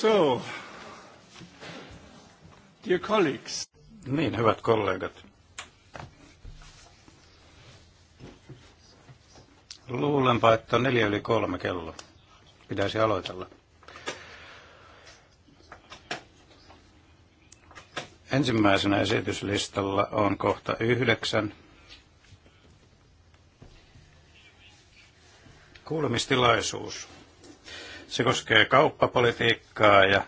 So, dear colleagues. Niin, hyvät kollegat. Luulenpa, että on neljä yli kolme kello. Pitäisi aloitella. Ensimmäisenä esityslistalla on kohta yhdeksän. Kuulemistilaisuus se koskee kauppapolitiikkaa ja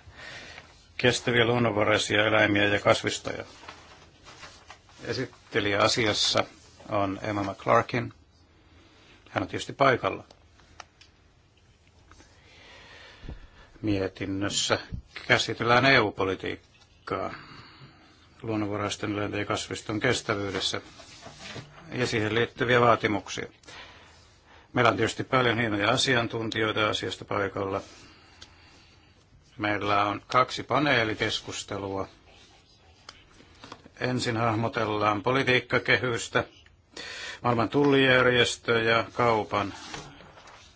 kestäviä luonnonvaraisia eläimiä ja kasvistoja. Esittelijä asiassa on Emma McClarkin. Hän on tietysti paikalla. Mietinnössä käsitellään EU-politiikkaa luonnonvaraisten eläinten ja kasviston kestävyydessä ja siihen liittyviä vaatimuksia. Meillä on tietysti paljon hienoja asiantuntijoita asiasta paikalla. Meillä on kaksi paneelikeskustelua. Ensin hahmotellaan politiikkakehystä, maailman tullijärjestö ja kaupan,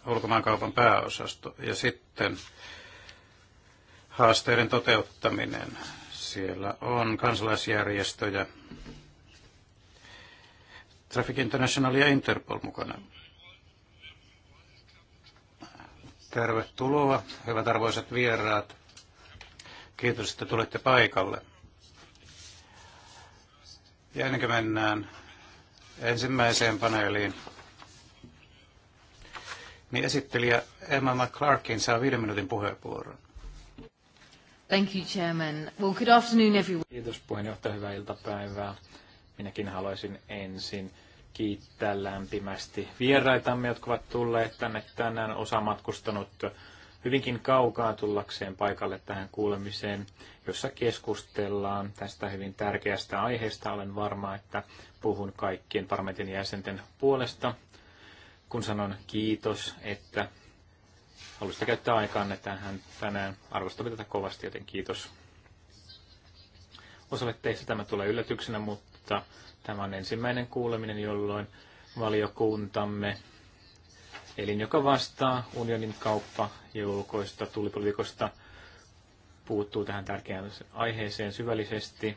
ulkomaankaupan pääosasto. Ja sitten haasteiden toteuttaminen. Siellä on kansalaisjärjestöjä, Traffic International ja Interpol mukana. Tervetuloa, hyvät arvoisat vieraat. Kiitos, että tulitte paikalle. Ja ennen kuin mennään ensimmäiseen paneeliin, niin esittelijä Emma McClarkin saa viiden minuutin puheenvuoron. Thank you, Chairman. Well, good afternoon, everyone. Kiitos puheenjohtaja, hyvää iltapäivää. Minäkin haluaisin ensin kiittää lämpimästi vieraitamme, jotka ovat tulleet tänne tänään. Osa matkustanut hyvinkin kaukaa tullakseen paikalle tähän kuulemiseen, jossa keskustellaan tästä hyvin tärkeästä aiheesta. Olen varma, että puhun kaikkien parlamentin jäsenten puolesta, kun sanon kiitos, että haluaisitte käyttää aikaanne tähän tänään. Arvostamme tätä kovasti, joten kiitos. Osalle teistä tämä tulee yllätyksenä, mutta Tämä on ensimmäinen kuuleminen, jolloin valiokuntamme, eli joka vastaa unionin kauppa- ja ulkoista tulipolitiikosta, puuttuu tähän tärkeään aiheeseen syvällisesti.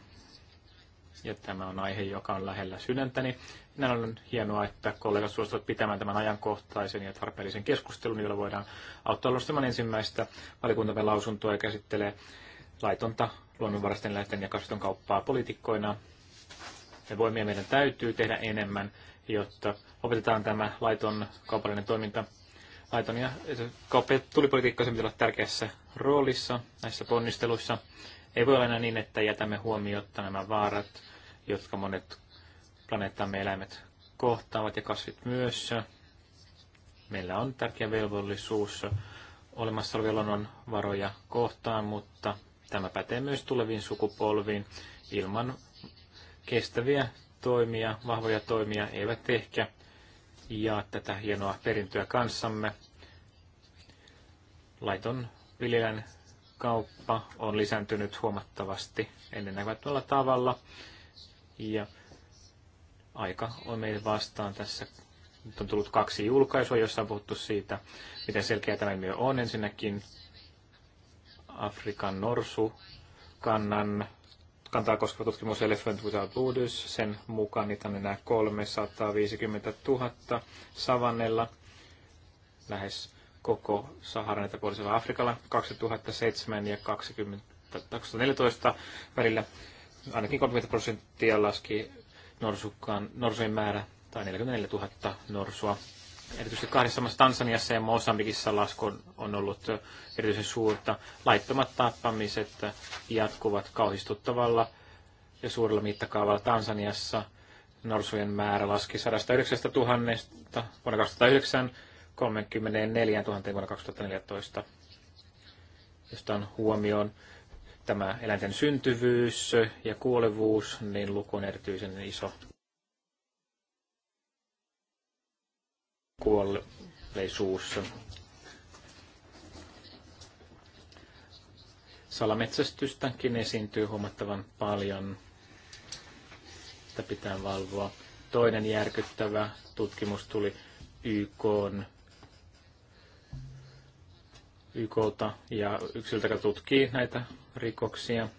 Ja tämä on aihe, joka on lähellä sydäntäni. Näin on hienoa, että kollegat suostuvat pitämään tämän ajankohtaisen ja tarpeellisen keskustelun, jolla voidaan auttaa luostamaan ensimmäistä valikuntamme lausuntoa ja käsittelee laitonta luonnonvarasten lähten ja kasvaton kauppaa poliitikkoina voimia. Meidän täytyy tehdä enemmän, jotta opetetaan tämä laiton kaupallinen toiminta. Laiton ja tulipolitiikka se pitää olla tärkeässä roolissa näissä ponnisteluissa. Ei voi olla enää niin, että jätämme huomiota nämä vaarat, jotka monet planeettamme eläimet kohtaavat ja kasvit myös. Meillä on tärkeä velvollisuus olemassa olevia luonnonvaroja kohtaan, mutta tämä pätee myös tuleviin sukupolviin. Ilman kestäviä toimia, vahvoja toimia eivät ehkä jaa tätä hienoa perintöä kanssamme. Laiton viljelän kauppa on lisääntynyt huomattavasti ennennäkemättömällä tavalla. Ja aika on meille vastaan tässä. Nyt on tullut kaksi julkaisua, jossa on puhuttu siitä, miten selkeä tämä ilmiö on. Ensinnäkin Afrikan norsu kannan kantaa koskeva tutkimus Elephant Without Borders. Sen mukaan niitä on enää 350 000 savannella, lähes koko Saharan eteläpuolisella Afrikalla 2007 ja 20, 2014 välillä. Ainakin 30 prosenttia laski norsukaan, norsujen määrä tai 44 000 norsua erityisesti kahdessa maassa Tansaniassa ja Mosambikissa lasku on ollut erityisen suurta. Laittomat tappamiset jatkuvat kauhistuttavalla ja suurella mittakaavalla Tansaniassa. Norsujen määrä laski 109 000 vuonna 2009 34 000 vuonna 2014, josta on huomioon tämä eläinten syntyvyys ja kuolevuus, niin luku on erityisen iso. kuolleisuussa. Salametsästystäkin esiintyy huomattavan paljon. että pitää valvoa. Toinen järkyttävä tutkimus tuli YK YKlta ja yksiltä, joka tutkii näitä rikoksia.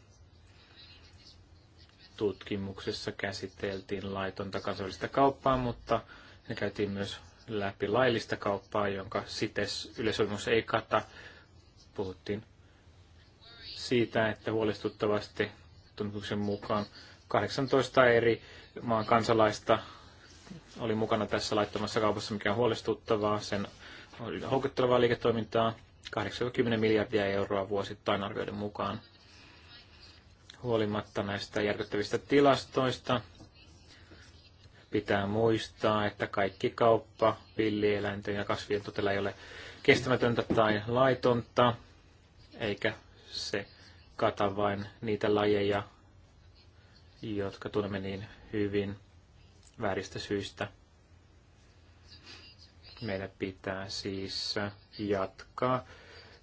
Tutkimuksessa käsiteltiin laitonta kansainvälistä kauppaa, mutta ne käytiin myös läpi laillista kauppaa, jonka sites yleisöimus ei kata. Puhuttiin siitä, että huolestuttavasti tunnuksen mukaan 18 eri maan kansalaista oli mukana tässä laittomassa kaupassa, mikä on huolestuttavaa. Sen oli houkuttelevaa liiketoimintaa 80 miljardia euroa vuosittain arvioiden mukaan. Huolimatta näistä järkyttävistä tilastoista, Pitää muistaa, että kaikki kauppa villieläinten ja kasvien totella ei ole kestämätöntä tai laitonta, eikä se kata vain niitä lajeja, jotka tunnemme niin hyvin vääristä syistä. Meidän pitää siis jatkaa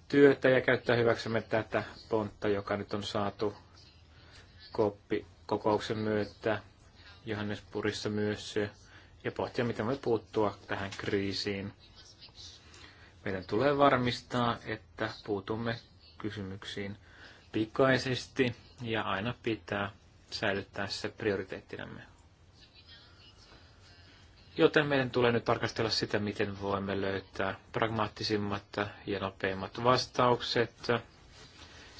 työtä ja käyttää hyväksemme tätä pontta, joka nyt on saatu koppi kokouksen myötä Johannesburgissa myös ja pohtia, miten voi puuttua tähän kriisiin. Meidän tulee varmistaa, että puutumme kysymyksiin pikaisesti ja aina pitää säilyttää se prioriteettinamme. Joten meidän tulee nyt tarkastella sitä, miten voimme löytää pragmaattisimmat ja nopeimmat vastaukset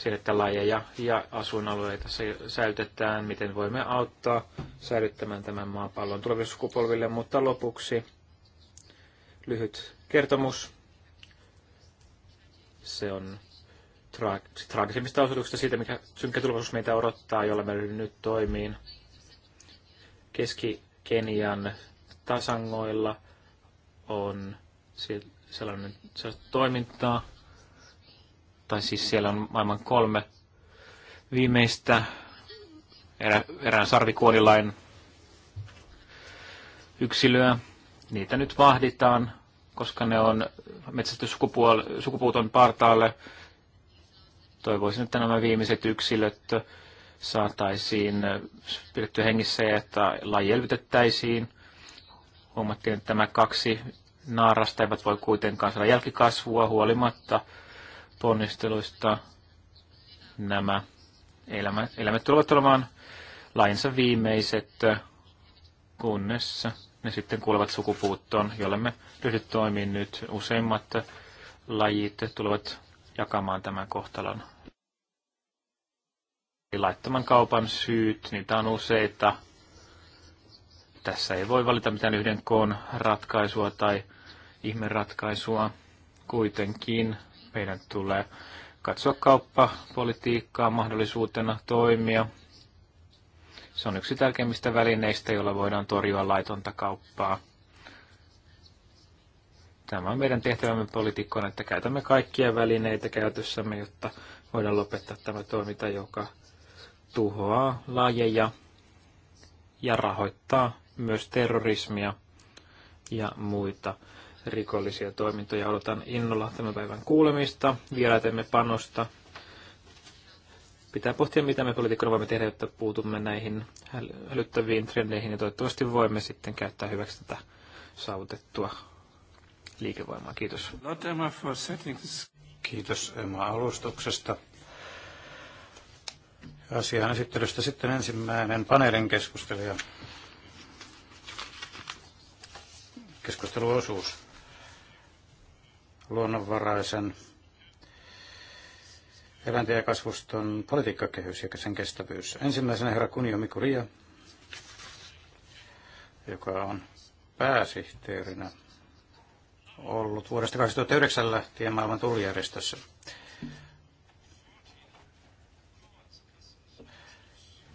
siihen, että lajeja ja asuinalueita säilytetään, miten voimme auttaa säilyttämään tämän maapallon tuleville sukupolville. Mutta lopuksi lyhyt kertomus. Se on traag- traagisimmista osoituksista siitä, mikä synkkä tulevaisuus meitä odottaa, jolla me nyt toimiin. Keski-Kenian tasangoilla on sellainen, sellainen toimintaa, tai siis siellä on maailman kolme viimeistä erä, erään sarvikuonilain yksilöä. Niitä nyt vahditaan, koska ne on metsästy sukupuuton partaalle. Toivoisin, että nämä viimeiset yksilöt saataisiin pidetty hengissä ja että laji elvytettäisiin. Huomattiin, että nämä kaksi naarasta eivät voi kuitenkaan saada jälkikasvua huolimatta ponnisteluista nämä elämät, elämät tulevat olemaan lainsa viimeiset, kunnes ne sitten kuolevat sukupuuttoon, jolle me ryhdyt toimiin nyt. Useimmat lajit tulevat jakamaan tämän kohtalon. Laittoman kaupan syyt, niitä on useita. Tässä ei voi valita mitään yhden koon ratkaisua tai ihmeratkaisua. Kuitenkin meidän tulee katsoa kauppapolitiikkaa mahdollisuutena toimia. Se on yksi tärkeimmistä välineistä, jolla voidaan torjua laitonta kauppaa. Tämä on meidän tehtävämme poliitikkoina, että käytämme kaikkia välineitä käytössämme, jotta voidaan lopettaa tämä toiminta, joka tuhoaa lajeja ja rahoittaa myös terrorismia ja muita rikollisia toimintoja. Odotan innolla tämän päivän kuulemista. Vieraitemme panosta. Pitää pohtia, mitä me poliitikkoina voimme tehdä, jotta puutumme näihin hälyttäviin trendeihin ja toivottavasti voimme sitten käyttää hyväksi tätä saavutettua liikevoimaa. Kiitos. Uh, Kiitos Emma alustuksesta. Asian esittelystä sitten ensimmäinen paneelin keskustelija keskusteluosuus luonnonvaraisen eläinten ja kasvuston politiikkakehys ja sen kestävyys. Ensimmäisenä herra Kunio Mikuria, joka on pääsihteerinä ollut vuodesta 2009 lähtien maailman tullijärjestössä.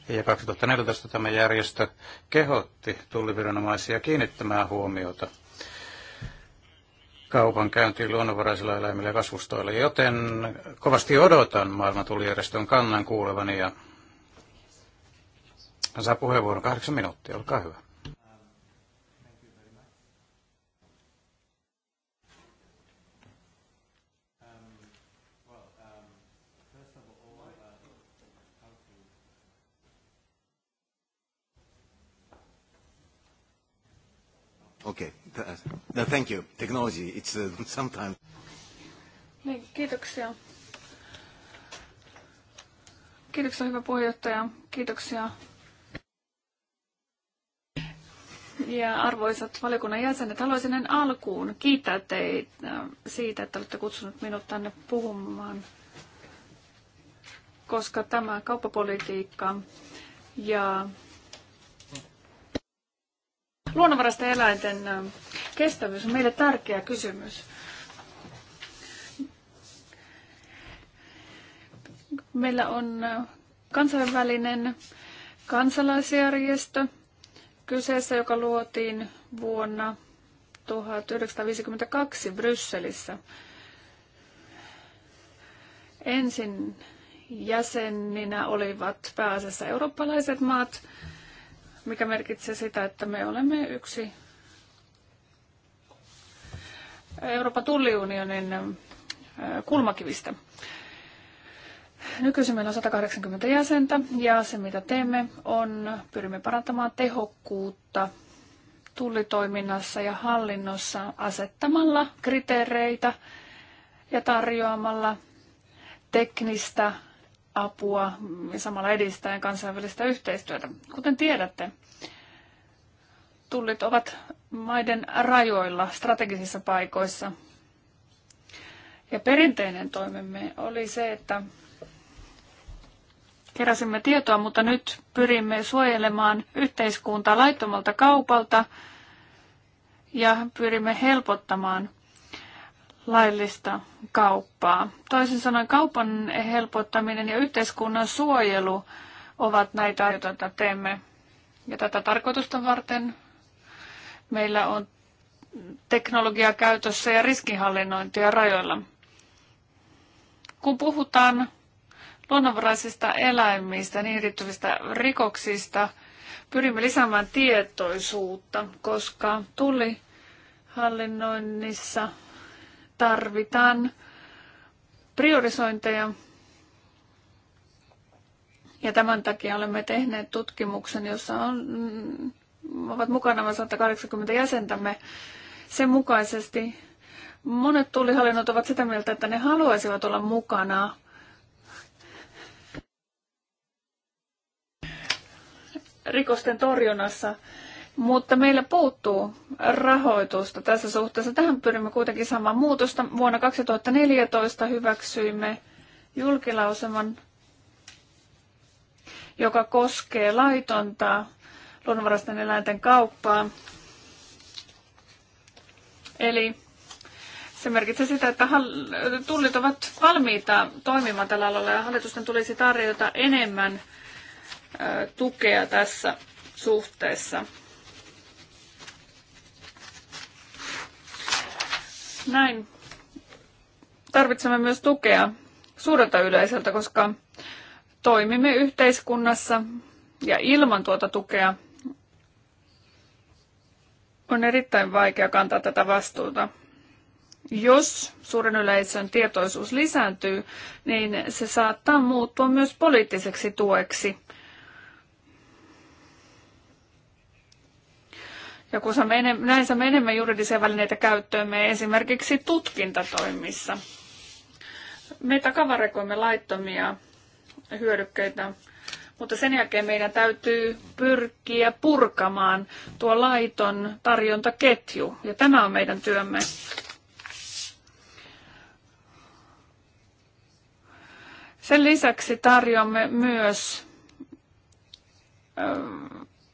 Ja 2014 tämä järjestö kehotti tulliviranomaisia kiinnittämään huomiota kaupan luonnonvaraisilla eläimillä ja kasvustoilla, joten kovasti odotan maailman tulijärjestön kannan kuulevani ja hän saa puheenvuoron kahdeksan minuuttia, olkaa hyvä. Okay. No, thank you. Technology, it's uh, sometimes... Niin, kiitoksia. Kiitoksia hyvä puheenjohtaja. Kiitoksia. Ja arvoisat valiokunnan jäsenet, haluaisin en alkuun kiittää teitä äh, siitä, että olette kutsunut minut tänne puhumaan, koska tämä kauppapolitiikka ja Luonnonvarasten eläinten kestävyys on meille tärkeä kysymys. Meillä on kansainvälinen kansalaisjärjestö kyseessä, joka luotiin vuonna 1952 Brysselissä. Ensin jäseninä olivat pääasiassa eurooppalaiset maat, mikä merkitsee sitä, että me olemme yksi Euroopan tulliunionin kulmakivistä. Nykyisin meillä on 180 jäsentä ja se mitä teemme on pyrimme parantamaan tehokkuutta tullitoiminnassa ja hallinnossa asettamalla kriteereitä ja tarjoamalla teknistä apua ja samalla edistäen kansainvälistä yhteistyötä. Kuten tiedätte, tullit ovat maiden rajoilla strategisissa paikoissa. Ja perinteinen toimemme oli se, että keräsimme tietoa, mutta nyt pyrimme suojelemaan yhteiskuntaa laittomalta kaupalta ja pyrimme helpottamaan laillista kauppaa. Toisin sanoen kaupan helpottaminen ja yhteiskunnan suojelu ovat näitä, joita teemme. Ja tätä tarkoitusta varten meillä on teknologia käytössä ja riskinhallinnointia rajoilla. Kun puhutaan luonnonvaraisista eläimistä, niin liittyvistä rikoksista, pyrimme lisäämään tietoisuutta, koska tuli hallinnoinnissa tarvitaan priorisointeja. Ja tämän takia olemme tehneet tutkimuksen, jossa on, ovat mukana 180 jäsentämme sen mukaisesti. Monet tuulihallinnot ovat sitä mieltä, että ne haluaisivat olla mukana rikosten torjunnassa mutta meillä puuttuu rahoitusta tässä suhteessa. Tähän pyrimme kuitenkin saamaan muutosta. Vuonna 2014 hyväksyimme julkilauseman, joka koskee laitonta luonnonvaraisten eläinten kauppaa. Eli se merkitsee sitä, että tullit ovat valmiita toimimaan tällä alalla ja hallitusten tulisi tarjota enemmän tukea tässä suhteessa. Näin tarvitsemme myös tukea suurelta yleisöltä, koska toimimme yhteiskunnassa ja ilman tuota tukea on erittäin vaikea kantaa tätä vastuuta. Jos suuren yleisön tietoisuus lisääntyy, niin se saattaa muuttua myös poliittiseksi tueksi Ja kun saamme enem- näin saamme enemmän juridisia välineitä käyttöömme esimerkiksi tutkintatoimissa. Me takavarekoimme laittomia hyödykkeitä, mutta sen jälkeen meidän täytyy pyrkiä purkamaan tuo laiton tarjontaketju. Ja tämä on meidän työmme. Sen lisäksi tarjoamme myös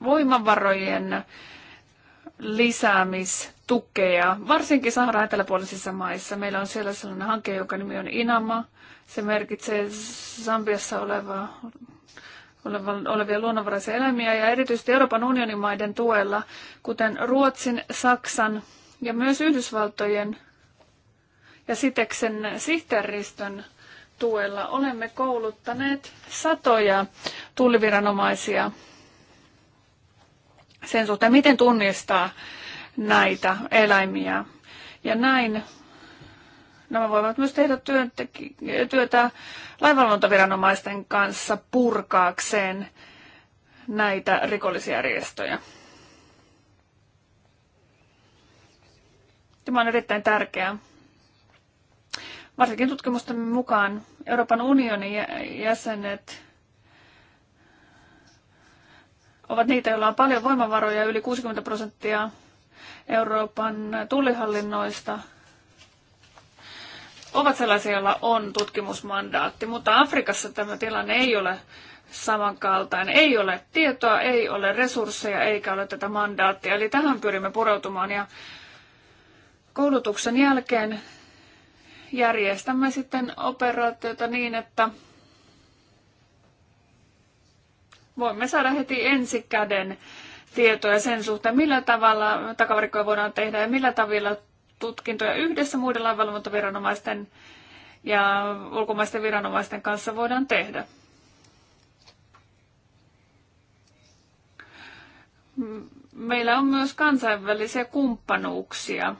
voimavarojen lisäämistukea, varsinkin Saharan eteläpuolisissa maissa. Meillä on siellä sellainen hanke, joka nimi on Inama. Se merkitsee Sambiassa olevaa, oleva, olevia luonnonvaraisia eläimiä ja erityisesti Euroopan unionin maiden tuella, kuten Ruotsin, Saksan ja myös Yhdysvaltojen ja Siteksen sihteeristön tuella olemme kouluttaneet satoja tulliviranomaisia sen suhteen, miten tunnistaa näitä eläimiä. Ja näin nämä voivat myös tehdä työtä laivalvontaviranomaisten kanssa purkaakseen näitä rikollisjärjestöjä. Tämä on erittäin tärkeää. Varsinkin tutkimusten mukaan Euroopan unionin jäsenet ovat niitä, joilla on paljon voimavaroja, yli 60 prosenttia Euroopan tullihallinnoista ovat sellaisia, joilla on tutkimusmandaatti, mutta Afrikassa tämä tilanne ei ole samankaltainen. Ei ole tietoa, ei ole resursseja, eikä ole tätä mandaattia. Eli tähän pyrimme pureutumaan ja koulutuksen jälkeen järjestämme sitten operaatioita niin, että voimme saada heti ensikäden tietoja sen suhteen, millä tavalla takavarikkoja voidaan tehdä ja millä tavalla tutkintoja yhdessä muiden lainvalvontaviranomaisten ja ulkomaisten viranomaisten kanssa voidaan tehdä. Meillä on myös kansainvälisiä kumppanuuksia,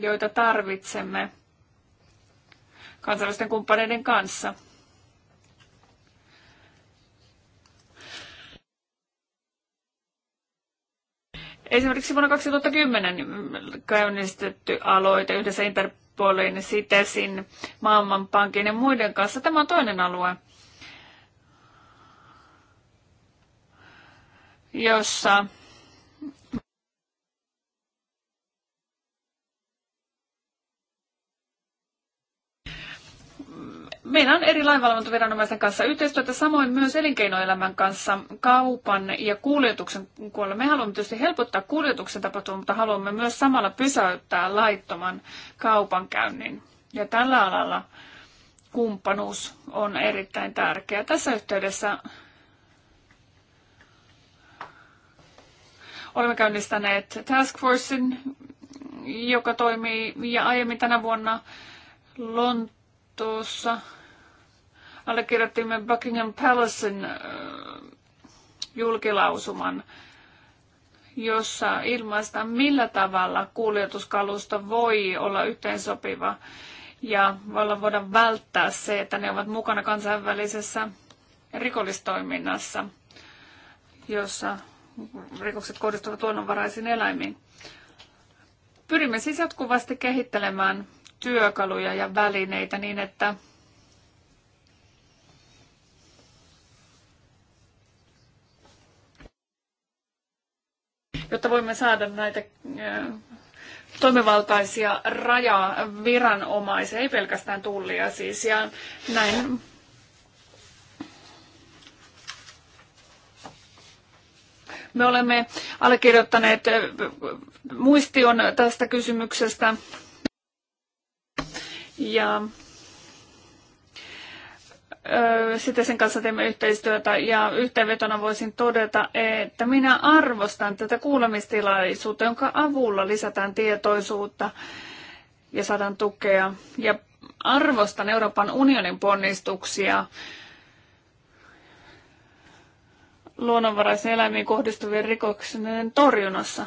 joita tarvitsemme kansainvälisten kumppaneiden kanssa – Esimerkiksi vuonna 2010 käynnistetty aloite yhdessä Interpolin, Sitesin, Maailmanpankin ja muiden kanssa. Tämä on toinen alue, jossa Meillä on eri lainvalvontaviranomaisten kanssa yhteistyötä, samoin myös elinkeinoelämän kanssa kaupan ja kuljetuksen puolella. Me haluamme tietysti helpottaa kuljetuksen tapahtumaa, mutta haluamme myös samalla pysäyttää laittoman kaupankäynnin. Ja tällä alalla kumppanuus on erittäin tärkeä. Tässä yhteydessä olemme käynnistäneet Task Forcein, joka toimii ja aiemmin tänä vuonna Lontoossa allekirjoittimme Buckingham Palacen julkilausuman, jossa ilmaistaan, millä tavalla kuljetuskalusto voi olla yhteensopiva ja valla voida välttää se, että ne ovat mukana kansainvälisessä rikollistoiminnassa, jossa rikokset kohdistuvat luonnonvaraisiin eläimiin. Pyrimme siis jatkuvasti kehittelemään työkaluja ja välineitä niin, että jotta voimme saada näitä toimivaltaisia rajaviranomaisia, ei pelkästään tullia siis. Ja näin Me olemme allekirjoittaneet muistion tästä kysymyksestä. Ja sitten sen kanssa teemme yhteistyötä ja yhteenvetona voisin todeta, että minä arvostan tätä kuulemistilaisuutta, jonka avulla lisätään tietoisuutta ja saadaan tukea. Ja arvostan Euroopan unionin ponnistuksia luonnonvaraisen eläimiin kohdistuvien rikoksien torjunnassa.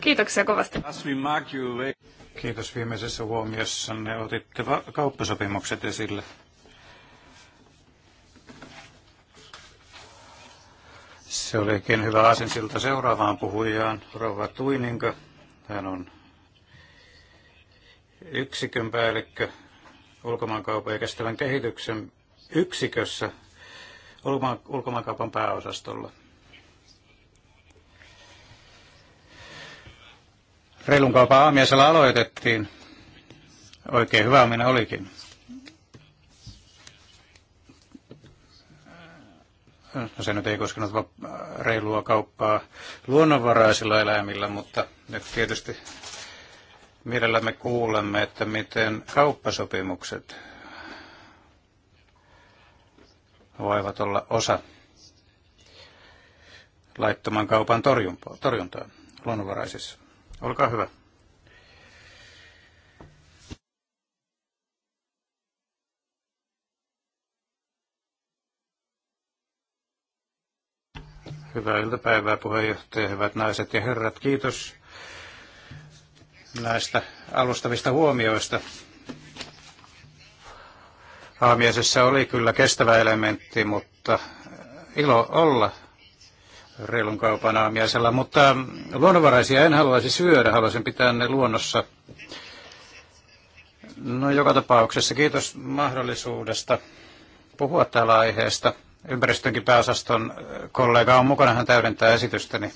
Kiitoksia kovasti. Kiitos viimeisessä Ne Otitte kauppasopimukset esille. Se olikin hyvä asensilta seuraavaan puhujaan, Rova Tuininko. Hän on yksikön päällikkö ulkomaankaupan ja kestävän kehityksen yksikössä ulkomaankaupan pääosastolla reilun kaupan aamiaisella aloitettiin. Oikein hyvä minä olikin. No se nyt ei koskenut reilua kauppaa luonnonvaraisilla eläimillä, mutta nyt tietysti me kuulemme, että miten kauppasopimukset voivat olla osa laittoman kaupan torjuntaa luonnonvaraisissa Olkaa hyvä. Hyvää iltapäivää puheenjohtaja, hyvät naiset ja herrat. Kiitos näistä alustavista huomioista. Aamiaisessa oli kyllä kestävä elementti, mutta ilo olla reilun kaupan aamiaisella, mutta ähm, luonnonvaraisia en haluaisi syödä, haluaisin pitää ne luonnossa. No joka tapauksessa kiitos mahdollisuudesta puhua täällä aiheesta. Ympäristönkin pääosaston kollega on mukana, hän täydentää esitystäni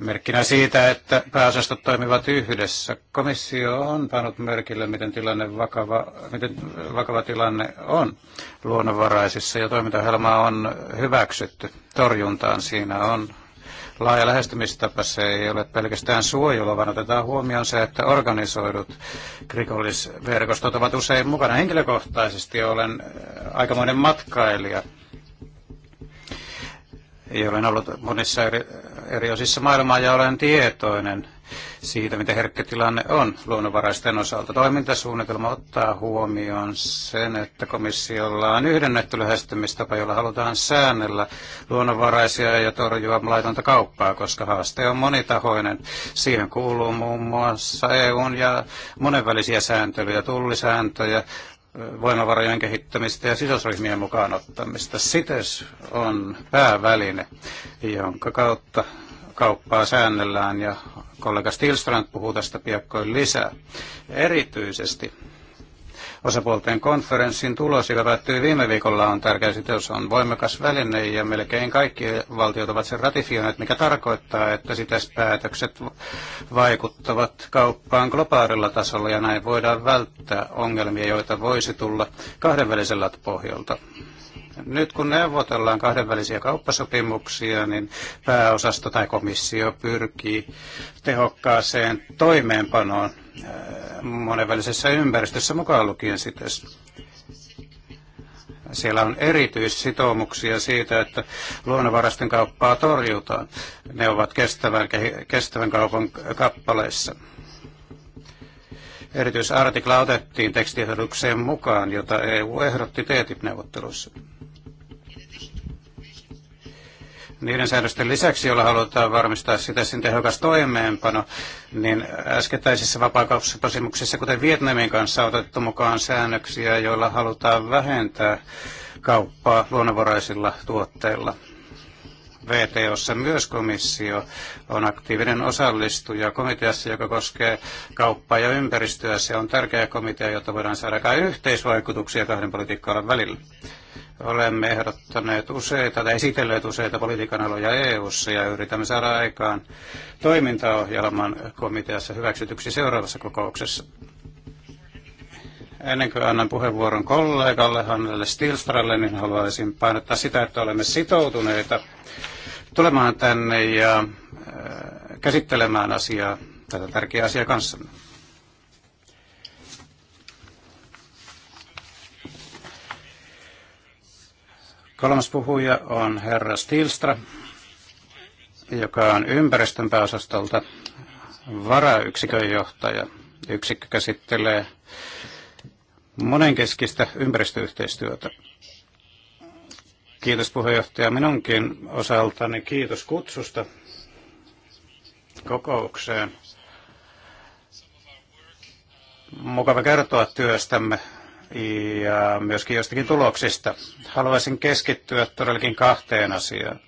merkkinä siitä, että pääosastot toimivat yhdessä. Komissio on pannut merkille, miten, tilanne vakava, miten vakava tilanne on luonnonvaraisissa ja toimintaohjelma on hyväksytty torjuntaan. Siinä on laaja lähestymistapa. Se ei ole pelkästään suojelu, vaan otetaan huomioon se, että organisoidut rikollisverkostot ovat usein mukana. Henkilökohtaisesti olen aikamoinen matkailija ei olen ollut monissa eri, eri osissa maailmaa ja olen tietoinen siitä, miten herkkä tilanne on luonnonvaraisten osalta. Toimintasuunnitelma ottaa huomioon sen, että komissiolla on yhdennetty lähestymistapa, jolla halutaan säännellä luonnonvaraisia ja torjua laitonta kauppaa, koska haaste on monitahoinen. Siihen kuuluu muun muassa EUn ja monenvälisiä sääntelyjä, tullisääntöjä, voimavarojen kehittämistä ja sidosryhmien mukaan ottamista. SITES on pääväline, jonka kautta kauppaa säännellään ja kollega Stilstrand puhuu tästä piakkoin lisää. Erityisesti osapuolten konferenssin tulos, joka päättyi viime viikolla, on tärkeä sitten, On voimakas väline ja melkein kaikki valtiot ovat sen ratifioineet, mikä tarkoittaa, että sitä päätökset vaikuttavat kauppaan globaalilla tasolla ja näin voidaan välttää ongelmia, joita voisi tulla kahdenvälisellä pohjalta nyt kun neuvotellaan kahdenvälisiä kauppasopimuksia, niin pääosasto tai komissio pyrkii tehokkaaseen toimeenpanoon Äh, monenvälisessä ympäristössä mukaan lukien sitten. Siellä on erityissitoumuksia siitä, että luonnonvarasten kauppaa torjutaan. Ne ovat kestävän, kestävän kaupan kappaleissa. Erityisartikla otettiin tekstiehdotukseen mukaan, jota EU ehdotti TTIP-neuvotteluissa. E niiden säädösten lisäksi, joilla halutaan varmistaa sitä sen tehokas toimeenpano, niin äskettäisissä vapaakauppasopimuksissa, kuten Vietnamin kanssa, on otettu mukaan säännöksiä, joilla halutaan vähentää kauppaa luonnonvaraisilla tuotteilla. VTOssa myös komissio on aktiivinen osallistuja komiteassa, joka koskee kauppaa ja ympäristöä. Se on tärkeä komitea, jotta voidaan saada yhteisvaikutuksia kahden politiikkaan välillä. Olemme ehdottaneet useita tai esitelleet useita politiikan aloja EU-ssa ja yritämme saada aikaan toimintaohjelman komiteassa hyväksytyksi seuraavassa kokouksessa. Ennen kuin annan puheenvuoron kollegalle Hannelle Stilstralle, niin haluaisin painottaa sitä, että olemme sitoutuneita tulemaan tänne ja äh, käsittelemään asiaa, tätä tärkeää asiaa kanssamme. Kolmas puhuja on herra Stilstra, joka on ympäristön pääosastolta varayksikön johtaja. Yksikkö käsittelee monenkeskistä ympäristöyhteistyötä. Kiitos puheenjohtaja minunkin osaltani. Kiitos kutsusta kokoukseen. Mukava kertoa työstämme ja myöskin jostakin tuloksista. Haluaisin keskittyä todellakin kahteen asiaan.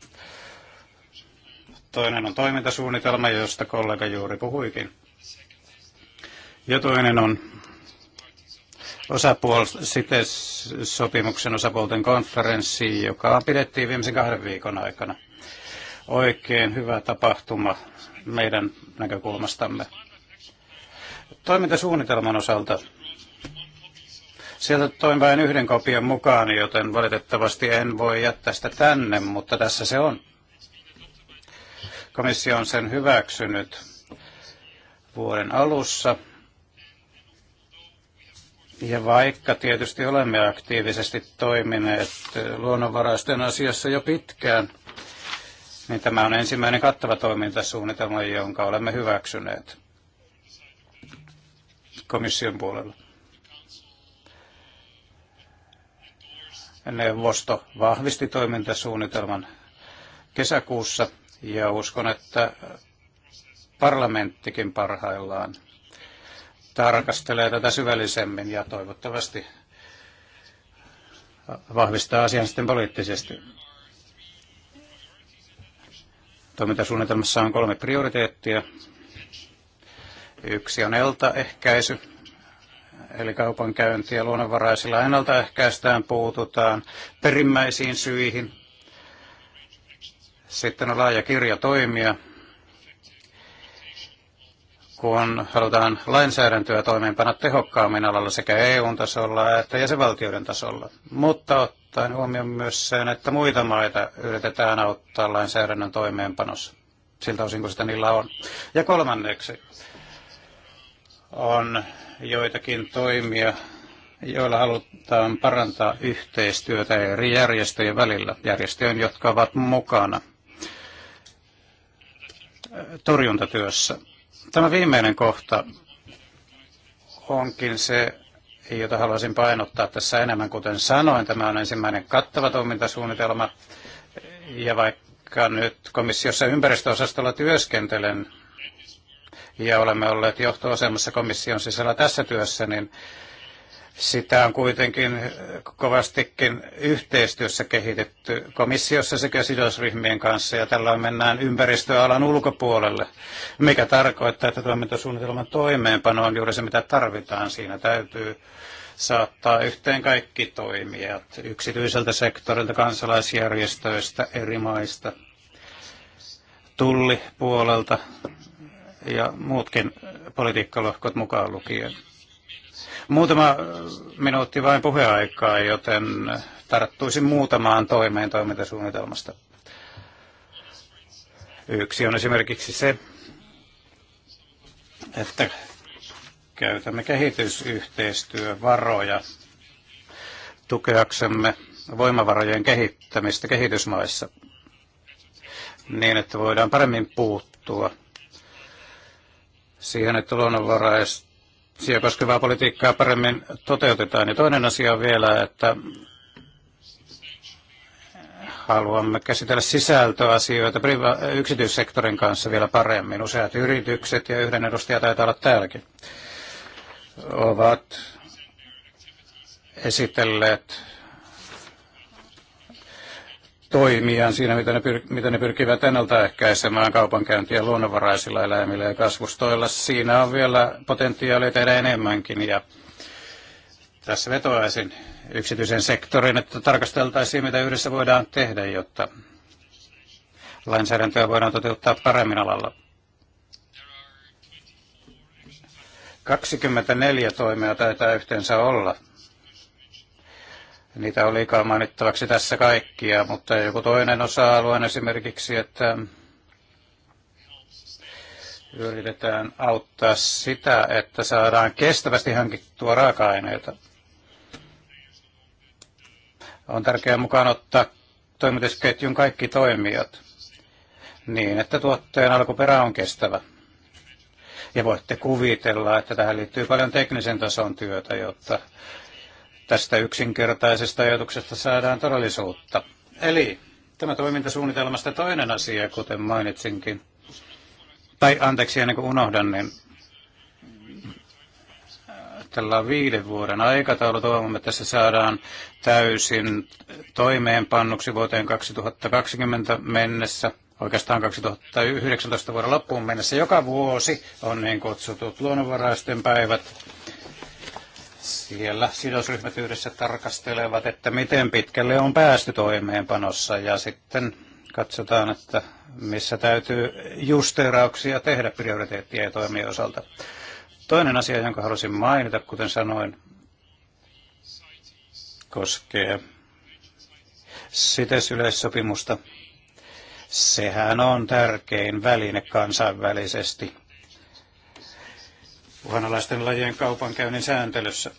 Toinen on toimintasuunnitelma, josta kollega juuri puhuikin. Ja toinen on osapuol- sopimuksen osapuolten konferenssi, joka pidettiin viimeisen kahden viikon aikana. Oikein hyvä tapahtuma meidän näkökulmastamme. Toimintasuunnitelman osalta Sieltä toin vain yhden kopion mukaan, joten valitettavasti en voi jättää sitä tänne, mutta tässä se on. Komissio on sen hyväksynyt vuoden alussa. Ja vaikka tietysti olemme aktiivisesti toimineet luonnonvaraisten asiassa jo pitkään, niin tämä on ensimmäinen kattava toimintasuunnitelma, jonka olemme hyväksyneet komission puolella. neuvosto vahvisti toimintasuunnitelman kesäkuussa ja uskon, että parlamenttikin parhaillaan tarkastelee tätä syvällisemmin ja toivottavasti vahvistaa asian sitten poliittisesti. Toimintasuunnitelmassa on kolme prioriteettia. Yksi on eltaehkäisy, eli kaupankäyntiä luonnonvaraisilla ennaltaehkäistään puututaan perimmäisiin syihin. Sitten on laaja kirja toimia, kun halutaan lainsäädäntöä toimeenpanna tehokkaammin alalla sekä EU-tasolla että jäsenvaltioiden tasolla. Mutta ottaen huomioon myös sen, että muita maita yritetään auttaa lainsäädännön toimeenpanossa siltä osin kuin sitä niillä on. Ja kolmanneksi, on joitakin toimia, joilla halutaan parantaa yhteistyötä eri järjestöjen välillä, järjestöjen, jotka ovat mukana torjuntatyössä. Tämä viimeinen kohta onkin se, jota haluaisin painottaa tässä enemmän. Kuten sanoin, tämä on ensimmäinen kattava toimintasuunnitelma. Ja vaikka nyt komissiossa ympäristöosastolla työskentelen, ja olemme olleet johtoasemassa komission sisällä tässä työssä, niin sitä on kuitenkin kovastikin yhteistyössä kehitetty komissiossa sekä sidosryhmien kanssa ja tällä mennään ympäristöalan ulkopuolelle, mikä tarkoittaa, että toimintasuunnitelman toimeenpano on juuri se, mitä tarvitaan. Siinä täytyy saattaa yhteen kaikki toimijat yksityiseltä sektorilta, kansalaisjärjestöistä, eri maista, tullipuolelta, ja muutkin politiikkalohkot mukaan lukien. Muutama minuutti vain puheaikaa, joten tarttuisin muutamaan toimeen toimintasuunnitelmasta. Yksi on esimerkiksi se, että käytämme kehitysyhteistyövaroja tukeaksemme voimavarojen kehittämistä kehitysmaissa niin, että voidaan paremmin puuttua siihen, että luonnonvaraisia koskevaa politiikkaa paremmin toteutetaan. Ja toinen asia on vielä, että haluamme käsitellä sisältöasioita yksityissektorin kanssa vielä paremmin. Useat yritykset ja yhden edustaja taitaa olla täälläkin ovat esitelleet toimiaan siinä, mitä ne, pyr- mitä ne pyrkivät ennaltaehkäisemään kaupankäyntiä luonnonvaraisilla eläimillä ja kasvustoilla. Siinä on vielä potentiaalia tehdä enemmänkin ja tässä vetoaisin yksityisen sektorin, että tarkasteltaisiin, mitä yhdessä voidaan tehdä, jotta lainsäädäntöä voidaan toteuttaa paremmin alalla. 24 toimia taitaa yhteensä olla Niitä olikaan mainittavaksi tässä kaikkia, mutta joku toinen osa-alue esimerkiksi, että yritetään auttaa sitä, että saadaan kestävästi hankittua raaka-aineita. On tärkeää mukaan ottaa toimitusketjun kaikki toimijat niin, että tuotteen alkuperä on kestävä. Ja voitte kuvitella, että tähän liittyy paljon teknisen tason työtä, jotta tästä yksinkertaisesta ajatuksesta saadaan todellisuutta. Eli tämä toimintasuunnitelmasta toinen asia, kuten mainitsinkin, tai anteeksi ennen kuin unohdan, niin äh, tällä on viiden vuoden aikataulu. Toivomme, että se saadaan täysin toimeenpannuksi vuoteen 2020 mennessä, oikeastaan 2019 vuoden loppuun mennessä. Joka vuosi on niin kutsutut luonnonvaraisten päivät siellä sidosryhmät yhdessä tarkastelevat, että miten pitkälle on päästy toimeenpanossa ja sitten katsotaan, että missä täytyy justeerauksia tehdä prioriteettien ja toimien osalta. Toinen asia, jonka halusin mainita, kuten sanoin, koskee CITES-yleissopimusta. Sehän on tärkein väline kansainvälisesti uhanalaisten lajien kaupankäynnin sääntelyssä.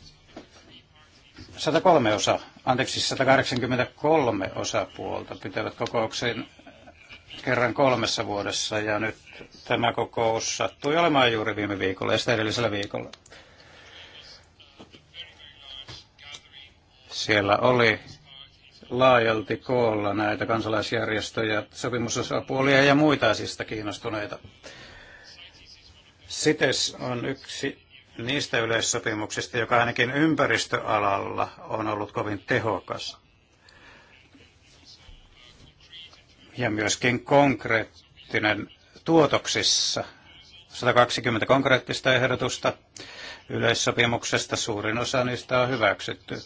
103 osa, anteeksi 183 osapuolta pitävät kokouksen kerran kolmessa vuodessa ja nyt tämä kokous sattui olemaan juuri viime viikolla ja sitä edellisellä viikolla. Siellä oli laajalti koolla näitä kansalaisjärjestöjä, sopimusosapuolia ja muita asista kiinnostuneita. CITES on yksi niistä yleissopimuksista, joka ainakin ympäristöalalla on ollut kovin tehokas. Ja myöskin konkreettinen tuotoksissa. 120 konkreettista ehdotusta yleissopimuksesta suurin osa niistä on hyväksytty.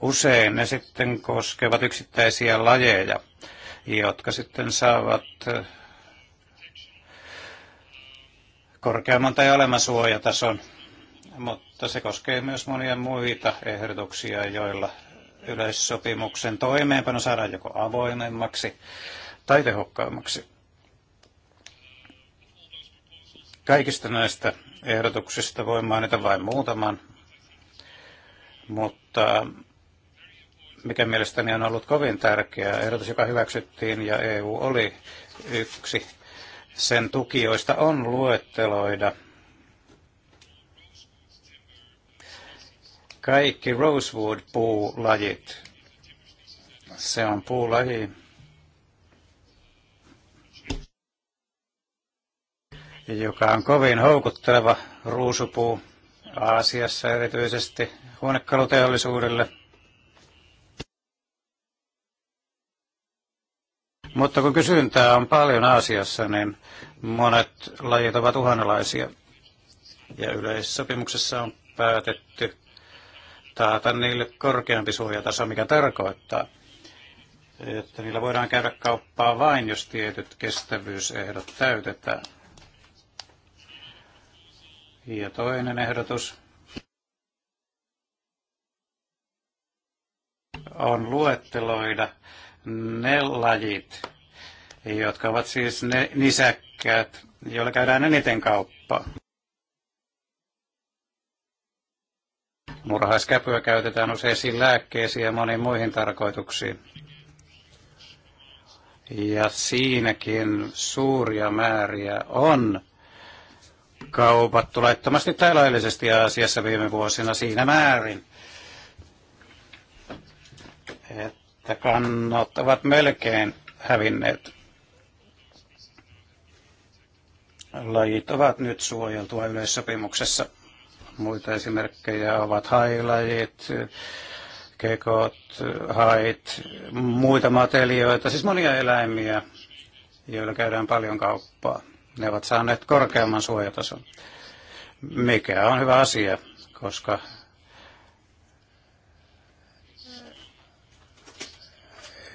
Usein ne sitten koskevat yksittäisiä lajeja, jotka sitten saavat korkeamman tai alemman suojatason, mutta se koskee myös monia muita ehdotuksia, joilla yleissopimuksen toimeenpano saadaan joko avoimemmaksi tai tehokkaammaksi. Kaikista näistä ehdotuksista voin mainita vain muutaman, mutta mikä mielestäni on ollut kovin tärkeä ehdotus, joka hyväksyttiin ja EU oli yksi sen tukijoista on luetteloida kaikki rosewood-puulajit. Se on puulaji, joka on kovin houkutteleva ruusupuu Aasiassa erityisesti huonekaluteollisuudelle. Mutta kun kysyntää on paljon Aasiassa, niin monet lajit ovat uhanalaisia. Ja yleissopimuksessa on päätetty taata niille korkeampi suojataso, mikä tarkoittaa, että niillä voidaan käydä kauppaa vain, jos tietyt kestävyysehdot täytetään. Ja toinen ehdotus on luetteloida ne lajit, jotka ovat siis ne nisäkkäät, joilla käydään eniten kauppaa. Murhaiskäpyä käytetään usein lääkkeisiin ja moniin muihin tarkoituksiin. Ja siinäkin suuria määriä on kaupattu laittomasti tai laillisesti asiassa viime vuosina siinä määrin, että että kannat ovat melkein hävinneet. Lajit ovat nyt suojeltua yleissopimuksessa. Muita esimerkkejä ovat hailajit, kekot, hait, muita matelioita, siis monia eläimiä, joilla käydään paljon kauppaa. Ne ovat saaneet korkeamman suojatason, mikä on hyvä asia, koska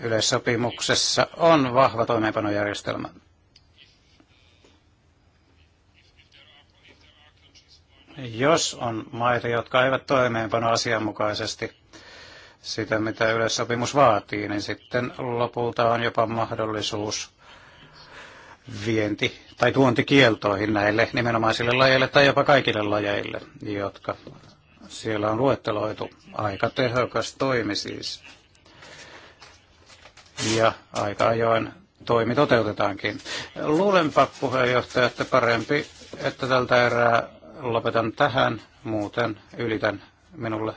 yleissopimuksessa on vahva toimeenpanojärjestelmä. Jos on maita, jotka eivät toimeenpano asianmukaisesti sitä, mitä yleissopimus vaatii, niin sitten lopulta on jopa mahdollisuus vienti- tai tuontikieltoihin näille nimenomaisille lajeille tai jopa kaikille lajeille, jotka siellä on luetteloitu. Aika tehokas toimi siis ja aika ajoin toimi toteutetaankin. Luulenpa puheenjohtaja, että parempi, että tältä erää lopetan tähän, muuten ylitän minulle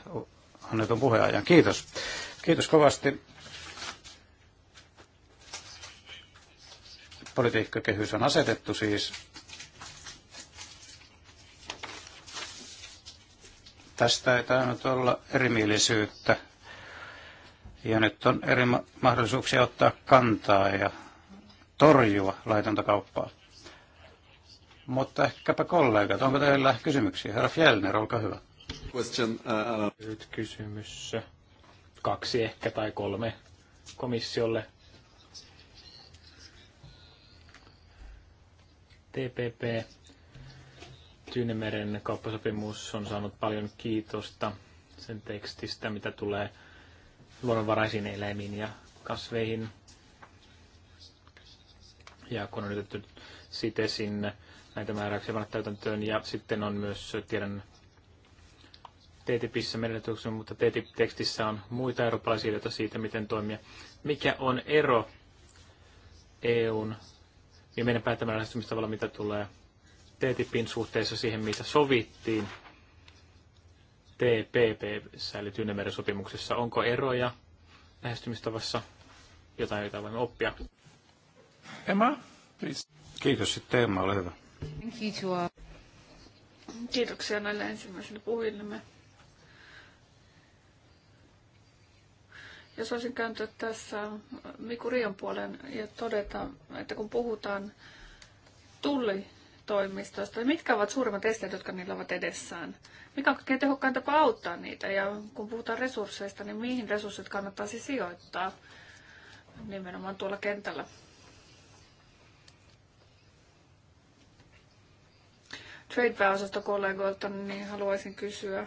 annetun puheajan. Kiitos. Kiitos kovasti. Politiikkakehys on asetettu siis tästä ei tainnut olla erimielisyyttä ja nyt on eri mahdollisuuksia ottaa kantaa ja torjua laitonta kauppaa. Mutta ehkäpä kollegat, onko teillä kysymyksiä? Herra Fjellner, olkaa hyvä. Question, uh, Nyt uh, kysymys kaksi ehkä tai kolme komissiolle. TPP, Tyynemeren kauppasopimus on saanut paljon kiitosta sen tekstistä, mitä tulee luonnonvaraisiin eläimiin ja kasveihin. Ja kun on yritetty sitesin näitä määräyksiä panna täytäntöön. Ja sitten on myös, tiedän, TTIPissä merkityksen, mutta TTIP-tekstissä on muita eurooppalaisia ideoita siitä, miten toimia. Mikä on ero EUn ja meidän päättämällä lähestymistavalla, mitä tulee TTIPin suhteessa siihen, mitä sovittiin TPP, eli Tyynemeren sopimuksessa, onko eroja lähestymistavassa, jotain, jota voimme oppia? Emma, please. Kiitos sitten Emma, ole hyvä. Kiitoksia näille ensimmäisille puhujille. Jos olisin kääntyä tässä Mikurion puolen ja todeta, että kun puhutaan tulli toimistosta. Mitkä ovat suurimmat esteet, jotka niillä ovat edessään? Mikä on kaikkein tehokkain tapa auttaa niitä? Ja kun puhutaan resursseista, niin mihin resurssit kannattaisi sijoittaa nimenomaan tuolla kentällä? Trade-pääosastokollegoilta niin haluaisin kysyä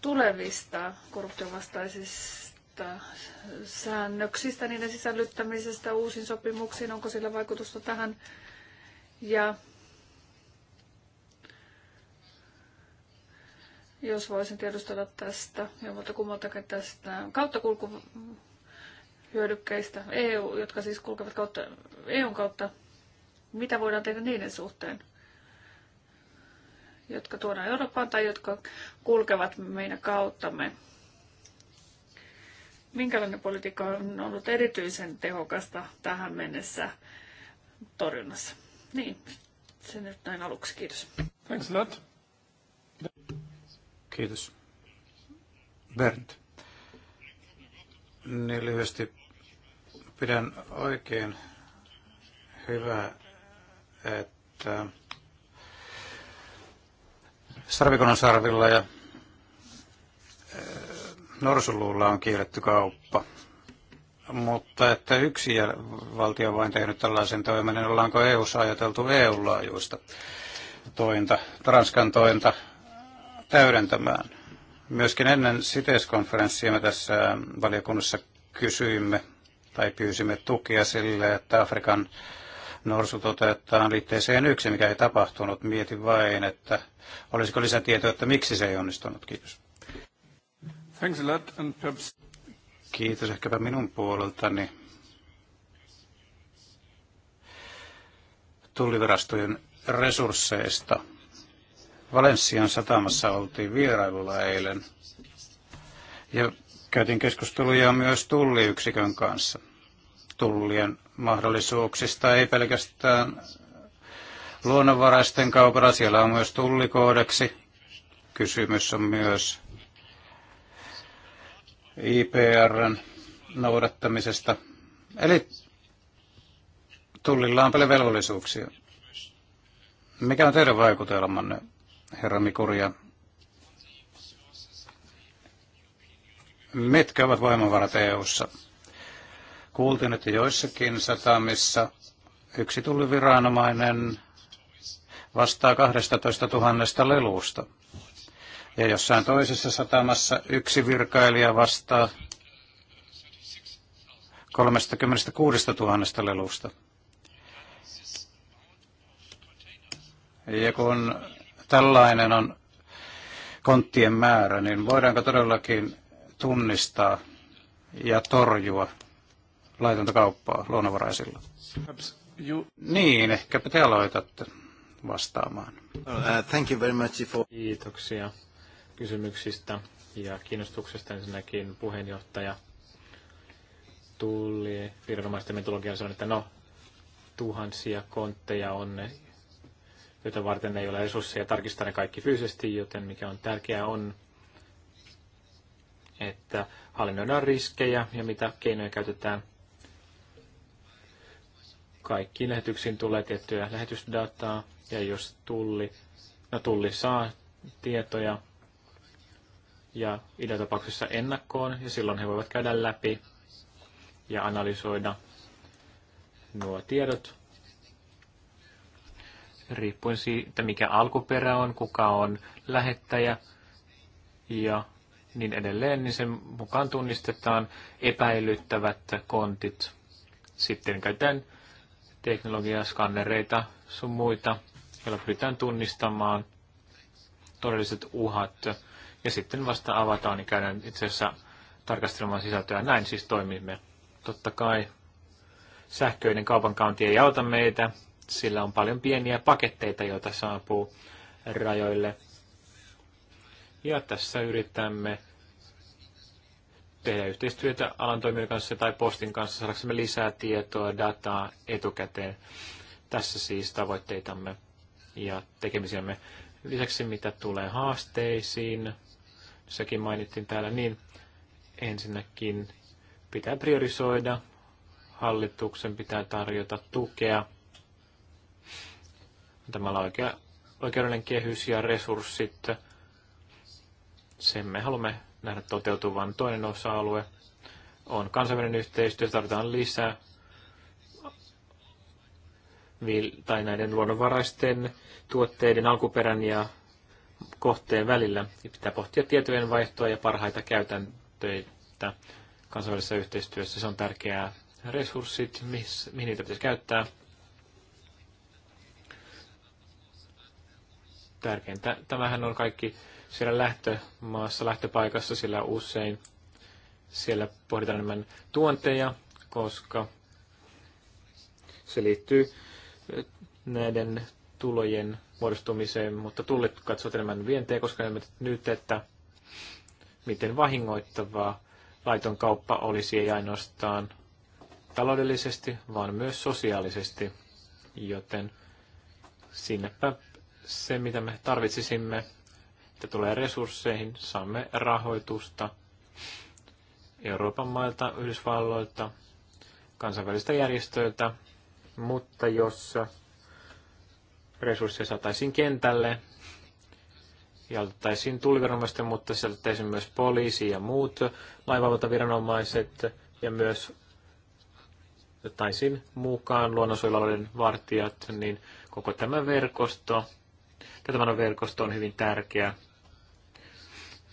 tulevista korruptiovastaisista säännöksistä, niiden sisällyttämisestä uusiin sopimuksiin. Onko sillä vaikutusta tähän ja jos voisin tiedustella tästä jommalta kummaltakin tästä kauttakulkuhyödykkeistä, EU, jotka siis kulkevat kautta, EUn kautta, mitä voidaan tehdä niiden suhteen, jotka tuodaan Eurooppaan tai jotka kulkevat meidän kauttamme. Minkälainen politiikka on ollut erityisen tehokasta tähän mennessä torjunnassa? Niin, se nyt näin aluksi. Kiitos. Thanks a lot. Kiitos. Bernd, Niin lyhyesti pidän oikein hyvä, että Sarvikonon sarvilla ja eh, Norsuluulla on kielletty kauppa mutta että yksi valtio on vain tehnyt tällaisen toimen, niin ollaanko EU-ssa ajateltu EU-laajuista tointa, Transkan tointa täydentämään? Myöskin ennen CITES-konferenssia me tässä valiokunnassa kysyimme tai pyysimme tukea sille, että Afrikan norsut otetaan liitteeseen yksi, mikä ei tapahtunut. Mietin vain, että olisiko lisätietoa, että miksi se ei onnistunut. Kiitos. Thanks a lot and perhaps... Kiitos ehkäpä minun puoleltani. Tullivirastojen resursseista. Valenssian satamassa oltiin vierailulla eilen ja käytiin keskusteluja myös tulliyksikön kanssa. Tullien mahdollisuuksista ei pelkästään luonnonvaraisten kaupalla, siellä on myös tullikoodeksi. Kysymys on myös IPRn noudattamisesta. Eli tullilla on paljon velvollisuuksia. Mikä on teidän vaikutelmanne, herra Mikuria? Mitkä ovat voimavarat EU-ssa? Kuultiin, että joissakin satamissa yksi tulliviranomainen vastaa 12 000 lelusta ja jossain toisessa satamassa yksi virkailija vastaa 36 000 lelusta. Ja kun tällainen on konttien määrä, niin voidaanko todellakin tunnistaa ja torjua laitonta kauppaa luonnonvaraisilla? You... Niin, ehkäpä te aloitatte vastaamaan. Uh, thank you very much for... Kiitoksia kysymyksistä ja kiinnostuksesta. Ensinnäkin puheenjohtaja Tulli viranomaisten metodologian sanoi, että no, tuhansia kontteja on, ne, joita varten ei ole resursseja tarkistaa ne kaikki fyysisesti, joten mikä on tärkeää on, että hallinnoidaan riskejä ja mitä keinoja käytetään. Kaikkiin lähetyksiin tulee tiettyä lähetysdataa, ja jos tulli, no tulli saa tietoja ja ideatapauksessa ennakkoon, ja silloin he voivat käydä läpi ja analysoida nuo tiedot riippuen siitä, mikä alkuperä on, kuka on lähettäjä ja niin edelleen, niin sen mukaan tunnistetaan epäilyttävät kontit. Sitten käytetään teknologiaa, sun muita, joilla pyritään tunnistamaan todelliset uhat ja sitten vasta avataan, niin käydään itse asiassa tarkastelemaan sisältöä. Näin siis toimimme. Totta kai sähköinen kaupankäynti ei auta meitä, sillä on paljon pieniä paketteita, joita saapuu rajoille. Ja tässä yritämme tehdä yhteistyötä alan toimijoiden kanssa tai postin kanssa saadaksemme lisää tietoa, dataa etukäteen. Tässä siis tavoitteitamme ja tekemisiämme. Lisäksi mitä tulee haasteisiin, sekin mainittiin täällä, niin ensinnäkin pitää priorisoida, hallituksen pitää tarjota tukea. Tämä on oikea, oikeudellinen kehys ja resurssit. Sen me haluamme nähdä toteutuvan. Toinen osa-alue on kansainvälinen yhteistyö, tarvitaan lisää tai näiden luonnonvaraisten tuotteiden alkuperän ja kohteen välillä. Pitää pohtia tietojen vaihtoa ja parhaita käytäntöitä kansainvälisessä yhteistyössä. Se on tärkeää. Resurssit, miss, mihin niitä pitäisi käyttää. Tärkeintä. Tämähän on kaikki siellä lähtömaassa, lähtöpaikassa, sillä usein siellä pohditaan enemmän tuonteja, koska se liittyy näiden tulojen muodostumiseen, mutta tullit katsovat enemmän vientejä, koska ne nyt, että miten vahingoittavaa laiton kauppa olisi ei ainoastaan taloudellisesti, vaan myös sosiaalisesti. Joten sinnepä se, mitä me tarvitsisimme, että tulee resursseihin, saamme rahoitusta Euroopan mailta, Yhdysvalloilta, kansainvälistä järjestöiltä, mutta jos resursseja saataisiin kentälle ja otettaisiin tulliviranomaisten, mutta sieltä otettaisiin myös poliisi ja muut laivavaltaviranomaiset ja myös otettaisiin mukaan luonnonsuojelualueiden vartijat, niin koko tämä verkosto, tämä verkosto on hyvin tärkeä,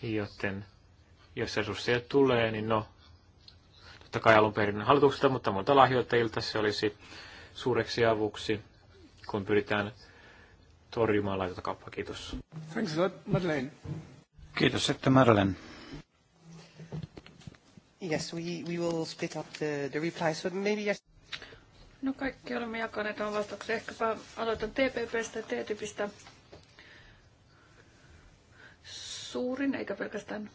joten jos resursseja tulee, niin no, totta kai alun perin hallitukselta, mutta muilta lahjoittajilta se olisi suureksi avuksi, kun pyritään torjumaan laitonta kauppaa. Kiitos. Thanks a lot, Madeleine. Kiitos. Sitten Madeleine. Yes, we, we will split up the, the replies, but maybe yes. No kaikki olemme jakaneet on vastauksia. Ehkäpä aloitan TPPstä ja T-typistä. Suurin, eikä pelkästään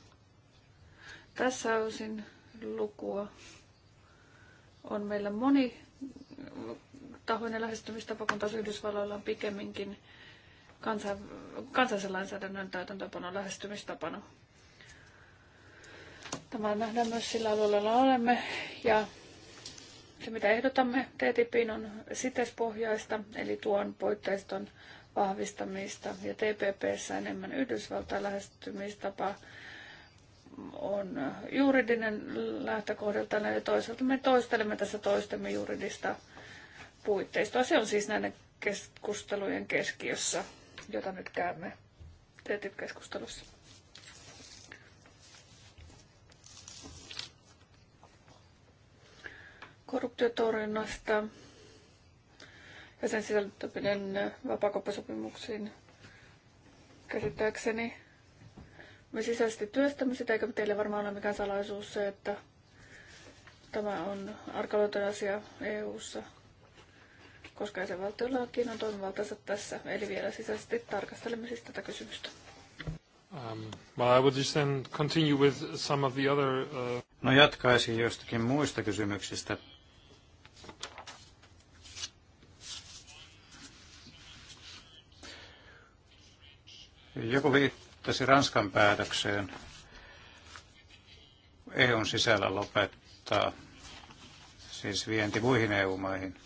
tässä osin lukua. On meillä moni tahoinen lähestymistapa, kun taas Yhdysvalloilla on pikemminkin kansan, kansallisen lainsäädännön täytäntöpanon lähestymistapana. Tämä nähdään myös sillä alueella, jolla olemme. Ja se, mitä ehdotamme TTIPin, on sitespohjaista, pohjaista eli tuon puitteiston vahvistamista. Ja TPPssä enemmän Yhdysvaltain lähestymistapa on juridinen lähtökohdalta ja toisaalta me toistelemme tässä toistemme juridista puitteistoa. Se on siis näiden keskustelujen keskiössä jota nyt käymme TTIP-keskustelussa. Korruptiotorjunnasta ja sen sisällyttäminen vapaakauppasopimuksiin käsittääkseni. Me sisäisesti työstämme sitä, eikä teille varmaan ole mikään salaisuus se, että tämä on arkaluontoinen asia EU-ssa koska jäsenvaltiollakin on toimivaltansa tässä. Eli vielä sisäisesti tarkastelemme siis tätä kysymystä. Um, well, I would just then continue with some of the other, uh... No jatkaisin jostakin muista kysymyksistä. Joku viittasi Ranskan päätökseen EUn sisällä lopettaa siis vienti muihin EU-maihin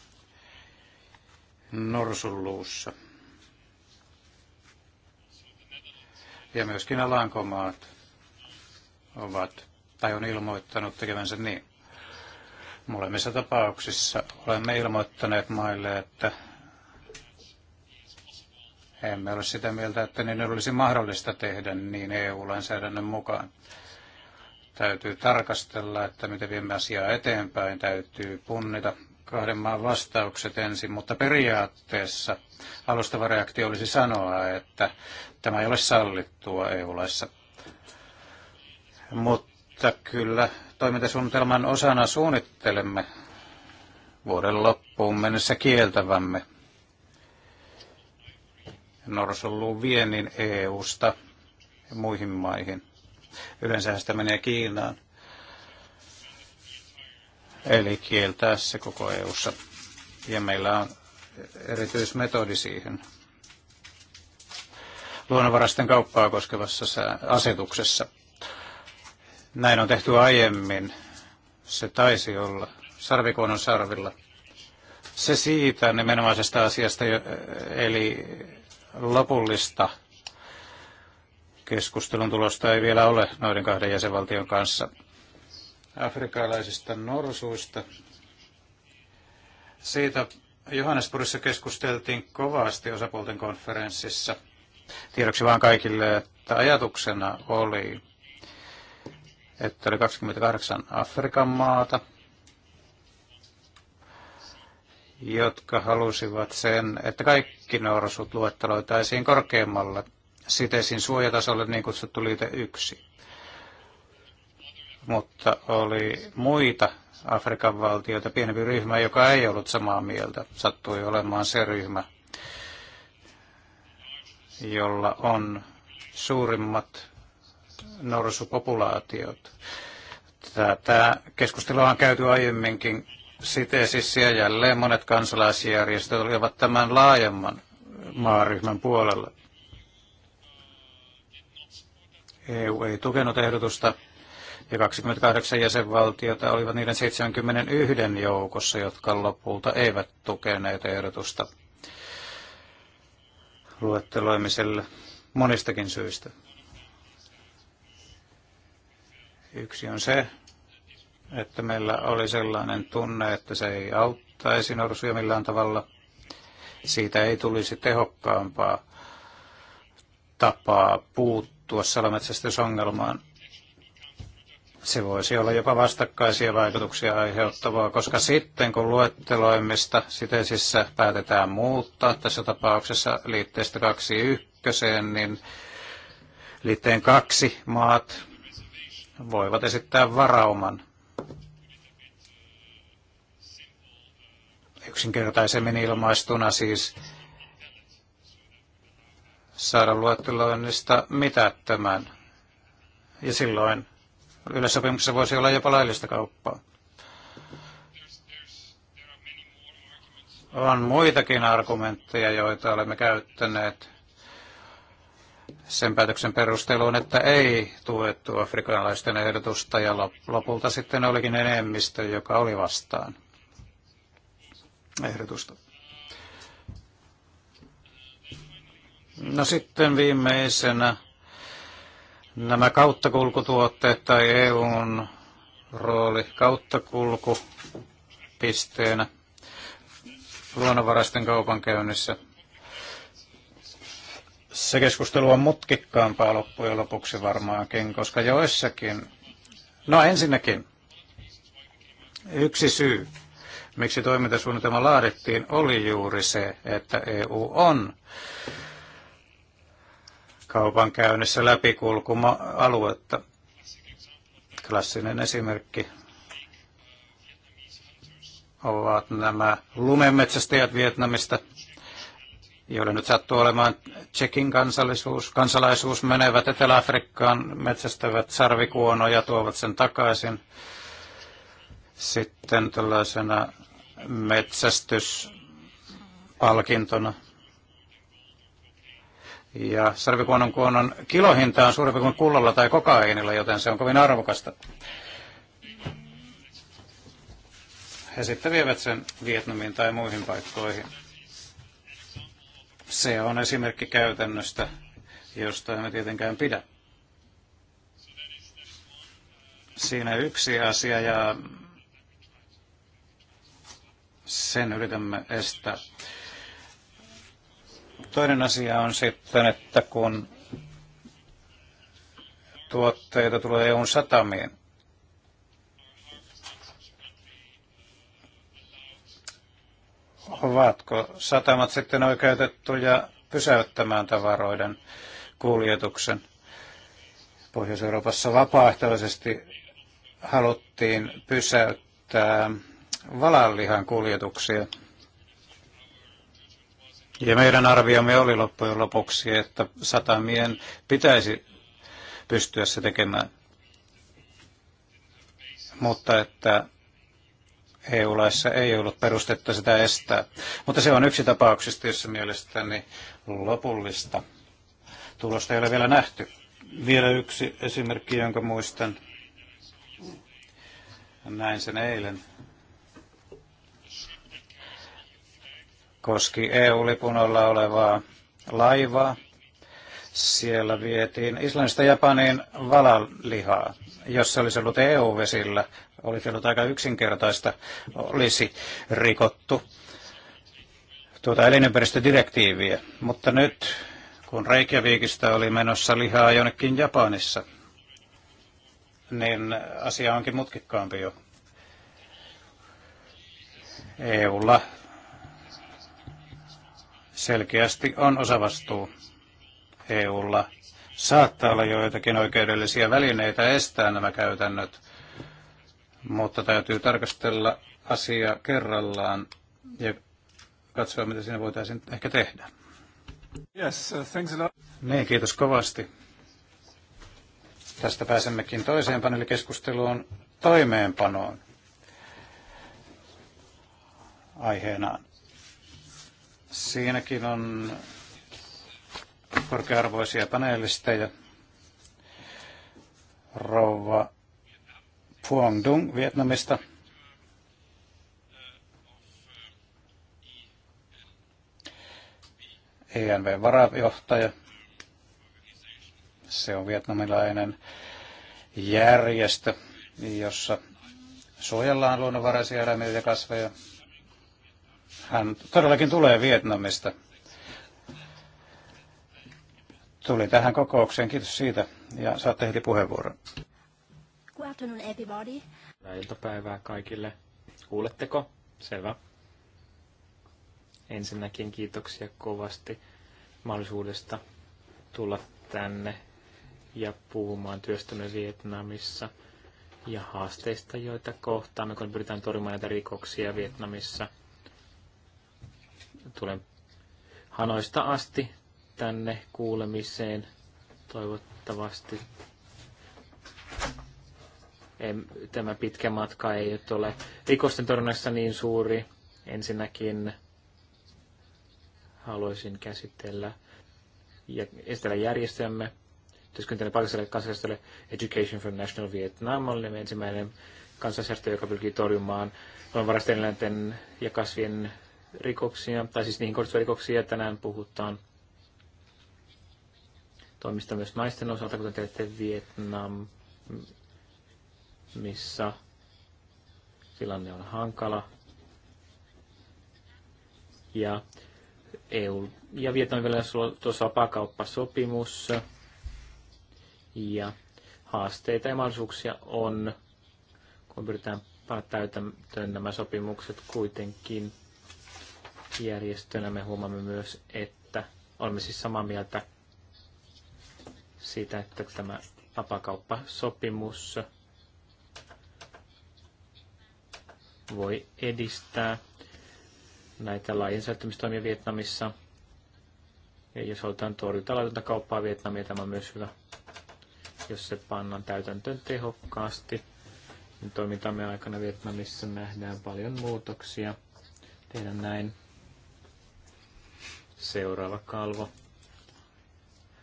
norsulluussa. Ja myöskin Alankomaat ovat tai on ilmoittanut tekevänsä niin. Molemmissa tapauksissa olemme ilmoittaneet maille, että emme ole sitä mieltä, että niin olisi mahdollista tehdä niin EU-lainsäädännön mukaan. Täytyy tarkastella, että miten viemme asiaa eteenpäin, täytyy punnita kahden maan vastaukset ensin, mutta periaatteessa alustava reaktio olisi sanoa, että tämä ei ole sallittua EU-laissa. Mutta kyllä toimintasuunnitelman osana suunnittelemme vuoden loppuun mennessä kieltävämme norsulluun viennin EU-sta ja muihin maihin. Yleensä sitä menee Kiinaan eli kieltää se koko EU-ssa. Ja meillä on erityismetodi siihen luonnonvarasten kauppaa koskevassa asetuksessa. Näin on tehty aiemmin. Se taisi olla sarvikuonon sarvilla. Se siitä nimenomaisesta asiasta, eli lopullista keskustelun tulosta ei vielä ole noiden kahden jäsenvaltion kanssa afrikkalaisista norsuista. Siitä Johannesburgissa keskusteltiin kovasti osapuolten konferenssissa. Tiedoksi vaan kaikille, että ajatuksena oli, että oli 28 Afrikan maata, jotka halusivat sen, että kaikki norsut luetteloitaisiin korkeammalle sitesin suojatasolle niin kutsuttu liite yksi mutta oli muita Afrikan valtioita, pienempi ryhmä, joka ei ollut samaa mieltä. Sattui olemaan se ryhmä, jolla on suurimmat norsupopulaatiot. Tätä keskustelua on käyty aiemminkin Sitesissä ja jälleen monet kansalaisjärjestöt olivat tämän laajemman maaryhmän puolella. EU ei tukenut ehdotusta ja 28 jäsenvaltiota olivat niiden 71 joukossa, jotka lopulta eivät tukeneet ehdotusta luetteloimiselle monistakin syistä. Yksi on se, että meillä oli sellainen tunne, että se ei auttaisi norsuja millään tavalla. Siitä ei tulisi tehokkaampaa tapaa puuttua salametsästysongelmaan se voisi olla jopa vastakkaisia vaikutuksia aiheuttavaa, koska sitten kun luetteloimista sitesissä päätetään muuttaa, tässä tapauksessa liitteestä kaksi ykköseen, niin liitteen kaksi maat voivat esittää varauman yksinkertaisemmin ilmaistuna siis saada luetteloinnista mitättömän. Ja silloin yleissopimuksessa voisi olla jopa laillista kauppaa. On muitakin argumentteja, joita olemme käyttäneet sen päätöksen perusteluun, että ei tuettu afrikanlaisten ehdotusta ja lopulta sitten olikin enemmistö, joka oli vastaan ehdotusta. No sitten viimeisenä Nämä kauttakulkutuotteet tai EUn rooli kauttakulkupisteenä luonnonvaraisten kaupankäynnissä. Se keskustelu on mutkikkaampaa loppujen lopuksi varmaankin, koska joissakin... No ensinnäkin, yksi syy, miksi toimintasuunnitelma laadittiin, oli juuri se, että EU on kaupankäynnissä läpikulkuma-aluetta. Klassinen esimerkki ovat nämä lumenmetsästäjät Vietnamista, joille nyt sattuu olemaan Tsekin kansallisuus, kansalaisuus, menevät Etelä-Afrikkaan, metsästävät sarvikuonoja, tuovat sen takaisin. Sitten tällaisena metsästyspalkintona ja sarvikuonon kuonon kilohinta on suurempi kuin kullalla tai kokaiinilla, joten se on kovin arvokasta. He sitten vievät sen Vietnamiin tai muihin paikkoihin. Se on esimerkki käytännöstä, josta emme tietenkään pidä. Siinä yksi asia ja sen yritämme estää. Toinen asia on sitten, että kun tuotteita tulee EUn satamiin, ovatko satamat sitten oikeutettuja pysäyttämään tavaroiden kuljetuksen? Pohjois-Euroopassa vapaaehtoisesti haluttiin pysäyttää valanlihan kuljetuksia ja meidän arviomme oli loppujen lopuksi, että satamien pitäisi pystyä se tekemään. Mutta että EU-laissa ei ollut perustetta sitä estää. Mutta se on yksi tapauksista, jossa mielestäni lopullista tulosta ei ole vielä nähty. Vielä yksi esimerkki, jonka muistan. Näin sen eilen koski EU-lipun alla olevaa laivaa. Siellä vietiin Islannista Japaniin valalihaa. Jos se olisi ollut EU-vesillä, olisi ollut aika yksinkertaista, olisi rikottu tuota elinympäristödirektiiviä. Mutta nyt, kun reikäviikistä oli menossa lihaa jonnekin Japanissa, niin asia onkin mutkikkaampi jo. EUlla selkeästi on osavastuu EUlla. Saattaa olla joitakin oikeudellisia välineitä estää nämä käytännöt, mutta täytyy tarkastella asia kerrallaan ja katsoa, mitä siinä voitaisiin ehkä tehdä. Yes, uh, thanks a lot. Niin, kiitos kovasti. Tästä pääsemmekin toiseen paneelikeskusteluun toimeenpanoon aiheenaan. Siinäkin on korkearvoisia paneelisteja. Rouva Phuong Dung Vietnamista. ENV-varajohtaja. Se on vietnamilainen järjestö, jossa suojellaan luonnonvaraisia eläimiä ja kasveja hän todellakin tulee Vietnamista. Tuli tähän kokoukseen. Kiitos siitä. Ja saatte heti puheenvuoron. Good afternoon, everybody. Hyvää iltapäivää kaikille. Kuuletteko? Selvä. Ensinnäkin kiitoksia kovasti mahdollisuudesta tulla tänne ja puhumaan työstämme Vietnamissa ja haasteista, joita kohtaamme, kun pyritään torjumaan näitä rikoksia Vietnamissa tulen Hanoista asti tänne kuulemiseen. Toivottavasti en, tämä pitkä matka ei nyt ole rikosten torjunnassa niin suuri. Ensinnäkin haluaisin käsitellä ja esitellä järjestömme Työskentelen paikalliselle kansalaiselle Education for National Vietnam. Olemme ensimmäinen kansalaisjärjestö, joka pyrkii torjumaan luonnonvaraisten eläinten ja kasvien rikoksia, tai siis niihin kohdistuvia rikoksia. Tänään puhutaan toimista myös naisten osalta, kuten tiedätte Vietnam, missä tilanne on hankala. Ja EU ja Vietnamin välillä tuossa vapaakauppasopimus. Ja haasteita ja mahdollisuuksia on, kun pyritään täytäntöön nämä sopimukset kuitenkin järjestönä me huomaamme myös, että olemme siis samaa mieltä siitä, että tämä vapakauppasopimus voi edistää näitä laajensäyttämistoimia Vietnamissa. Ja jos halutaan torjuta laitonta kauppaa Vietnamia, tämä on myös hyvä, jos se pannaan täytäntöön tehokkaasti. Niin toimintamme aikana Vietnamissa nähdään paljon muutoksia. Tehdään näin. Seuraava kalvo.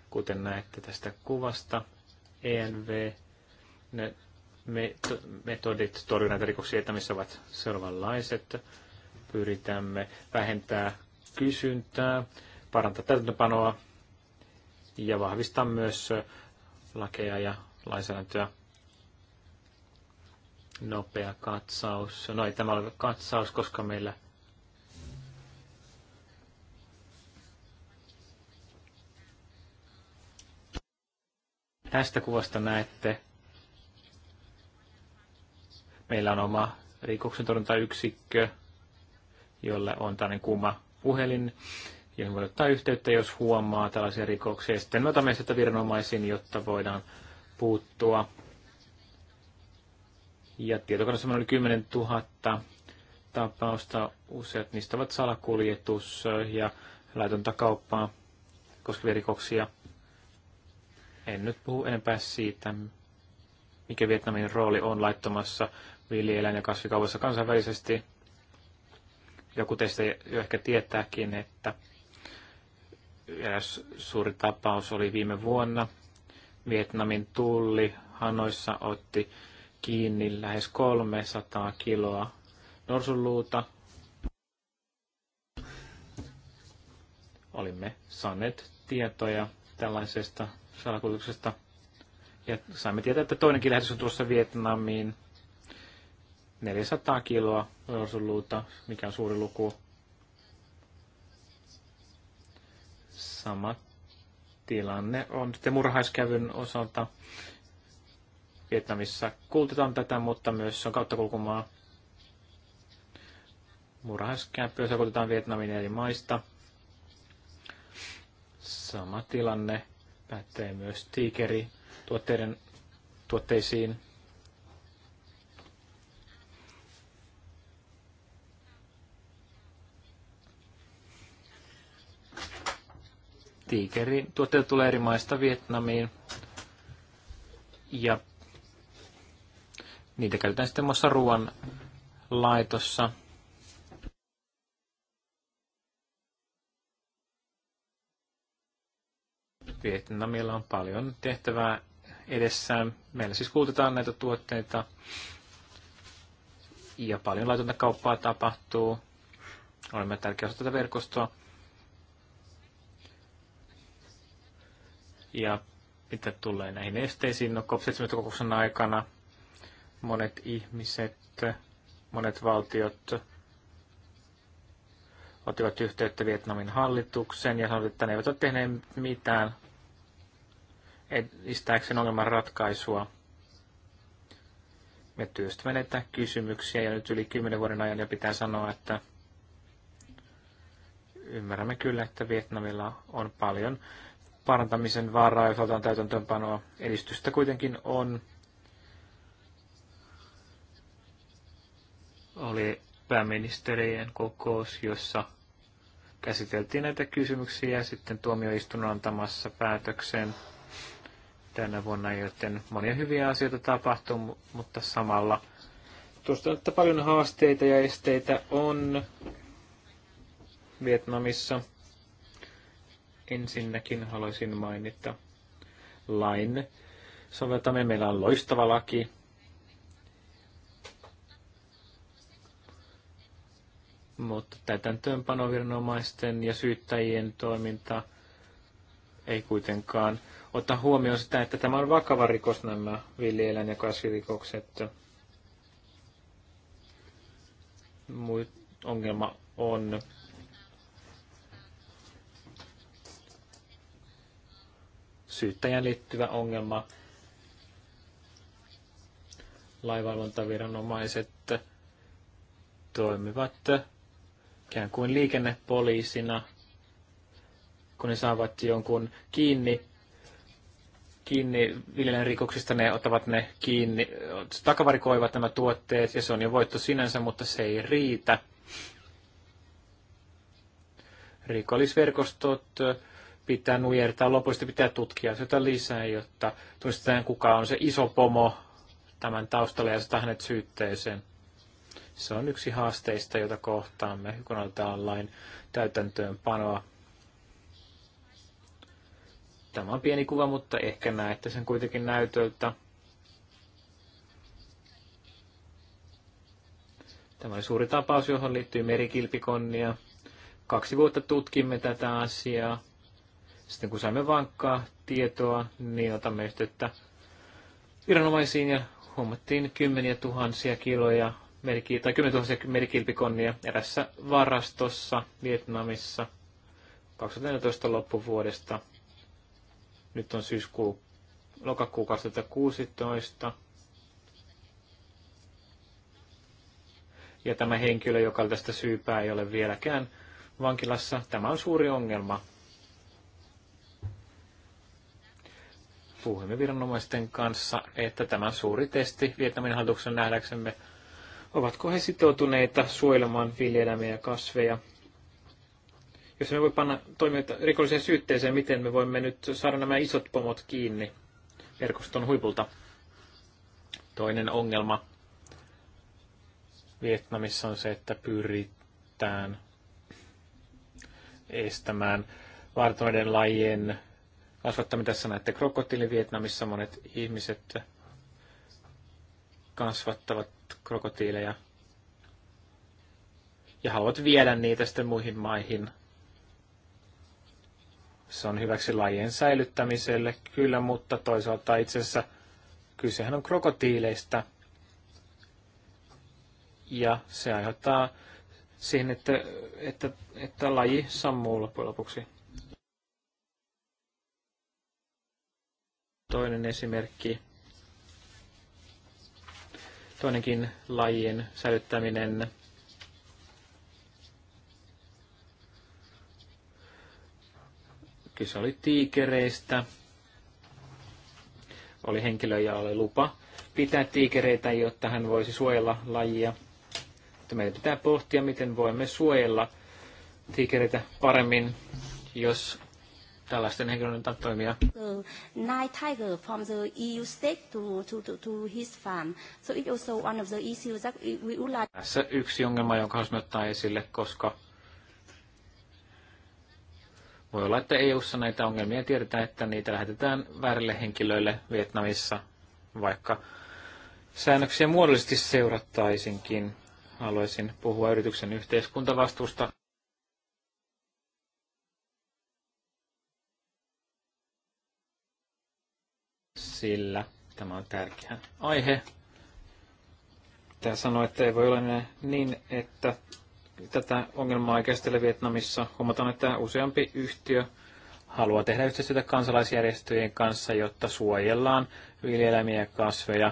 Kuten näette tästä kuvasta, ENV, ne metodit torjunnan rikoksia etämissä ovat seuraavanlaiset. Pyritämme vähentää kysyntää, parantaa täytäntöpanoa ja vahvistaa myös lakeja ja lainsäädäntöä. Nopea katsaus. No ei tämä ole katsaus, koska meillä – Tästä kuvasta näette, meillä on oma rikoksen torjuntayksikkö, jolle on tällainen kuuma puhelin, johon voi ottaa yhteyttä, jos huomaa tällaisia rikoksia. Sitten me otamme sitä viranomaisiin, jotta voidaan puuttua. Ja tietokoneessa oli 10 000 tapausta, useat niistä ovat salakuljetus ja laitonta kauppaa koskevia rikoksia. En nyt puhu enempää siitä, mikä Vietnamin rooli on laittomassa viljeläin- ja kasvikaupassa kansainvälisesti. Joku teistä jo ehkä tietääkin, että eräs suuri tapaus oli viime vuonna. Vietnamin tulli Hanoissa otti kiinni lähes 300 kiloa norsunluuta. Olimme saaneet tietoja tällaisesta salakuljetuksesta. Ja saimme tietää, että toinenkin lähetys on tuossa Vietnamiin. 400 kiloa rousuluuta, mikä on suuri luku. Sama tilanne on sitten murhaiskävyn osalta. Vietnamissa kultetaan tätä, mutta myös se on kauttakulkumaa. Murhaiskäpyä kultetaan Vietnamin eri maista. Sama tilanne pätee myös tiikeri tuotteiden tuotteisiin. Tiikerin tuotteet tulee eri maista Vietnamiin ja niitä käytetään sitten muassa ruoan laitossa. Vietnamilla on paljon tehtävää edessään. Meillä siis kuultetaan näitä tuotteita ja paljon laitonta kauppaa tapahtuu. Olemme tärkeä osa tätä verkostoa. Ja mitä tulee näihin esteisiin, no COP17-kokouksen aikana monet ihmiset, monet valtiot ottivat yhteyttä Vietnamin hallitukseen ja sanoivat, että ne eivät ole tehneet mitään edistääkseen ongelman ratkaisua. Me työstämme näitä kysymyksiä ja nyt yli kymmenen vuoden ajan ja pitää sanoa, että ymmärrämme kyllä, että Vietnamilla on paljon parantamisen varaa, jos otetaan täytäntöönpanoa. Edistystä kuitenkin on. Oli pääministerien kokous, jossa käsiteltiin näitä kysymyksiä ja sitten tuomioistuin antamassa päätöksen tänä vuonna, joten monia hyviä asioita tapahtuu, mutta samalla tuosta että paljon haasteita ja esteitä on Vietnamissa. Ensinnäkin haluaisin mainita lain soveltamme. Meillä on loistava laki, mutta täytäntöönpanoviranomaisten ja syyttäjien toiminta ei kuitenkaan ottaa huomioon sitä, että tämä on vakava rikos nämä villieläin- ja kasvirikokset. Muut ongelma on syyttäjän liittyvä ongelma. Laivalvontaviranomaiset toimivat ikään kuin liikennepoliisina, kun ne saavat jonkun kiinni, kiinni viljelijän rikoksista, ne ottavat ne kiinni, takavarikoivat nämä tuotteet ja se on jo voitto sinänsä, mutta se ei riitä. Rikollisverkostot pitää nujertaa, lopuista pitää tutkia sitä lisää, jotta tunnistetaan kuka on se iso pomo tämän taustalla ja sitä hänet syytteeseen. Se on yksi haasteista, jota kohtaamme, kun otetaan lain täytäntöönpanoa. panoa Tämä on pieni kuva, mutta ehkä näette sen kuitenkin näytöltä. Tämä oli suuri tapaus, johon liittyy merikilpikonnia. Kaksi vuotta tutkimme tätä asiaa. Sitten kun saimme vankkaa tietoa, niin otamme yhteyttä viranomaisiin ja huomattiin kymmeniä tuhansia kiloja meriki- tai kymmeniä tuhansia merikilpikonnia erässä varastossa Vietnamissa 2014 loppuvuodesta. Nyt on syyskuu, lokakuu 2016. Ja tämä henkilö, joka tästä syypää ei ole vieläkään vankilassa, tämä on suuri ongelma. Puhuimme viranomaisten kanssa, että tämä suuri testi Vietnamin hallituksen nähdäksemme, ovatko he sitoutuneita suojelemaan viljelämiä ja kasveja jos me voi panna toimijoita rikolliseen syytteeseen, miten me voimme nyt saada nämä isot pomot kiinni verkoston huipulta? Toinen ongelma Vietnamissa on se, että pyritään estämään vartoiden lajien kasvattaminen. Tässä näette krokotiili Vietnamissa. Monet ihmiset kasvattavat krokotiileja ja haluavat viedä niitä sitten muihin maihin se on hyväksi lajien säilyttämiselle, kyllä, mutta toisaalta itse asiassa kysehän on krokotiileista. Ja se aiheuttaa siihen, että, että, että laji sammuu loppujen lopuksi. Toinen esimerkki. Toinenkin lajien säilyttäminen Kyse oli tiikereistä. Oli henkilö, jolla oli lupa pitää tiikereitä, jotta hän voisi suojella lajia. Mutta meidän pitää pohtia, miten voimme suojella tiikereitä paremmin, jos tällaisten henkilöiden toimia. Uh, Nine tiger from the EU state to, to, to, to his farm. So it also one of the issues that we would like. Tässä yksi ongelma, jonka haluaisimme ottaa esille, koska voi olla, että EU-ssa näitä ongelmia tiedetään, että niitä lähetetään väärille henkilöille Vietnamissa, vaikka säännöksiä muodollisesti seurattaisinkin. Haluaisin puhua yrityksen yhteiskuntavastuusta. Sillä tämä on tärkeä aihe. Tämä sanoo, että ei voi olla niin, että tätä ongelmaa ei käsitellä Vietnamissa. Huomataan, että useampi yhtiö haluaa tehdä yhteistyötä kansalaisjärjestöjen kanssa, jotta suojellaan viljelämiä ja kasveja.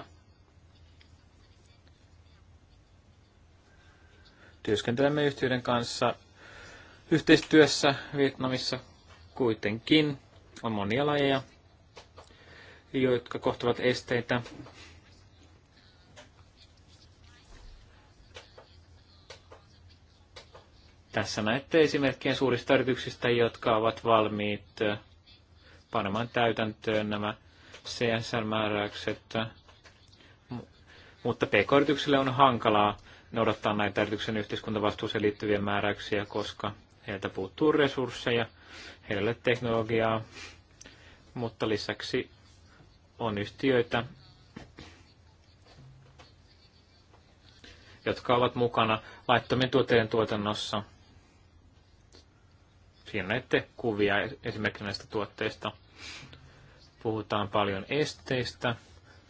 Työskentelemme yhtiöiden kanssa yhteistyössä Vietnamissa kuitenkin. On monia lajeja, jotka kohtavat esteitä Tässä näette esimerkkejä suurista yrityksistä, jotka ovat valmiit panemaan täytäntöön nämä CSR-määräykset. Mutta pk-yrityksille on hankalaa noudattaa näitä yrityksen yhteiskuntavastuuseen liittyviä määräyksiä, koska heiltä puuttuu resursseja, heille teknologiaa, mutta lisäksi on yhtiöitä, jotka ovat mukana laittomien tuotteiden tuotannossa – Siinä näette kuvia esimerkiksi näistä tuotteista. Puhutaan paljon esteistä.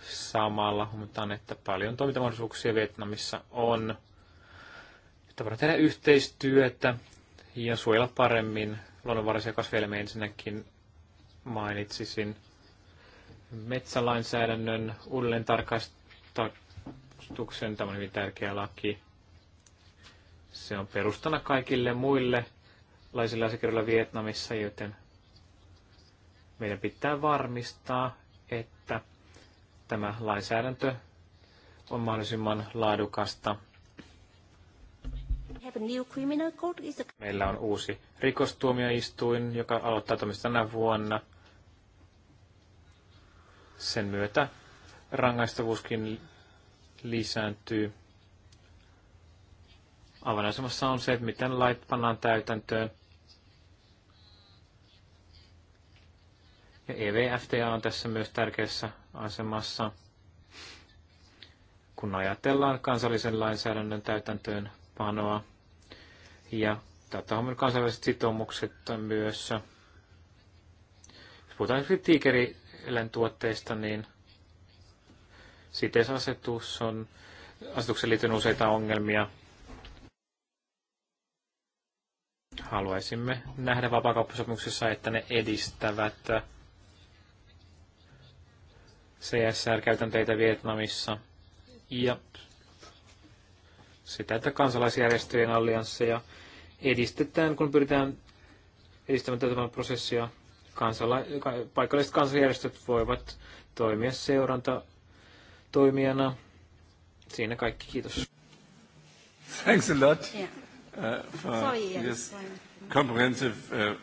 Samalla huomataan, että paljon toimintamahdollisuuksia Vietnamissa on. Että voidaan tehdä yhteistyötä ja suojella paremmin luonnonvaraisia kasvielmiä ensinnäkin mainitsisin metsälainsäädännön uudelleen tarkastuksen, tämä on hyvin tärkeä laki. Se on perustana kaikille muille laisilla asiakirjoilla Vietnamissa, joten meidän pitää varmistaa, että tämä lainsäädäntö on mahdollisimman laadukasta. Meillä on uusi rikostuomioistuin, joka aloittaa toimista tänä vuonna. Sen myötä rangaistavuuskin lisääntyy. Avainasemassa on se, että miten lait pannaan täytäntöön – Ja EVFTA on tässä myös tärkeässä asemassa, kun ajatellaan kansallisen lainsäädännön täytäntöön panoa. Ja tätä on kansainväliset sitoumukset myös. Jos puhutaan tuotteista, niin CITES-asetus on asetuksen liittyen useita ongelmia. Haluaisimme nähdä vapaakauppasopimuksessa, että ne edistävät CSR-käytänteitä Vietnamissa ja sitä, että kansalaisjärjestöjen alliansseja edistetään, kun pyritään edistämään tätä prosessia. Kansala- paikalliset kansalaisjärjestöt voivat toimia seuranta toimijana. Siinä kaikki, kiitos. Thanks a lot uh, for this comprehensive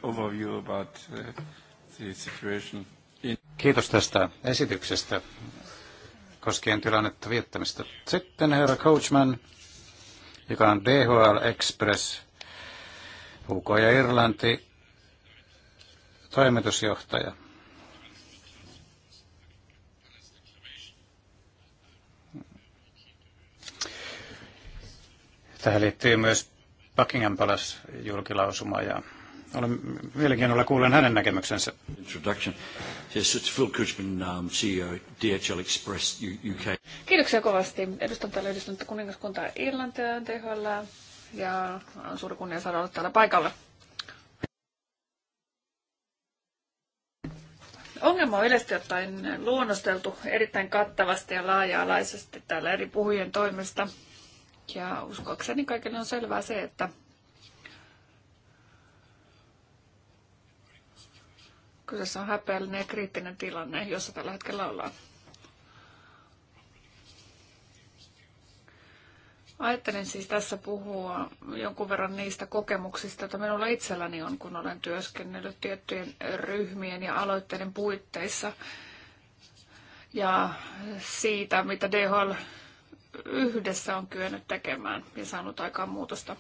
uh, overview about uh, the situation. Kiitos tästä esityksestä koskien tilannetta viettämistä. Sitten herra Coachman, joka on DHL Express, UK ja Irlanti, toimitusjohtaja. Tähän liittyy myös Buckingham Palace julkilausuma ja olen mielenkiinnolla kuulen hänen näkemyksensä. Introduction. Yes, it's Phil Cushman, um, CEO DHL Express UK. Kiitoksia kovasti. Edustan täällä yhdistynyttä kuningaskuntaa Irlantia THL ja on suuri kunnia saada olla täällä paikalla. Ongelma on yleisesti ottaen luonnosteltu erittäin kattavasti ja laaja-alaisesti täällä eri puhujien toimesta. Ja uskoakseni kaikille on selvää se, että Kyseessä on häpeällinen ja kriittinen tilanne, jossa tällä hetkellä ollaan. Ajattelin siis tässä puhua jonkun verran niistä kokemuksista, joita minulla itselläni on, kun olen työskennellyt tiettyjen ryhmien ja aloitteiden puitteissa. Ja siitä, mitä DHL yhdessä on kyennyt tekemään ja saanut aikaan muutosta.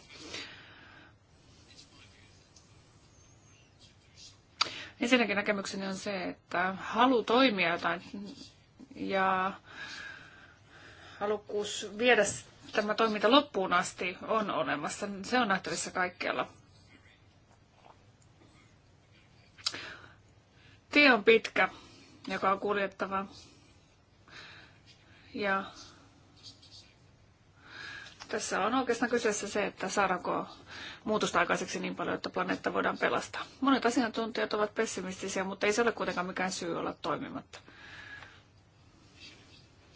Ensinnäkin näkemykseni on se, että halu toimia jotain ja halukkuus viedä tämä toiminta loppuun asti on olemassa. Se on nähtävissä kaikkialla. Tie on pitkä, joka on kuljettava. Ja tässä on oikeastaan kyseessä se, että saadaanko muutosta aikaiseksi niin paljon, että planeetta voidaan pelastaa. Monet asiantuntijat ovat pessimistisiä, mutta ei se ole kuitenkaan mikään syy olla toimimatta.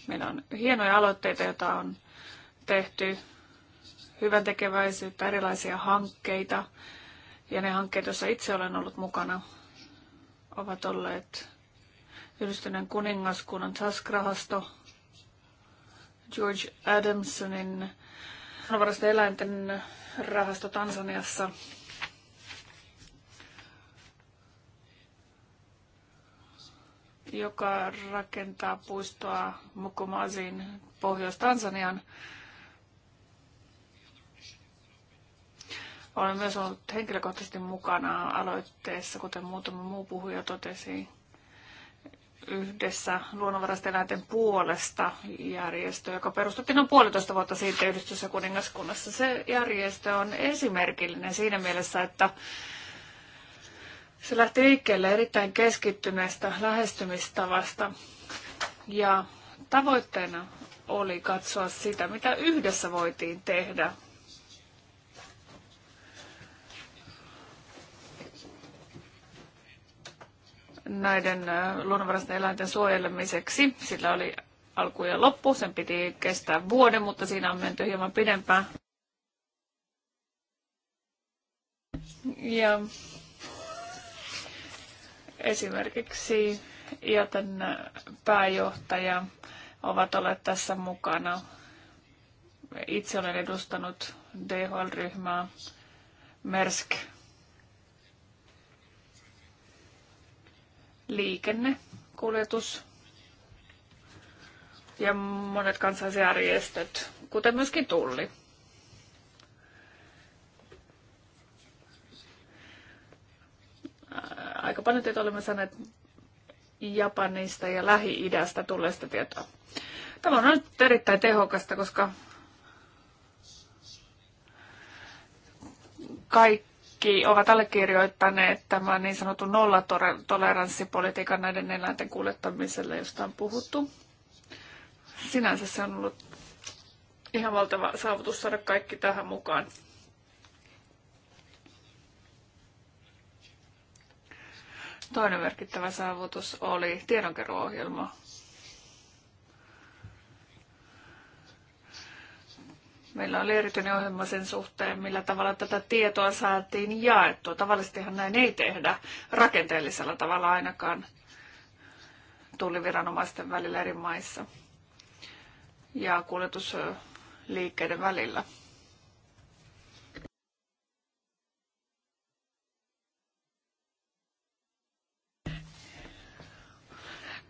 Meillä on hienoja aloitteita, joita on tehty, hyvän tekeväisyyttä, erilaisia hankkeita. Ja ne hankkeet, joissa itse olen ollut mukana, ovat olleet Yhdistyneen kuningaskunnan task George Adamsonin Luonnonvaraisten eläinten rahasto Tansaniassa joka rakentaa puistoa Mukumasiin Pohjois-Tansanian. Olen myös ollut henkilökohtaisesti mukana aloitteessa, kuten muutama muu puhuja totesi yhdessä eläinten puolesta järjestö, joka perustettiin noin puolitoista vuotta sitten yhdistyssä kuningaskunnassa. Se järjestö on esimerkillinen siinä mielessä, että se lähti liikkeelle erittäin keskittyneestä lähestymistavasta ja tavoitteena oli katsoa sitä, mitä yhdessä voitiin tehdä näiden luonnonvaraisten eläinten suojelemiseksi. Sillä oli alku ja loppu, sen piti kestää vuoden, mutta siinä on menty hieman pidempään. Ja esimerkiksi IOTen pääjohtaja ovat olleet tässä mukana. Itse olen edustanut DHL-ryhmää, Mersk liikenne, kuljetus ja monet kansalaisjärjestöt, kuten myöskin tulli. Aika paljon tietoa olemme saaneet Japanista ja Lähi-idästä tulleista tietoa. Tämä on nyt erittäin tehokasta, koska kaikki kaikki ovat allekirjoittaneet tämän niin sanotun nollatoleranssipolitiikan näiden eläinten kuljettamiselle, josta on puhuttu. Sinänsä se on ollut ihan valtava saavutus saada kaikki tähän mukaan. Toinen merkittävä saavutus oli tiedonkeruohjelma, Meillä oli erityinen ohjelma sen suhteen, millä tavalla tätä tietoa saatiin jaettua. Tavallisestihan näin ei tehdä rakenteellisella tavalla ainakaan tulliviranomaisten välillä eri maissa ja kuljetusliikkeiden välillä.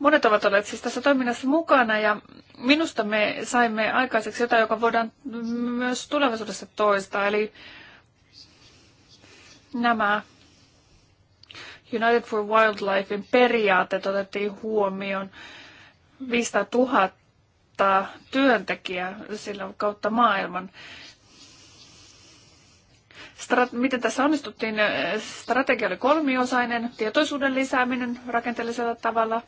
Monet ovat olleet siis tässä toiminnassa mukana ja minusta me saimme aikaiseksi jotain, joka voidaan myös tulevaisuudessa toistaa. Eli nämä United for Wildlifein periaatteet otettiin huomioon 500 000 työntekijää sillä kautta maailman. Strat- miten tässä onnistuttiin? Strategia oli kolmiosainen, tietoisuuden lisääminen rakenteellisella tavalla,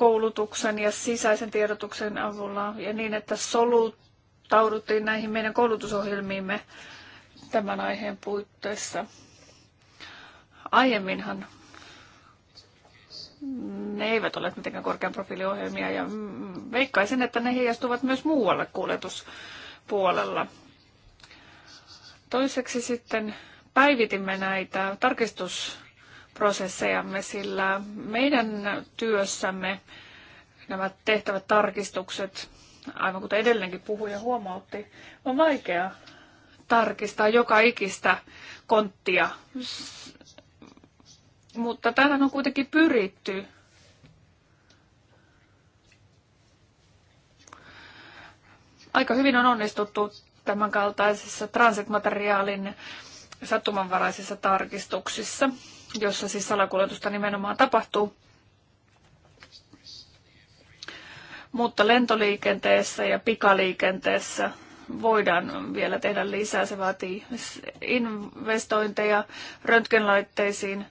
koulutuksen ja sisäisen tiedotuksen avulla ja niin, että soluttauduttiin näihin meidän koulutusohjelmiimme tämän aiheen puitteissa. Aiemminhan ne eivät ole mitenkään korkean profiiliohjelmia ja veikkaisin, että ne heijastuvat myös muualle kuljetuspuolella. Toiseksi sitten päivitimme näitä tarkistus prosessejamme, sillä meidän työssämme nämä tehtävät tarkistukset, aivan kuten edellinenkin puhuja huomautti, on vaikea tarkistaa joka ikistä konttia. Mutta täällä on kuitenkin pyritty aika hyvin on onnistuttu tämänkaltaisissa transitmateriaalin sattumanvaraisissa tarkistuksissa jossa siis salakuljetusta nimenomaan tapahtuu. Mutta lentoliikenteessä ja pikaliikenteessä voidaan vielä tehdä lisää. Se vaatii investointeja röntgenlaitteisiin,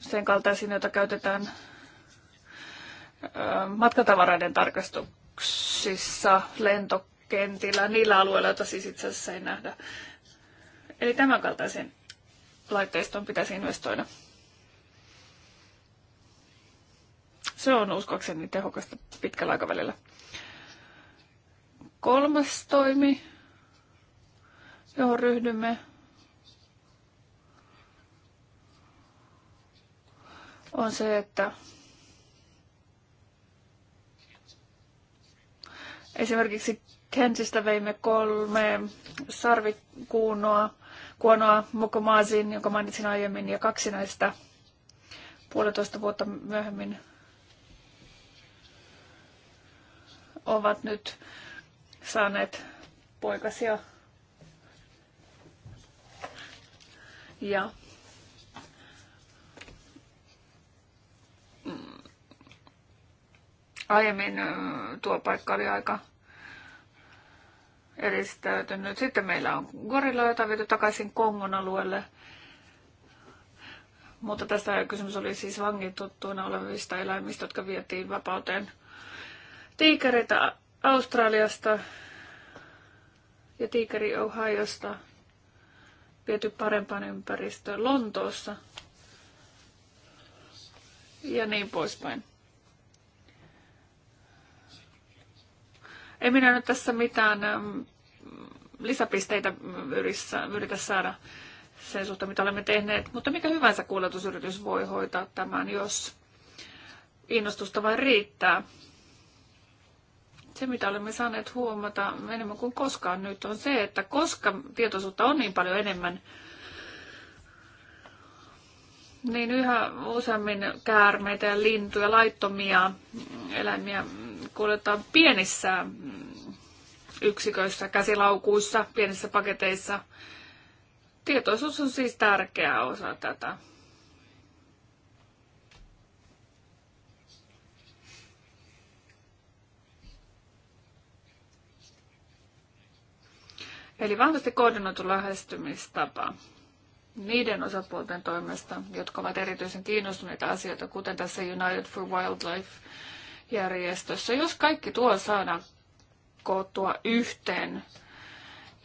sen kaltaisiin, joita käytetään matkatavaraiden tarkastuksissa lentokentillä, niillä alueilla, joita siis itse asiassa ei nähdä. Eli tämän kaltaisen laitteistoon pitäisi investoida. Se on uskoakseni tehokasta pitkällä aikavälillä. Kolmas toimi, johon ryhdymme, on se, että esimerkiksi Kensistä veimme kolme sarvikuunoa Kuonoa Mokomaasin, jonka mainitsin aiemmin, ja kaksi näistä puolitoista vuotta myöhemmin ovat nyt saaneet poikasia. Ja mm, aiemmin tuo paikka oli aika eristäytynyt. Sitten meillä on gorilla, jota viety takaisin Kongon alueelle. Mutta tässä kysymys oli siis vangituttuina olevista eläimistä, jotka vietiin vapauteen. Tiikereitä Australiasta ja tiikeri Ohiosta viety parempaan ympäristöön Lontoossa ja niin poispäin. Ei minä nyt tässä mitään mm, lisäpisteitä yritä saada sen suhteen, mitä olemme tehneet. Mutta mikä hyvänsä kuljetusyritys voi hoitaa tämän, jos innostusta vain riittää. Se, mitä olemme saaneet huomata enemmän kuin koskaan nyt, on se, että koska tietoisuutta on niin paljon enemmän, niin yhä useammin käärmeitä ja lintuja, laittomia eläimiä kuljetaan pienissä yksiköissä, käsilaukuissa, pienissä paketeissa. Tietoisuus on siis tärkeä osa tätä. Eli vahvasti koordinoitu lähestymistapa niiden osapuolten toimesta, jotka ovat erityisen kiinnostuneita asioita, kuten tässä United for Wildlife järjestössä. Jos kaikki tuo saadaan koottua yhteen.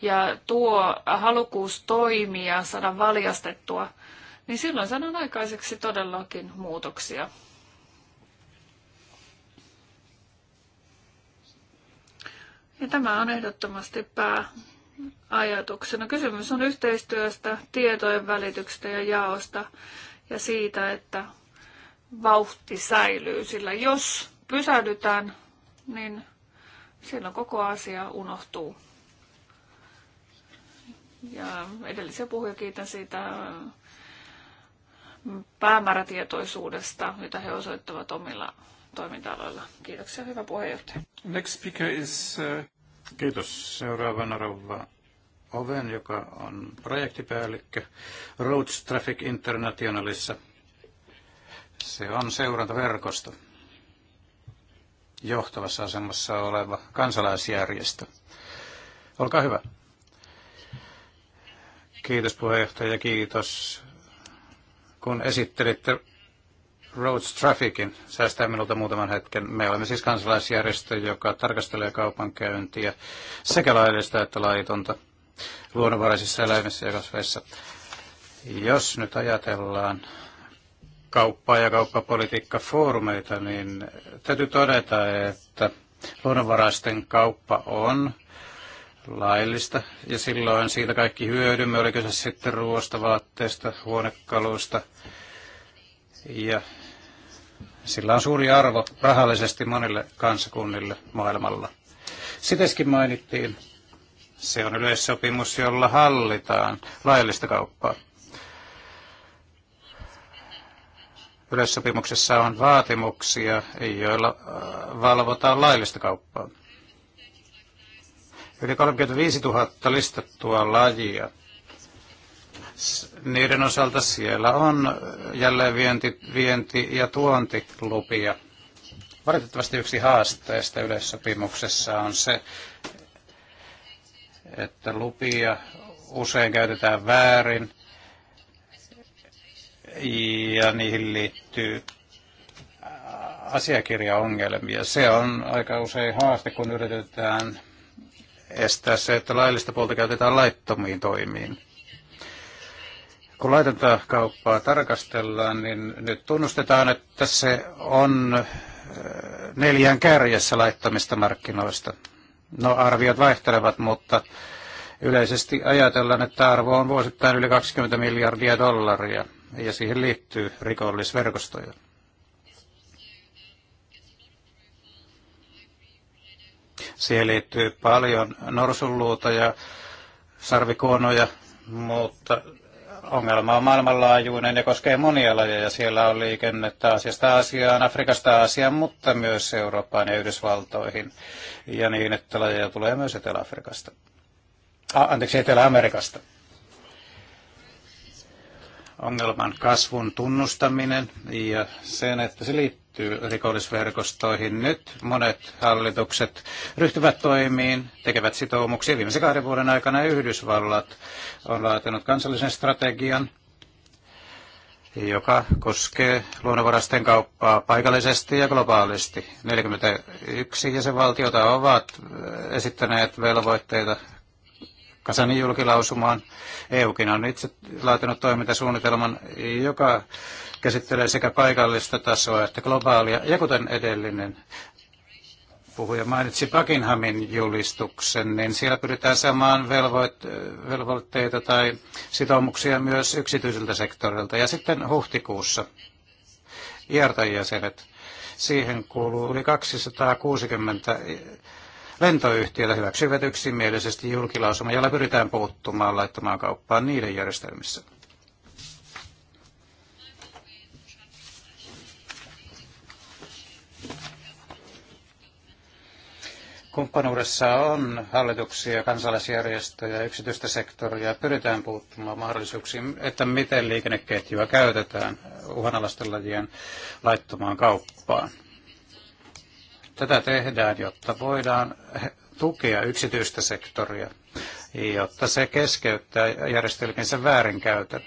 Ja tuo halukkuus toimia, saada valjastettua, niin silloin sanon aikaiseksi todellakin muutoksia. Ja tämä on ehdottomasti pääajatuksena. Kysymys on yhteistyöstä, tietojen välityksestä ja jaosta ja siitä, että vauhti säilyy, sillä jos pysähdytään, niin silloin koko asia unohtuu. Ja edellisiä puhuja kiitän siitä mm, päämäärätietoisuudesta, mitä he osoittavat omilla toiminta-aloilla. Kiitoksia, hyvä puheenjohtaja. Next speaker is... Uh... Kiitos. Seuraavana rouva Oven, joka on projektipäällikkö Roads Traffic Internationalissa. Se on seurantaverkosto johtavassa asemassa oleva kansalaisjärjestö. Olkaa hyvä. Kiitos puheenjohtaja, kiitos kun esittelitte Roads Trafficin. Säästää minulta muutaman hetken. Me olemme siis kansalaisjärjestö, joka tarkastelee kaupankäyntiä sekä laillista että laitonta luonnonvaraisissa eläimissä ja kasveissa. Jos nyt ajatellaan kauppaa ja kauppapolitiikkafoorumeita, niin täytyy todeta, että luonnonvaraisten kauppa on laillista ja silloin siitä kaikki hyödymme, oliko se sitten ruoasta, vaatteista, huonekaluista ja sillä on suuri arvo rahallisesti monille kansakunnille maailmalla. Siteskin mainittiin, se on yleissopimus, jolla hallitaan laillista kauppaa. Yleissopimuksessa on vaatimuksia, joilla äh, valvotaan laillista kauppaa. Yli 35 000 listattua lajia. Niiden osalta siellä on jälleen vienti, vienti ja tuontilupia. Valitettavasti yksi haasteista yleissopimuksessa on se, että lupia usein käytetään väärin ja niihin liittyy äh, asiakirjaongelmia. Se on aika usein haaste, kun yritetään estää se, että laillista puolta käytetään laittomiin toimiin. Kun laitonta kauppaa tarkastellaan, niin nyt tunnustetaan, että se on äh, neljän kärjessä laittomista markkinoista. No arviot vaihtelevat, mutta yleisesti ajatellaan, että arvo on vuosittain yli 20 miljardia dollaria – ja siihen liittyy rikollisverkostoja. Siihen liittyy paljon norsunluuta ja sarvikuonoja, mutta ongelma on maailmanlaajuinen ja koskee monia lajeja. Siellä on liikennettä asiasta Aasiaan, Afrikasta Aasiaan, mutta myös Eurooppaan ja Yhdysvaltoihin. Ja niin, että lajeja tulee myös Etelä-Afrikasta. Ah, anteeksi, Etelä-Amerikasta ongelman kasvun tunnustaminen ja sen, että se liittyy rikollisverkostoihin. Nyt monet hallitukset ryhtyvät toimiin, tekevät sitoumuksia. Viimeisen kahden vuoden aikana Yhdysvallat on laatinut kansallisen strategian, joka koskee luonnonvarasten kauppaa paikallisesti ja globaalisti. 41 jäsenvaltiota ovat esittäneet velvoitteita Kasanin julkilausumaan. EUkin on itse laatinut toimintasuunnitelman, joka käsittelee sekä paikallista tasoa että globaalia. Ja kuten edellinen puhuja mainitsi Buckinghamin julistuksen, niin siellä pyritään saamaan velvoitteita tai sitoumuksia myös yksityiseltä sektorilta. Ja sitten huhtikuussa IARTA-jäsenet. Siihen kuuluu yli 260 lentoyhtiötä hyväksyvät yksimielisesti julkilausuma, jolla pyritään puuttumaan laittamaan kauppaan niiden järjestelmissä. Kumppanuudessa on hallituksia, kansalaisjärjestöjä, yksityistä sektoria. Pyritään puuttumaan mahdollisuuksiin, että miten liikenneketjua käytetään uhanalaisten lajien laittomaan kauppaan. Tätä tehdään, jotta voidaan tukea yksityistä sektoria, jotta se keskeyttää järjestelmiensä väärinkäytön.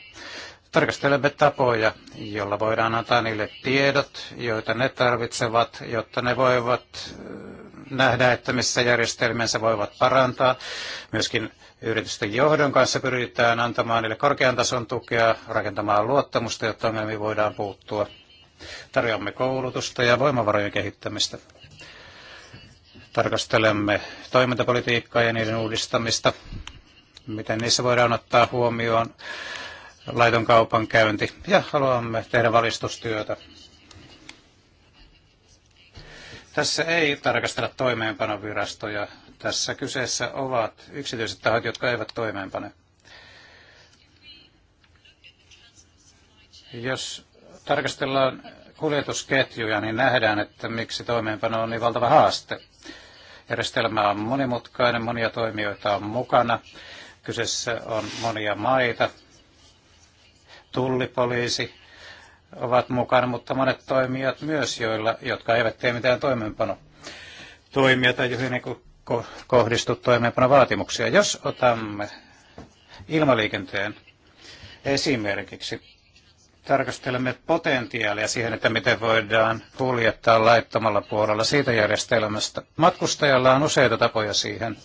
Tarkastelemme tapoja, joilla voidaan antaa niille tiedot, joita ne tarvitsevat, jotta ne voivat äh, nähdä, että missä järjestelmänsä voivat parantaa. Myöskin yritysten johdon kanssa pyritään antamaan niille korkean tason tukea, rakentamaan luottamusta, jotta ongelmiin voidaan puuttua. Tarjoamme koulutusta ja voimavarojen kehittämistä. Tarkastelemme toimintapolitiikkaa ja niiden uudistamista, miten niissä voidaan ottaa huomioon laiton kaupankäynti ja haluamme tehdä valistustyötä. Tässä ei tarkastella toimeenpanovirastoja. Tässä kyseessä ovat yksityiset tahot, jotka eivät toimeenpane. Jos tarkastellaan kuljetusketjuja, niin nähdään, että miksi toimeenpano on niin valtava haaste. Järjestelmä on monimutkainen, monia toimijoita on mukana. Kyseessä on monia maita. Tullipoliisi ovat mukana, mutta monet toimijat myös, joilla, jotka eivät tee mitään toimenpano toimia tai joihin niin kohdistu vaatimuksia. Jos otamme ilmaliikenteen esimerkiksi, tarkastelemme potentiaalia siihen, että miten voidaan kuljettaa laittomalla puolella siitä järjestelmästä. Matkustajalla on useita tapoja siihen.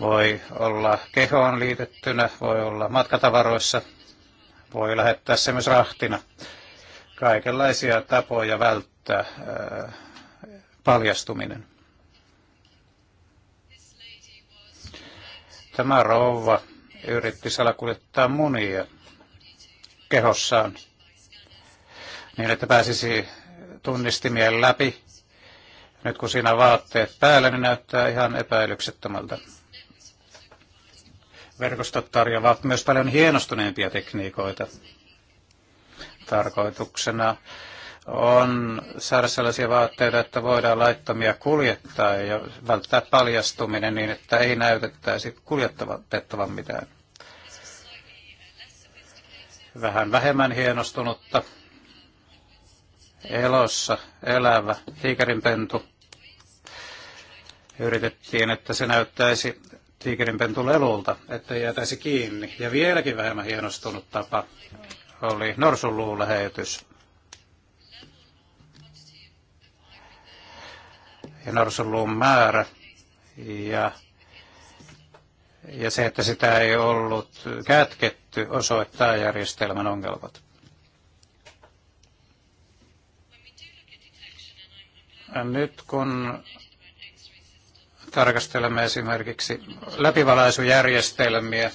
Voi olla kehoon liitettynä, voi olla matkatavaroissa, voi lähettää se myös rahtina. Kaikenlaisia tapoja välttää äh, paljastuminen. Tämä rouva yritti salakuljettaa munia kehossaan niin, että pääsisi tunnistimien läpi. Nyt kun siinä vaatteet päällä, niin näyttää ihan epäilyksettömältä. Verkostot tarjoavat myös paljon hienostuneempia tekniikoita. Tarkoituksena on saada sellaisia vaatteita, että voidaan laittomia kuljettaa ja välttää paljastuminen niin, että ei näytettäisi kuljettavan mitään vähän vähemmän hienostunutta. Elossa elävä tiikerinpentu. Yritettiin, että se näyttäisi tiikerinpentu lelulta, että jäätäisi kiinni. Ja vieläkin vähemmän hienostunut tapa oli norsunluulähetys. Ja norsunluun määrä ja ja se, että sitä ei ollut kätketty, osoittaa järjestelmän ongelmat. Nyt kun tarkastelemme esimerkiksi läpivalaisujärjestelmiä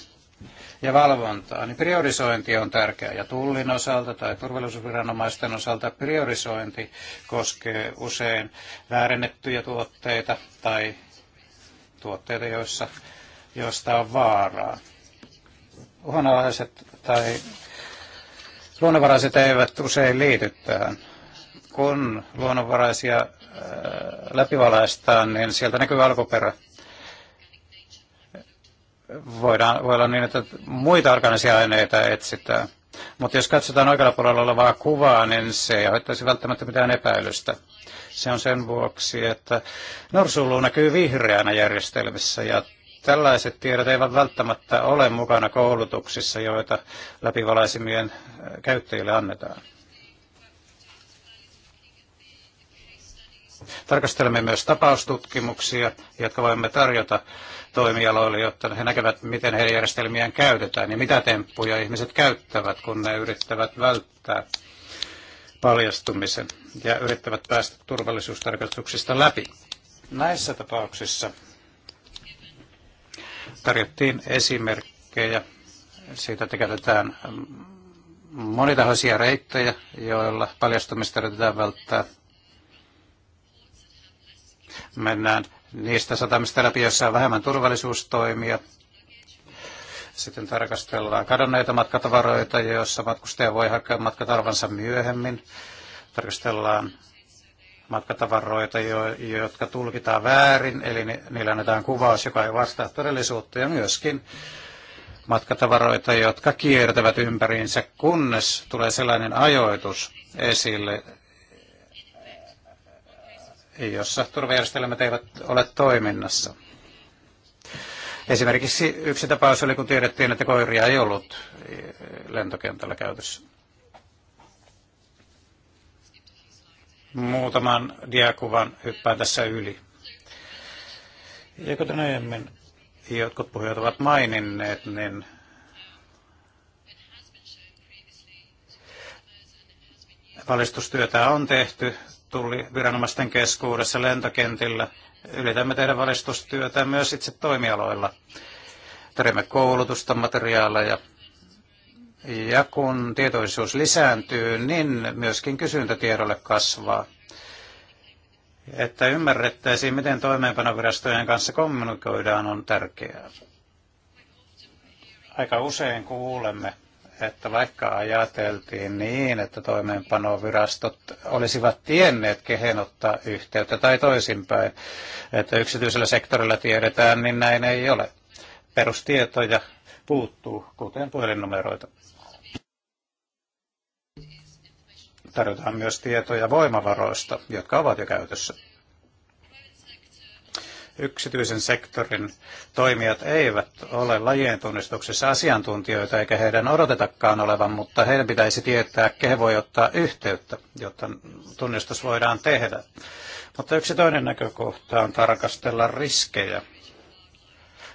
ja valvontaa, niin priorisointi on tärkeää. Ja tullin osalta tai turvallisuusviranomaisten osalta priorisointi koskee usein väärennettyjä tuotteita tai tuotteita, joissa josta on vaaraa. Uhanalaiset tai luonnonvaraiset eivät usein liity tähän. Kun luonnonvaraisia äh, läpivalaistaan, niin sieltä näkyy alkuperä. Voidaan, voi olla niin, että muita organisia aineita etsitään. Mutta jos katsotaan oikealla puolella olevaa kuvaa, niin se ei aiheuttaisi välttämättä mitään epäilystä. Se on sen vuoksi, että norsuluu näkyy vihreänä järjestelmissä ja Tällaiset tiedot eivät välttämättä ole mukana koulutuksissa, joita läpivalaisimien äh, käyttäjille annetaan. Tarkastelemme myös tapaustutkimuksia, jotka voimme tarjota toimialoille, jotta he näkevät, miten heidän järjestelmiään käytetään ja mitä temppuja ihmiset käyttävät, kun ne yrittävät välttää paljastumisen ja yrittävät päästä turvallisuustarkastuksista läpi. Näissä tapauksissa tarjottiin esimerkkejä siitä, että käytetään monitahoisia reittejä, joilla paljastumista yritetään välttää. Mennään niistä satamista läpi, joissa on vähemmän turvallisuustoimia. Sitten tarkastellaan kadonneita matkatavaroita, joissa matkustaja voi hakea matkatarvansa myöhemmin. Tarkastellaan matkatavaroita, jotka tulkitaan väärin, eli niillä annetaan kuvaus, joka ei vastaa todellisuutta, ja myöskin matkatavaroita, jotka kiertävät ympäriinsä, kunnes tulee sellainen ajoitus esille, jossa turvajärjestelmät eivät ole toiminnassa. Esimerkiksi yksi tapaus oli, kun tiedettiin, että koiria ei ollut lentokentällä käytössä. Muutaman diakuvan hyppään tässä yli. Ja kuten aiemmin jotkut puhujat ovat maininneet, niin valistustyötä on tehty tuli viranomaisten keskuudessa lentokentillä. Yritämme tehdä valistustyötä myös itse toimialoilla. Tarjoamme koulutusta, materiaaleja ja kun tietoisuus lisääntyy, niin myöskin kysyntä kasvaa. Että ymmärrettäisiin, miten toimeenpanovirastojen kanssa kommunikoidaan, on tärkeää. Aika usein kuulemme, että vaikka ajateltiin niin, että toimeenpanovirastot olisivat tienneet, kehen ottaa yhteyttä tai toisinpäin, että yksityisellä sektorilla tiedetään, niin näin ei ole. Perustietoja puuttuu, kuten puhelinnumeroita. tarjotaan myös tietoja voimavaroista, jotka ovat jo käytössä. Yksityisen sektorin toimijat eivät ole lajien tunnistuksessa asiantuntijoita, eikä heidän odotetakaan olevan, mutta heidän pitäisi tietää, kehen voi ottaa yhteyttä, jotta tunnistus voidaan tehdä. Mutta yksi toinen näkökohta on tarkastella riskejä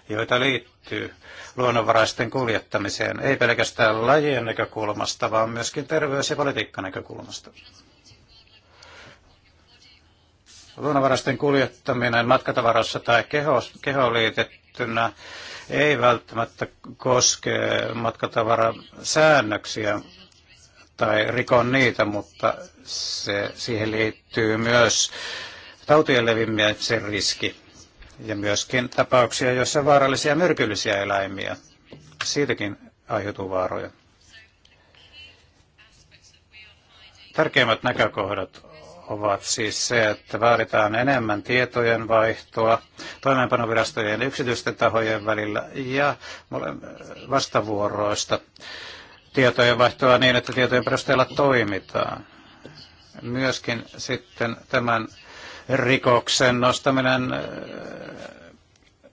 joita liittyy luonnonvaraisten kuljettamiseen, ei pelkästään lajien näkökulmasta, vaan myöskin terveys- ja politiikkanäkökulmasta. Luonnonvaraisten kuljettaminen matkatavarassa tai keho, kehoon liitettynä ei välttämättä koske matkatavarasäännöksiä, tai rikon niitä, mutta se, siihen liittyy myös tautien leviämisen riski ja myöskin tapauksia, joissa vaarallisia myrkyllisiä eläimiä. Siitäkin aiheutuu vaaroja. Tärkeimmät näkökohdat ovat siis se, että vaaditaan enemmän tietojen vaihtoa toimeenpanovirastojen ja yksityisten tahojen välillä ja vastavuoroista tietojen vaihtoa niin, että tietojen perusteella toimitaan. Myöskin sitten tämän rikoksen nostaminen äh,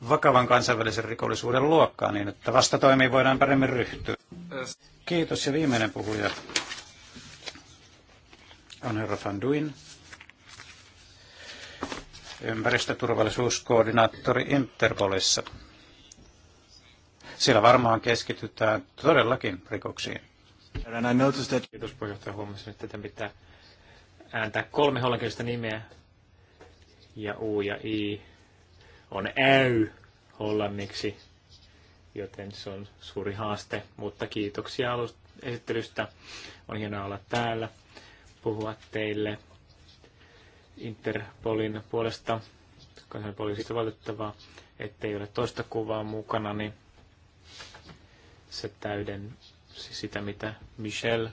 vakavan kansainvälisen rikollisuuden luokkaan niin, että vastatoimiin voidaan paremmin ryhtyä. Kiitos ja viimeinen puhuja on herra Van Duin, ympäristöturvallisuuskoordinaattori Interpolissa. Siellä varmaan keskitytään todellakin rikoksiin. Kiitos puheenjohtaja, huomasin, että pitää ääntää kolme hollankielistä nimeä ja U ja I on äy hollanniksi, joten se on suuri haaste, mutta kiitoksia esittelystä. On hienoa olla täällä, puhua teille Interpolin puolesta. Kansainvälinen poliisi valitettavaa, ettei ole toista kuvaa mukana, niin se täyden sitä, mitä Michel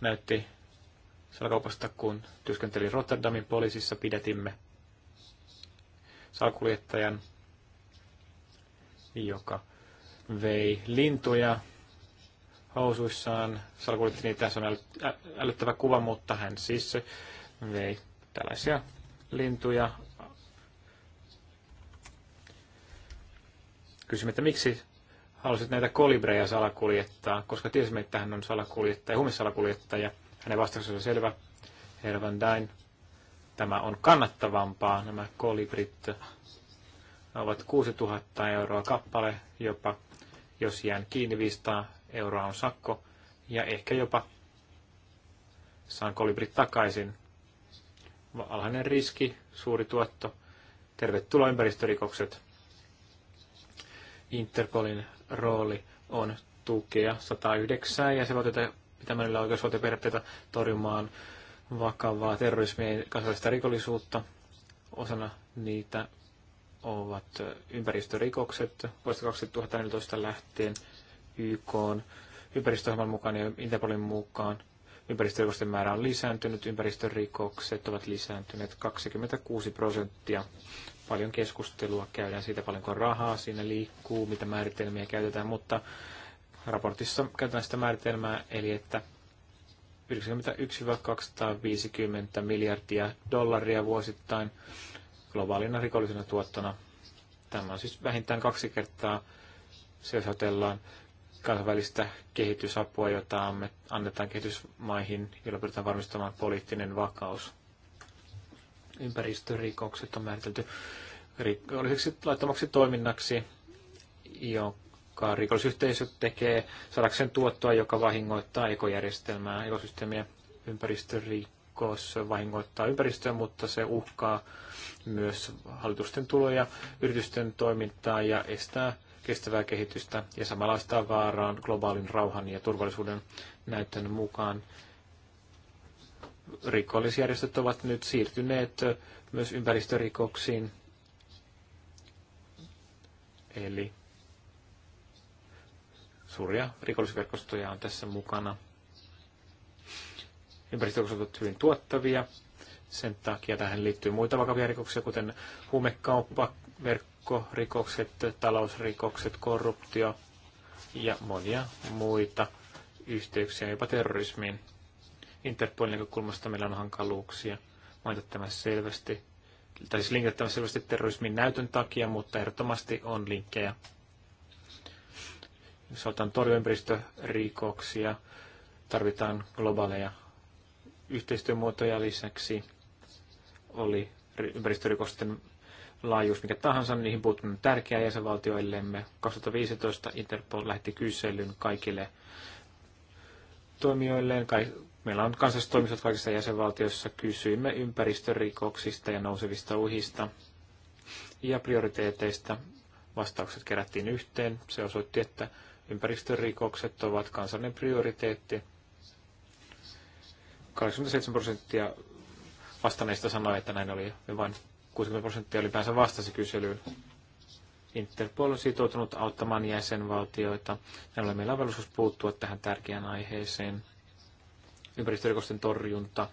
näytti salakaupasta, kun työskenteli Rotterdamin poliisissa, pidätimme salkuljettajan, joka vei lintuja housuissaan. Salakuljetti niitä, tässä on älyttävä kuva, mutta hän siis vei tällaisia lintuja. Kysymme, että miksi halusit näitä kolibreja salakuljettaa, koska tiesimme, että hän on salakuljettaja, humissalakuljettaja. Hänen vastauksensa on selvä. Hervan Dine tämä on kannattavampaa. Nämä kolibrit ovat 6000 euroa kappale jopa. Jos jään kiinni 500 euroa on sakko ja ehkä jopa saan kolibrit takaisin. Alhainen riski, suuri tuotto. Tervetuloa ympäristörikokset. Interpolin rooli on tukea 109 ja se voi pitämällä oikeusvaltioperiaatteita torjumaan vakavaa terrorismia ja kansainvälistä rikollisuutta. Osana niitä ovat ympäristörikokset vuodesta 2014 lähtien YK on ympäristöohjelman mukaan ja Interpolin mukaan. Ympäristörikosten määrä on lisääntynyt, ympäristörikokset ovat lisääntyneet 26 prosenttia. Paljon keskustelua käydään siitä, paljonko rahaa siinä liikkuu, mitä määritelmiä käytetään, mutta raportissa käytetään sitä määritelmää, eli että 91-250 miljardia dollaria vuosittain globaalina rikollisena tuottona. Tämä on siis vähintään kaksi kertaa, se jos ajatellaan kansainvälistä kehitysapua, jota annetaan kehitysmaihin, jolla pyritään varmistamaan poliittinen vakaus. Ympäristörikokset on määritelty rikolliseksi laittomaksi toiminnaksi, joka joka rikollisyhteisö tekee saadakseen tuottoa, joka vahingoittaa ekojärjestelmää, ekosysteemiä, ympäristörikos vahingoittaa ympäristöä, mutta se uhkaa myös hallitusten tuloja, yritysten toimintaa ja estää kestävää kehitystä ja samanlaista vaaraan globaalin rauhan ja turvallisuuden näytön mukaan. Rikollisjärjestöt ovat nyt siirtyneet myös ympäristörikoksiin, eli Suuria rikollisverkostoja on tässä mukana. Ympäristökokset ovat hyvin tuottavia. Sen takia tähän liittyy muita vakavia rikoksia, kuten huumekauppa, verkkorikokset, talousrikokset, korruptio ja monia muita yhteyksiä jopa terrorismiin. Interpolin näkökulmasta meillä on hankaluuksia mainita tämä selvästi, tai siis selvästi terrorismin näytön takia, mutta ehdottomasti on linkkejä saataan torjua ympäristörikoksia, tarvitaan globaaleja yhteistyömuotoja lisäksi, oli ympäristörikosten laajuus mikä tahansa, niin niihin puuttuminen on tärkeää jäsenvaltioillemme. 2015 Interpol lähti kyselyn kaikille toimijoilleen. Meillä on kansalliset toimistot kaikissa jäsenvaltioissa. Kysyimme ympäristörikoksista ja nousevista uhista ja prioriteeteista. Vastaukset kerättiin yhteen. Se osoitti, että Ympäristörikokset ovat kansallinen prioriteetti. 87 prosenttia vastanneista sanoi, että näin oli, ja vain 60 prosenttia ylipäänsä vastasi kyselyyn. Interpol on sitoutunut auttamaan jäsenvaltioita. Näin ollen meillä on velvollisuus puuttua tähän tärkeään aiheeseen. Ympäristörikosten torjunta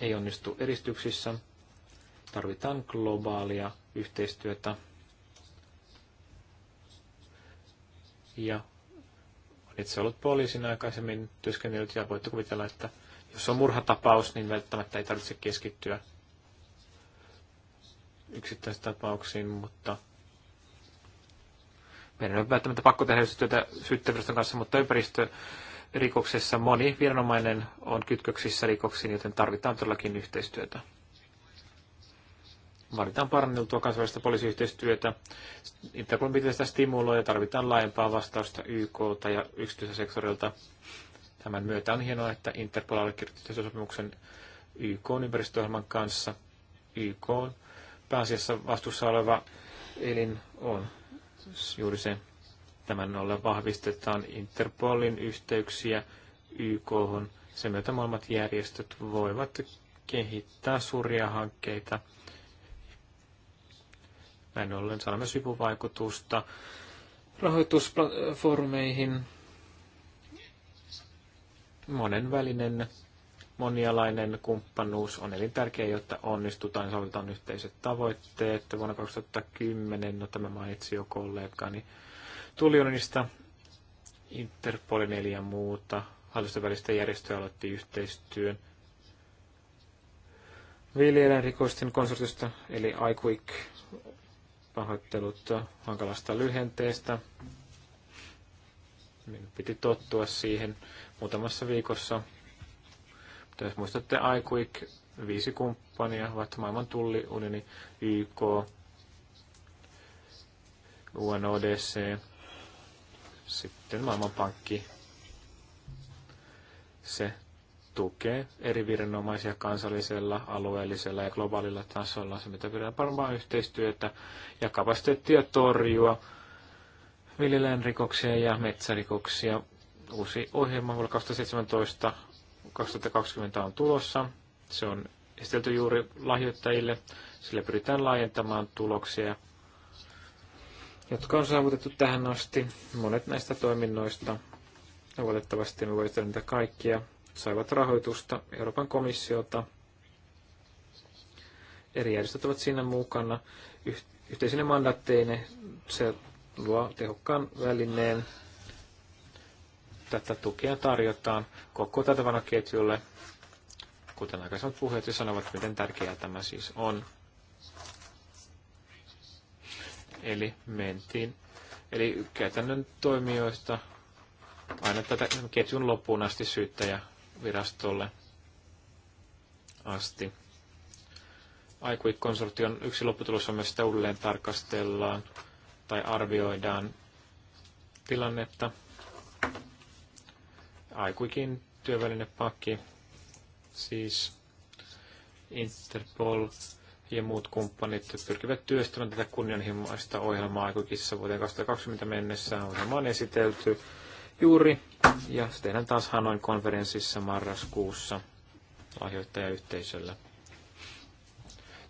ei onnistu eristyksissä. Tarvitaan globaalia yhteistyötä. Ja itse ollut poliisin aikaisemmin työskennellyt ja voitte kuvitella, että jos on murhatapaus, niin välttämättä ei tarvitse keskittyä yksittäistapauksiin, mutta meidän on välttämättä pakko tehdä työtä syyttäviraston kanssa, mutta ympäristörikoksessa moni viranomainen on kytköksissä rikoksiin, joten tarvitaan todellakin yhteistyötä. Vaaditaan paranneltua kansainvälistä poliisiyhteistyötä. Interpol pitää sitä stimuloida ja tarvitaan laajempaa vastausta YK ja yksityiseltä sektorilta. Tämän myötä on hienoa, että Interpol allekirjoitti sopimuksen YK ympäristöohjelman kanssa. YK pääasiassa vastuussa oleva elin on juuri se. Tämän olla vahvistetaan Interpolin yhteyksiä YK. -hon. Sen myötä molemmat järjestöt voivat kehittää suuria hankkeita – näin ollen saa myös vipuvaikutusta rahoitusfoorumeihin. Monenvälinen, monialainen kumppanuus on elintärkeä, jotta onnistutaan ja saavutetaan yhteiset tavoitteet. Vuonna 2010, no tämä mainitsi jo kollegani Tulionista, Interpolin ja muuta hallitusten välistä järjestöä aloitti yhteistyön viljelijän rikosten konsortiosta, eli IQIC Pahoittelut hankalasta lyhenteestä. Minun piti tottua siihen muutamassa viikossa. Mutta jos muistatte iQuick, viisi kumppania ovat maailman unioni, YK, UNODC, sitten Maailmanpankki, se tukee eri viranomaisia kansallisella, alueellisella ja globaalilla tasolla. Se mitä pidetään parempaa yhteistyötä ja kapasiteettia torjua viljelijän rikoksia ja metsärikoksia. Uusi ohjelma vuonna 2017 2020 on tulossa. Se on esitelty juuri lahjoittajille. Sillä pyritään laajentamaan tuloksia, jotka on saavutettu tähän asti. Monet näistä toiminnoista. Valitettavasti me voimme niitä kaikkia saivat rahoitusta Euroopan komissiota. Eri järjestöt ovat siinä mukana. Yhteisinen mandaatteine se luo tehokkaan välineen. Tätä tukea tarjotaan koko tätä ketjulle, kuten aikaisemmat puheet sanovat, miten tärkeää tämä siis on. Eli mentiin. Eli käytännön toimijoista aina tätä ketjun loppuun asti syyttäjä virastolle asti. Aikuikonsortion yksi lopputulos on myös että uudelleen tarkastellaan tai arvioidaan tilannetta. Aikuikin työvälinepakki, siis Interpol ja muut kumppanit pyrkivät työstämään tätä kunnianhimoista ohjelmaa aikuikissa vuoteen 2020 mennessä. Ohjelma on esitelty juuri ja tehdään taas Hanoin konferenssissa marraskuussa lahjoittajayhteisöllä.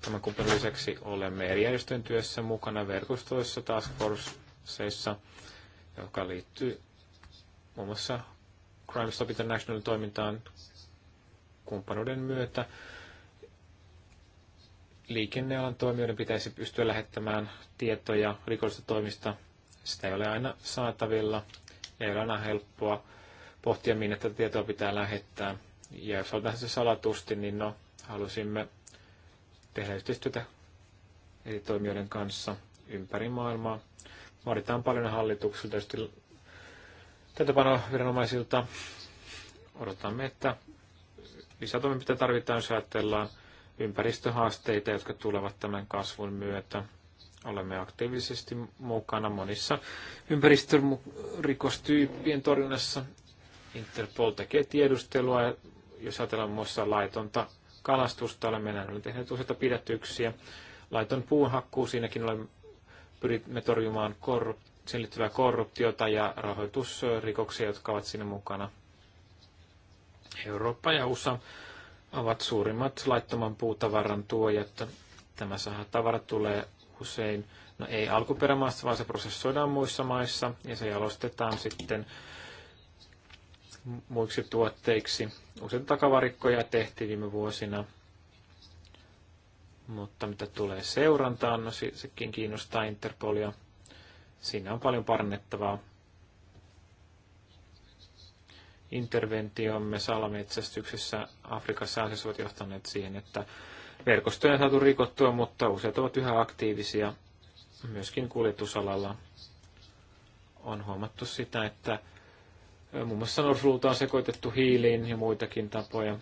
Tämän kumppanin lisäksi olemme eri järjestöjen työssä mukana verkostoissa Task Forceissa, joka liittyy muun muassa Crime Stop International toimintaan kumppanuuden myötä. Liikennealan toimijoiden pitäisi pystyä lähettämään tietoja rikollisista toimista. Sitä ei ole aina saatavilla ei ole aina helppoa pohtia, minne tätä tietoa pitää lähettää. Ja jos otetaan se salatusti, niin no, halusimme tehdä yhteistyötä eri toimijoiden kanssa ympäri maailmaa. Vaaditaan paljon hallituksilta, tietysti tietopanoviranomaisilta. Odotamme, että lisätoimenpiteitä tarvitaan, jos ajatellaan ympäristöhaasteita, jotka tulevat tämän kasvun myötä. Olemme aktiivisesti mukana monissa ympäristörikostyyppien torjunnassa. Interpol tekee tiedustelua, jos ajatellaan muassa laitonta kalastusta, olemme nähneet tehneet useita pidätyksiä. Laiton puunhakkuu, siinäkin olemme pyrimme torjumaan korrup- sen liittyvää korruptiota ja rahoitusrikoksia, jotka ovat siinä mukana. Eurooppa ja USA ovat suurimmat laittoman puutavaran tuojat. Tämä tavara tulee usein, no ei alkuperämaassa, vaan se prosessoidaan muissa maissa ja se jalostetaan sitten muiksi tuotteiksi. usein takavarikkoja tehtiin viime vuosina, mutta mitä tulee seurantaan, no sekin kiinnostaa Interpolia. Siinä on paljon parannettavaa. Interventiomme salametsästyksessä Afrikassa asiassa ovat johtaneet siihen, että Verkostoja on saatu rikottua, mutta useat ovat yhä aktiivisia. Myöskin kuljetusalalla on huomattu sitä, että muun muassa norsulta on sekoitettu hiiliin ja muitakin tapoja.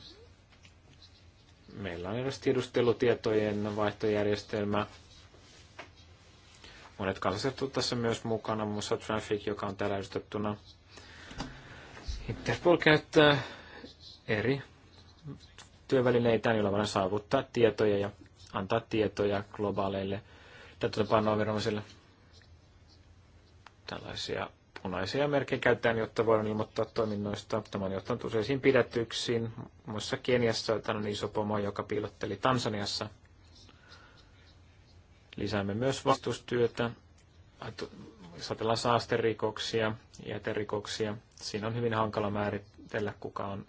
Meillä on eräs tiedustelutietojen vaihtojärjestelmä. Monet kansalliset ovat tässä myös mukana, muun muassa Traffic, joka on täällä edustettuna. Interpol käyttää eri työvälineitään, joilla voidaan saavuttaa tietoja ja antaa tietoja globaaleille täytäntöpanoviranomaisille tällaisia punaisia merkkejä käytetään, jotta voidaan ilmoittaa toiminnoista. Tämä on johtanut useisiin pidätyksiin. Muissa Keniassa on iso pomo, joka piilotteli Tansaniassa. Lisäämme myös vastustyötä. Satellaan saasterikoksia, jäterikoksia. Siinä on hyvin hankala määritellä, kuka on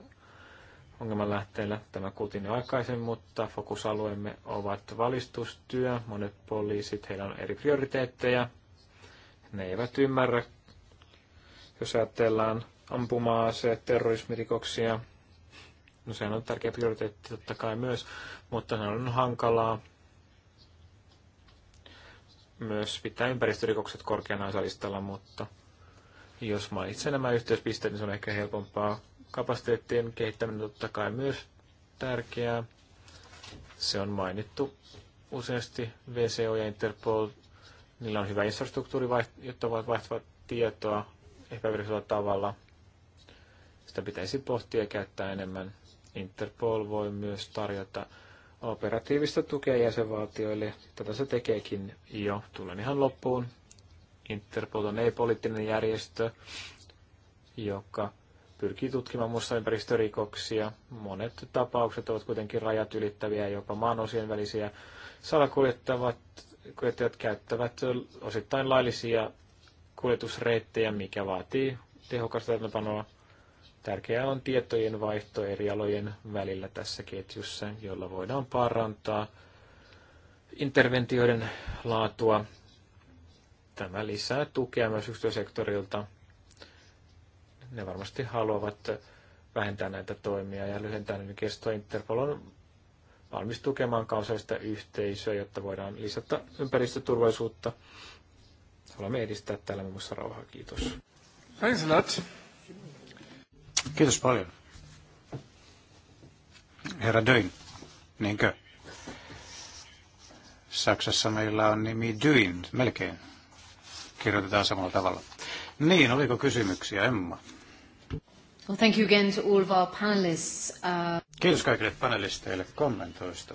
ongelmanlähteillä. Tämä kuultiin jo aikaisemmin, mutta fokusalueemme ovat valistustyö. Monet poliisit, heillä on eri prioriteetteja. Ne eivät ymmärrä, jos ajatellaan ampuma-aseet, terrorismirikoksia. No sehän on tärkeä prioriteetti totta kai myös, mutta se on hankalaa myös pitää ympäristörikokset korkeana osalistalla, mutta jos mainitsee nämä yhteyspisteet, niin se on ehkä helpompaa Kapasiteettien kehittäminen on totta kai myös tärkeää. Se on mainittu useasti. VCO ja Interpol, niillä on hyvä infrastruktuuri, jotta voivat vaihtaa tietoa epävirallisella tavalla. Sitä pitäisi pohtia ja käyttää enemmän. Interpol voi myös tarjota operatiivista tukea jäsenvaltioille. Tätä se tekeekin jo. Tulen ihan loppuun. Interpol on ei-poliittinen järjestö, joka pyrkii tutkimaan muissa ympäristörikoksia. Monet tapaukset ovat kuitenkin rajat ylittäviä, jopa maanosien välisiä. Salakuljettajat käyttävät osittain laillisia kuljetusreittejä, mikä vaatii tehokasta täytäntöpanoa. Tärkeää on tietojen vaihto eri alojen välillä tässä ketjussa, jolla voidaan parantaa interventioiden laatua. Tämä lisää tukea myös yksityisektorilta ne varmasti haluavat vähentää näitä toimia ja lyhentää niiden kestoa. Interpol on valmis tukemaan kansallista yhteisöä, jotta voidaan lisätä ympäristöturvallisuutta. Haluamme edistää täällä muun muassa rauhaa. Kiitos. Thanks a lot. Kiitos paljon. Herra Döin, niinkö? Saksassa meillä on nimi Dyn, melkein. Kirjoitetaan samalla tavalla. Niin, oliko kysymyksiä, Emma? Well, thank you again to all of our panelists. Uh... Kiitos kaikille panelisteille kommentoista.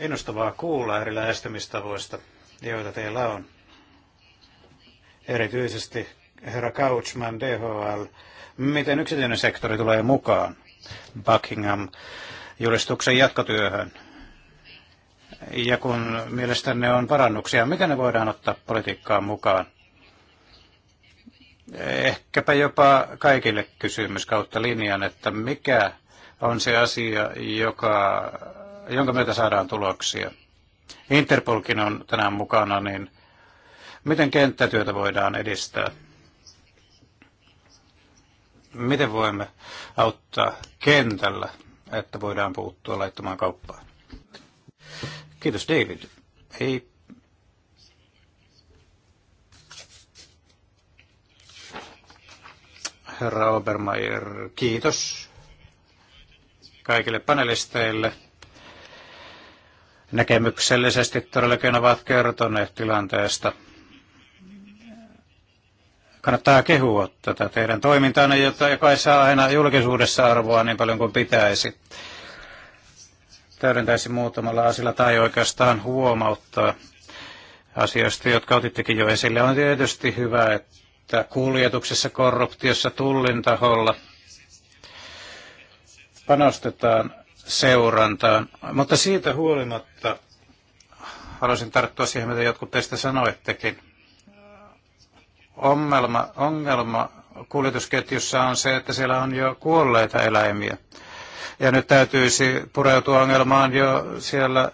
Innostavaa kuulla eri lähestymistavoista, joita teillä on. Erityisesti herra Couchman, DHL, miten yksityinen sektori tulee mukaan Buckingham-julistuksen jatkotyöhön? Ja kun mielestänne on parannuksia, miten ne voidaan ottaa politiikkaan mukaan? ehkäpä jopa kaikille kysymys kautta linjan, että mikä on se asia, joka, jonka myötä saadaan tuloksia. Interpolkin on tänään mukana, niin miten kenttätyötä voidaan edistää? Miten voimme auttaa kentällä, että voidaan puuttua laittomaan kauppaan? Kiitos David. Ei herra Obermeier. Kiitos kaikille panelisteille. Näkemyksellisesti todellakin ovat kertoneet tilanteesta. Kannattaa kehua tätä teidän toimintaanne, jota joka ei saa aina julkisuudessa arvoa niin paljon kuin pitäisi. Täydentäisin muutamalla asialla tai oikeastaan huomauttaa asioista, jotka otittekin jo esille. On tietysti hyvä, että että kuljetuksessa, korruptiossa, tullin taholla panostetaan seurantaan. Mutta siitä huolimatta haluaisin tarttua siihen, mitä jotkut teistä sanoittekin. Ongelma, ongelma kuljetusketjussa on se, että siellä on jo kuolleita eläimiä. Ja nyt täytyisi pureutua ongelmaan jo siellä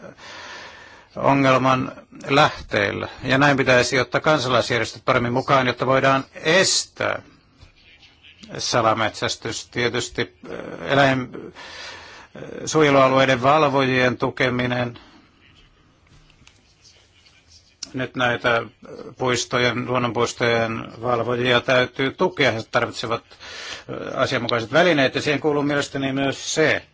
ongelman lähteillä. Ja näin pitäisi ottaa kansalaisjärjestöt paremmin mukaan, jotta voidaan estää salametsästys. Tietysti äh, eläin, äh, suojelualueiden valvojien tukeminen. Nyt näitä puistojen, luonnonpuistojen valvojia täytyy tukea. He tarvitsevat äh, asianmukaiset välineet ja siihen kuuluu mielestäni myös se,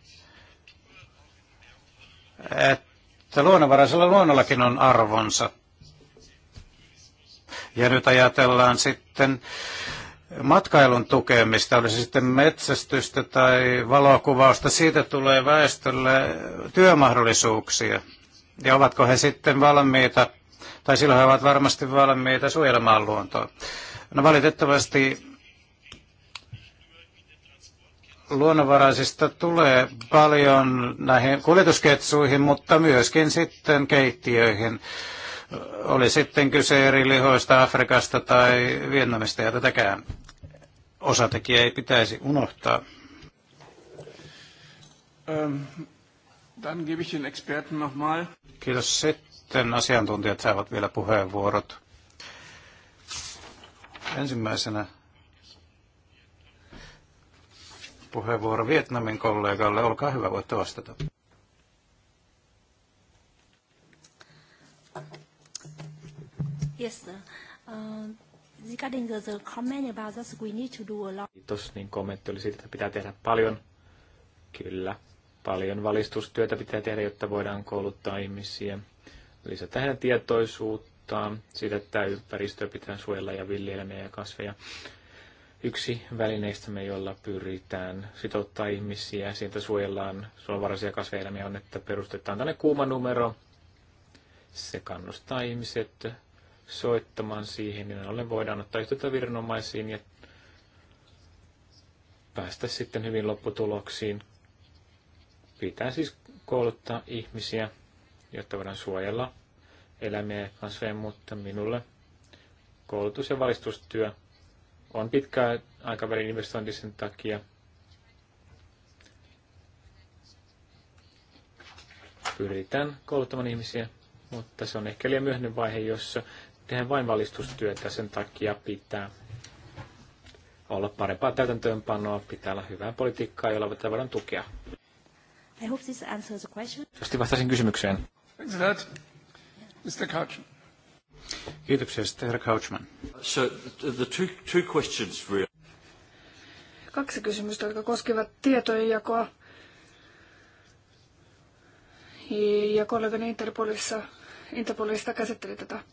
että että luonnonvaraisella luonnollakin on arvonsa. Ja nyt ajatellaan sitten matkailun tukemista, olisi sitten metsästystä tai valokuvausta, siitä tulee väestölle työmahdollisuuksia. Ja ovatko he sitten valmiita, tai silloin he ovat varmasti valmiita suojelemaan luontoa. No valitettavasti luonnonvaraisista tulee paljon näihin kuljetusketsuihin, mutta myöskin sitten keittiöihin. Oli sitten kyse eri lihoista Afrikasta tai Vietnamista ja tätäkään osatekijä ei pitäisi unohtaa. Ähm, dann gebe ich den Experten nochmal. Kiitos. Sitten asiantuntijat saavat vielä puheenvuorot. Ensimmäisenä puheenvuoro Vietnamin kollegalle. Olkaa hyvä, voitte vastata. Yes, uh, Kiitos, niin kommentti oli siitä, että pitää tehdä paljon. Kyllä, paljon valistustyötä pitää tehdä, jotta voidaan kouluttaa ihmisiä. Lisätä heidän tietoisuuttaan siitä, että ympäristöä pitää suojella ja viljelmiä ja kasveja yksi välineistämme, jolla pyritään sitouttaa ihmisiä, sieltä suojellaan suolavaraisia kasveelämiä, on, että perustetaan tänne kuuma numero. Se kannustaa ihmiset soittamaan siihen, niin ollen voidaan ottaa yhteyttä viranomaisiin ja päästä sitten hyvin lopputuloksiin. Pitää siis kouluttaa ihmisiä, jotta voidaan suojella eläimiä ja kasveja, mutta minulle koulutus- ja valistustyö on pitkä aikavälin investointi sen takia. Pyritään kouluttamaan ihmisiä, mutta se on ehkä liian myöhäinen vaihe, jossa tehdään vain valistustyötä. Sen takia pitää olla parempaa täytäntöönpanoa, pitää olla hyvää politiikkaa, jolla tätä voidaan tukea. I hope this answers the question. vastasin kysymykseen. Thanks a lot. Mr. Couch. Kiitoksia. Sitten herra Couchman. So the two, two questions really. Kaksi kysymystä, jotka koskevat jakoa Ja kollegani Interpolissa, Interpolista käsitteli tätä.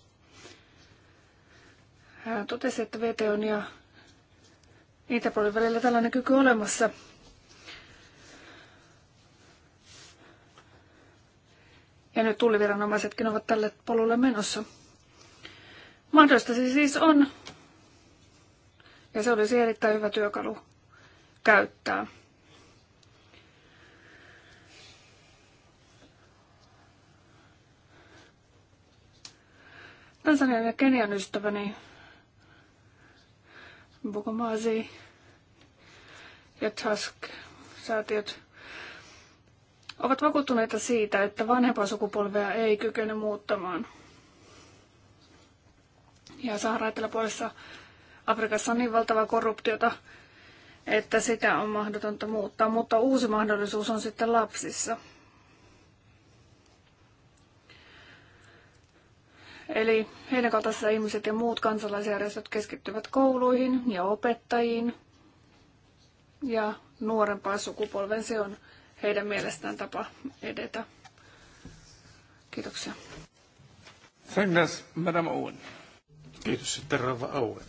Hän totesi, että VTOn ja Interpolin välillä tällainen kyky olemassa. Ja nyt tulliviranomaisetkin ovat tälle polulle menossa. Mahdollista se siis on. Ja se olisi erittäin hyvä työkalu käyttää. Tansanian ja Kenian ystäväni Bukomaasi ja Task-säätiöt ovat vakuuttuneita siitä, että vanhempaa sukupolvea ei kykene muuttamaan – ja Saharan eteläpuolessa Afrikassa on niin valtavaa korruptiota, että sitä on mahdotonta muuttaa, mutta uusi mahdollisuus on sitten lapsissa. Eli heidän kaltaisensa ihmiset ja muut kansalaisjärjestöt keskittyvät kouluihin ja opettajiin ja nuorempaan sukupolven se on heidän mielestään tapa edetä. Kiitoksia. Thank Madam Owen. Kiitos sitten Rauva Aue.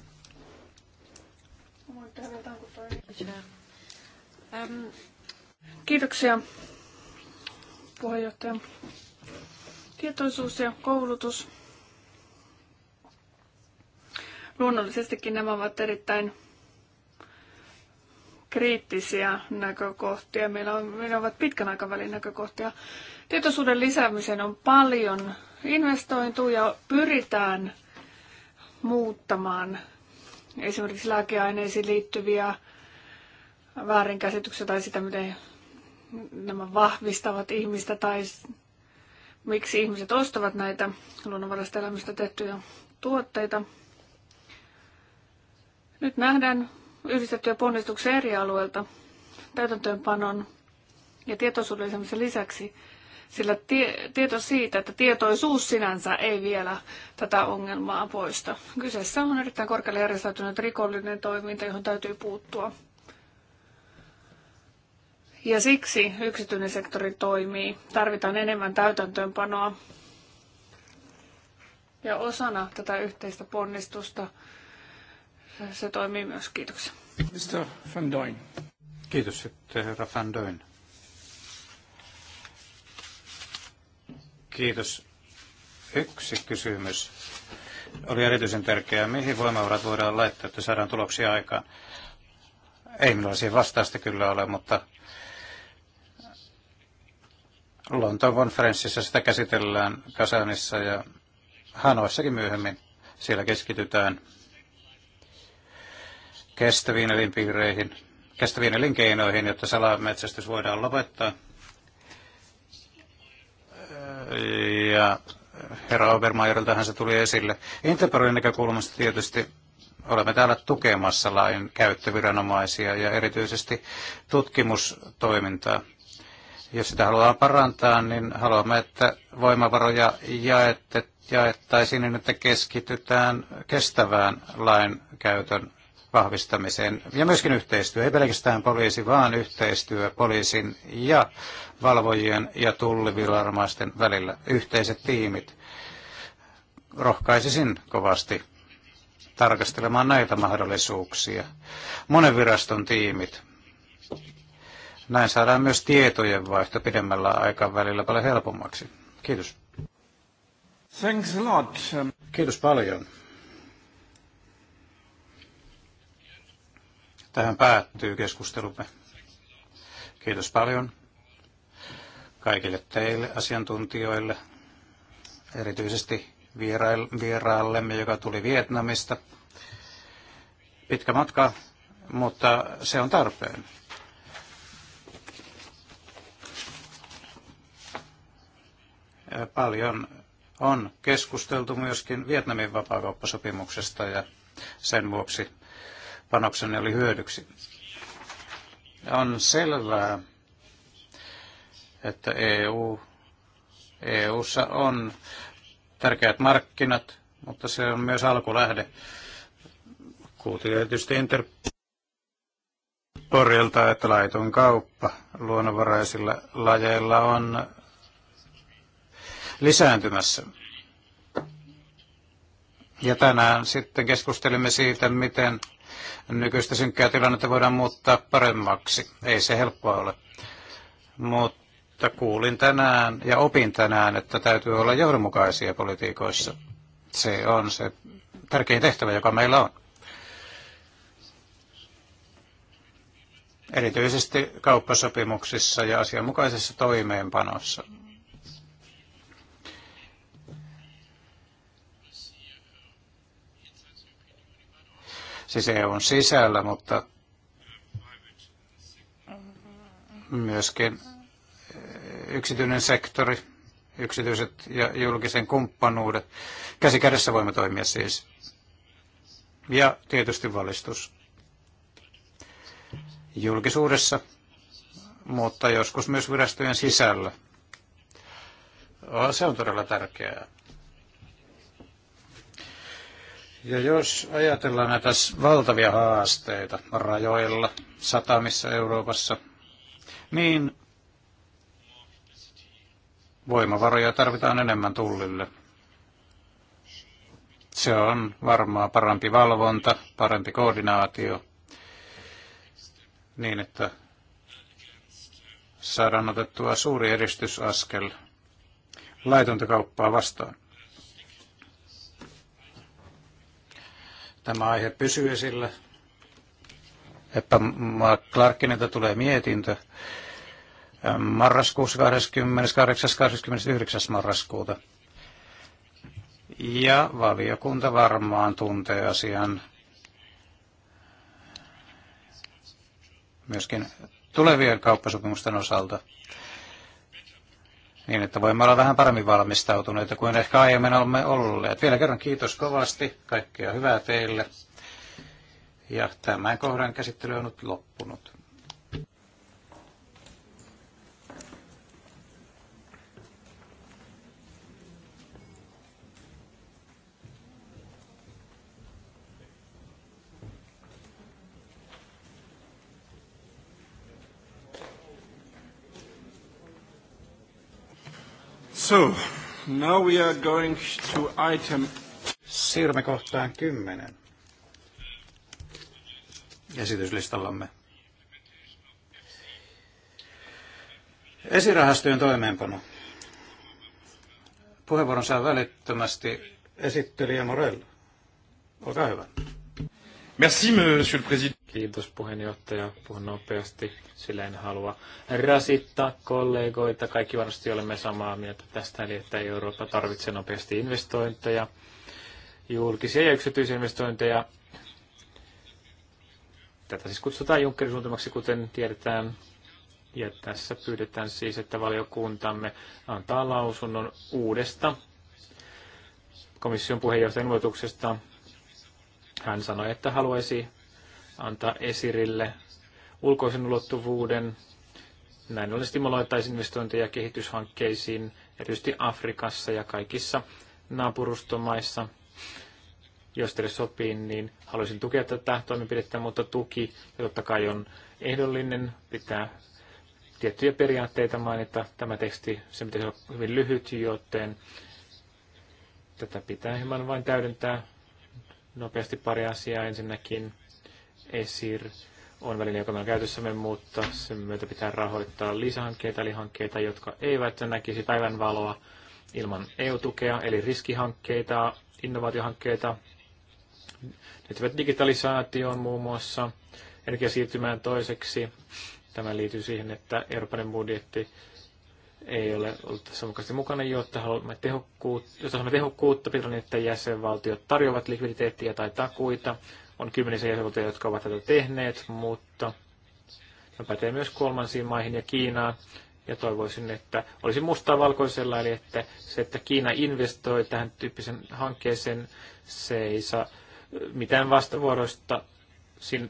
Kiitoksia puheenjohtaja. Tietoisuus ja koulutus. Luonnollisestikin nämä ovat erittäin kriittisiä näkökohtia. Meillä on, meillä ovat pitkän aikavälin näkökohtia. Tietoisuuden lisäämiseen on paljon investointuja. ja pyritään muuttamaan esimerkiksi lääkeaineisiin liittyviä väärinkäsityksiä tai sitä, miten nämä vahvistavat ihmistä tai miksi ihmiset ostavat näitä luonnonvaraista elämistä tehtyjä tuotteita. Nyt nähdään yhdistettyjä ponnistuksia eri alueilta täytäntöönpanon ja tietoisuuden lisäksi sillä tie, tieto siitä, että tietoisuus sinänsä ei vielä tätä ongelmaa poista. Kyseessä on erittäin korkealle järjestäytynyt rikollinen toiminta, johon täytyy puuttua. Ja siksi yksityinen sektori toimii. Tarvitaan enemmän täytäntöönpanoa. Ja osana tätä yhteistä ponnistusta se toimii myös. Kiitoksia. Mr. Van Kiitos että herra Van Doyne. Kiitos. Yksi kysymys oli erityisen tärkeää. Mihin voimavarat voidaan laittaa, että saadaan tuloksia aikaan? Ei minulla siihen vastausta kyllä ole, mutta Lontoon konferenssissa sitä käsitellään Kasanissa ja Hanoissakin myöhemmin. Siellä keskitytään kestäviin elinpiireihin, kestäviin elinkeinoihin, jotta salametsästys voidaan lopettaa – ja herra Obermeieriltähän se tuli esille. Interpolin näkökulmasta tietysti olemme täällä tukemassa lain käyttöviranomaisia ja erityisesti tutkimustoimintaa. Jos sitä halutaan parantaa, niin haluamme, että voimavaroja jaette, jaettaisiin niin, että keskitytään kestävään lain käytön vahvistamiseen ja myöskin yhteistyö, ei pelkästään poliisi, vaan yhteistyö poliisin ja valvojien ja tulliviranomaisten välillä yhteiset tiimit. Rohkaisisin kovasti tarkastelemaan näitä mahdollisuuksia. Monen viraston tiimit. Näin saadaan myös tietojen vaihto pidemmällä aikavälillä paljon helpommaksi. Kiitos. Thanks a lot. Kiitos paljon. Tähän päättyy keskustelumme. Kiitos paljon kaikille teille asiantuntijoille, erityisesti vieraallemme, joka tuli Vietnamista. Pitkä matka, mutta se on tarpeen. Paljon on keskusteltu myöskin Vietnamin vapaakauppasopimuksesta ja sen vuoksi panoksenne oli hyödyksi. On selvää, että EU, EUssa on tärkeät markkinat, mutta se on myös alkulähde. Kuultiin tietysti Interporilta, että laiton kauppa luonnonvaraisilla lajeilla on lisääntymässä. Ja tänään sitten keskustelimme siitä, miten nykyistä synkkää tilannetta voidaan muuttaa paremmaksi. Ei se helppoa ole. Mutta mutta kuulin tänään ja opin tänään, että täytyy olla johdonmukaisia politiikoissa. Se on se tärkein tehtävä, joka meillä on. Erityisesti kauppasopimuksissa ja asianmukaisessa toimeenpanossa. Siis EUn sisällä, mutta myöskin yksityinen sektori, yksityiset ja julkisen kumppanuudet. Käsi kädessä voimme toimia siis. Ja tietysti valistus. Julkisuudessa, mutta joskus myös virastojen sisällä. Oh, se on todella tärkeää. Ja jos ajatellaan näitä valtavia haasteita rajoilla, satamissa Euroopassa, niin Voimavaroja tarvitaan enemmän tullille. Se on varmaan parempi valvonta, parempi koordinaatio, niin että saadaan otettua suuri edistysaskel laitonta kauppaa vastaan. Tämä aihe pysyy esillä. Eppä Clarkinilta tulee mietintö marraskuussa 28. 29. marraskuuta. Ja valiokunta varmaan tuntee asian myöskin tulevien kauppasopimusten osalta niin, että voimme olla vähän paremmin valmistautuneita kuin ehkä aiemmin olemme olleet. Vielä kerran kiitos kovasti, kaikkea hyvää teille. Ja tämän kohdan käsittely on nyt loppunut. So, now we are going to item... Siirrymme kohtaan 10 esityslistallamme. Esirahastojen toimeenpano. Puheenvuoron saa välittömästi esittelijä Morell. Olkaa hyvä. Merci, monsieur le président. Kiitos puheenjohtaja, puhun nopeasti, sillä en halua rasittaa kollegoita. Kaikki varmasti olemme samaa mieltä tästä, eli että Eurooppa tarvitsee nopeasti investointeja, julkisia ja yksityisiä investointeja. Tätä siis kutsutaan Junckerin suuntamaksi, kuten tiedetään. Ja tässä pyydetään siis, että valiokuntamme antaa lausunnon uudesta komission puheenjohtajan ilmoituksesta. Hän sanoi, että haluaisi antaa esirille ulkoisen ulottuvuuden. Näin ollen stimuloitaisiin investointeja kehityshankkeisiin, erityisesti Afrikassa ja kaikissa naapurustomaissa. Jos teille sopii, niin haluaisin tukea tätä toimenpidettä, mutta tuki totta kai on ehdollinen, pitää tiettyjä periaatteita mainita. Tämä teksti, se pitäisi olla hyvin lyhyt, joten tätä pitää hieman vain täydentää nopeasti pari asiaa ensinnäkin ESIR on väline, joka meillä on käytössämme, mutta sen myötä pitää rahoittaa lisähankkeita, eli hankkeita, jotka eivät näkisi päivänvaloa ilman EU-tukea, eli riskihankkeita, innovaatiohankkeita, liittyvät digitalisaatioon muun muassa, energiasiirtymään toiseksi. Tämä liittyy siihen, että Euroopan budjetti ei ole ollut tässä mukaisesti mukana, jotta haluamme tehokkuutta, jotta haluamme tehokkuutta, pitää niin, että jäsenvaltiot tarjoavat likviditeettiä tai takuita on kymmenisen jäsenvaltioita, jotka ovat tätä tehneet, mutta se pätee myös kolmansiin maihin ja Kiinaan. Ja toivoisin, että olisi mustaa valkoisella, eli että se, että Kiina investoi tähän tyyppisen hankkeeseen, se ei saa mitään vastavuoroista,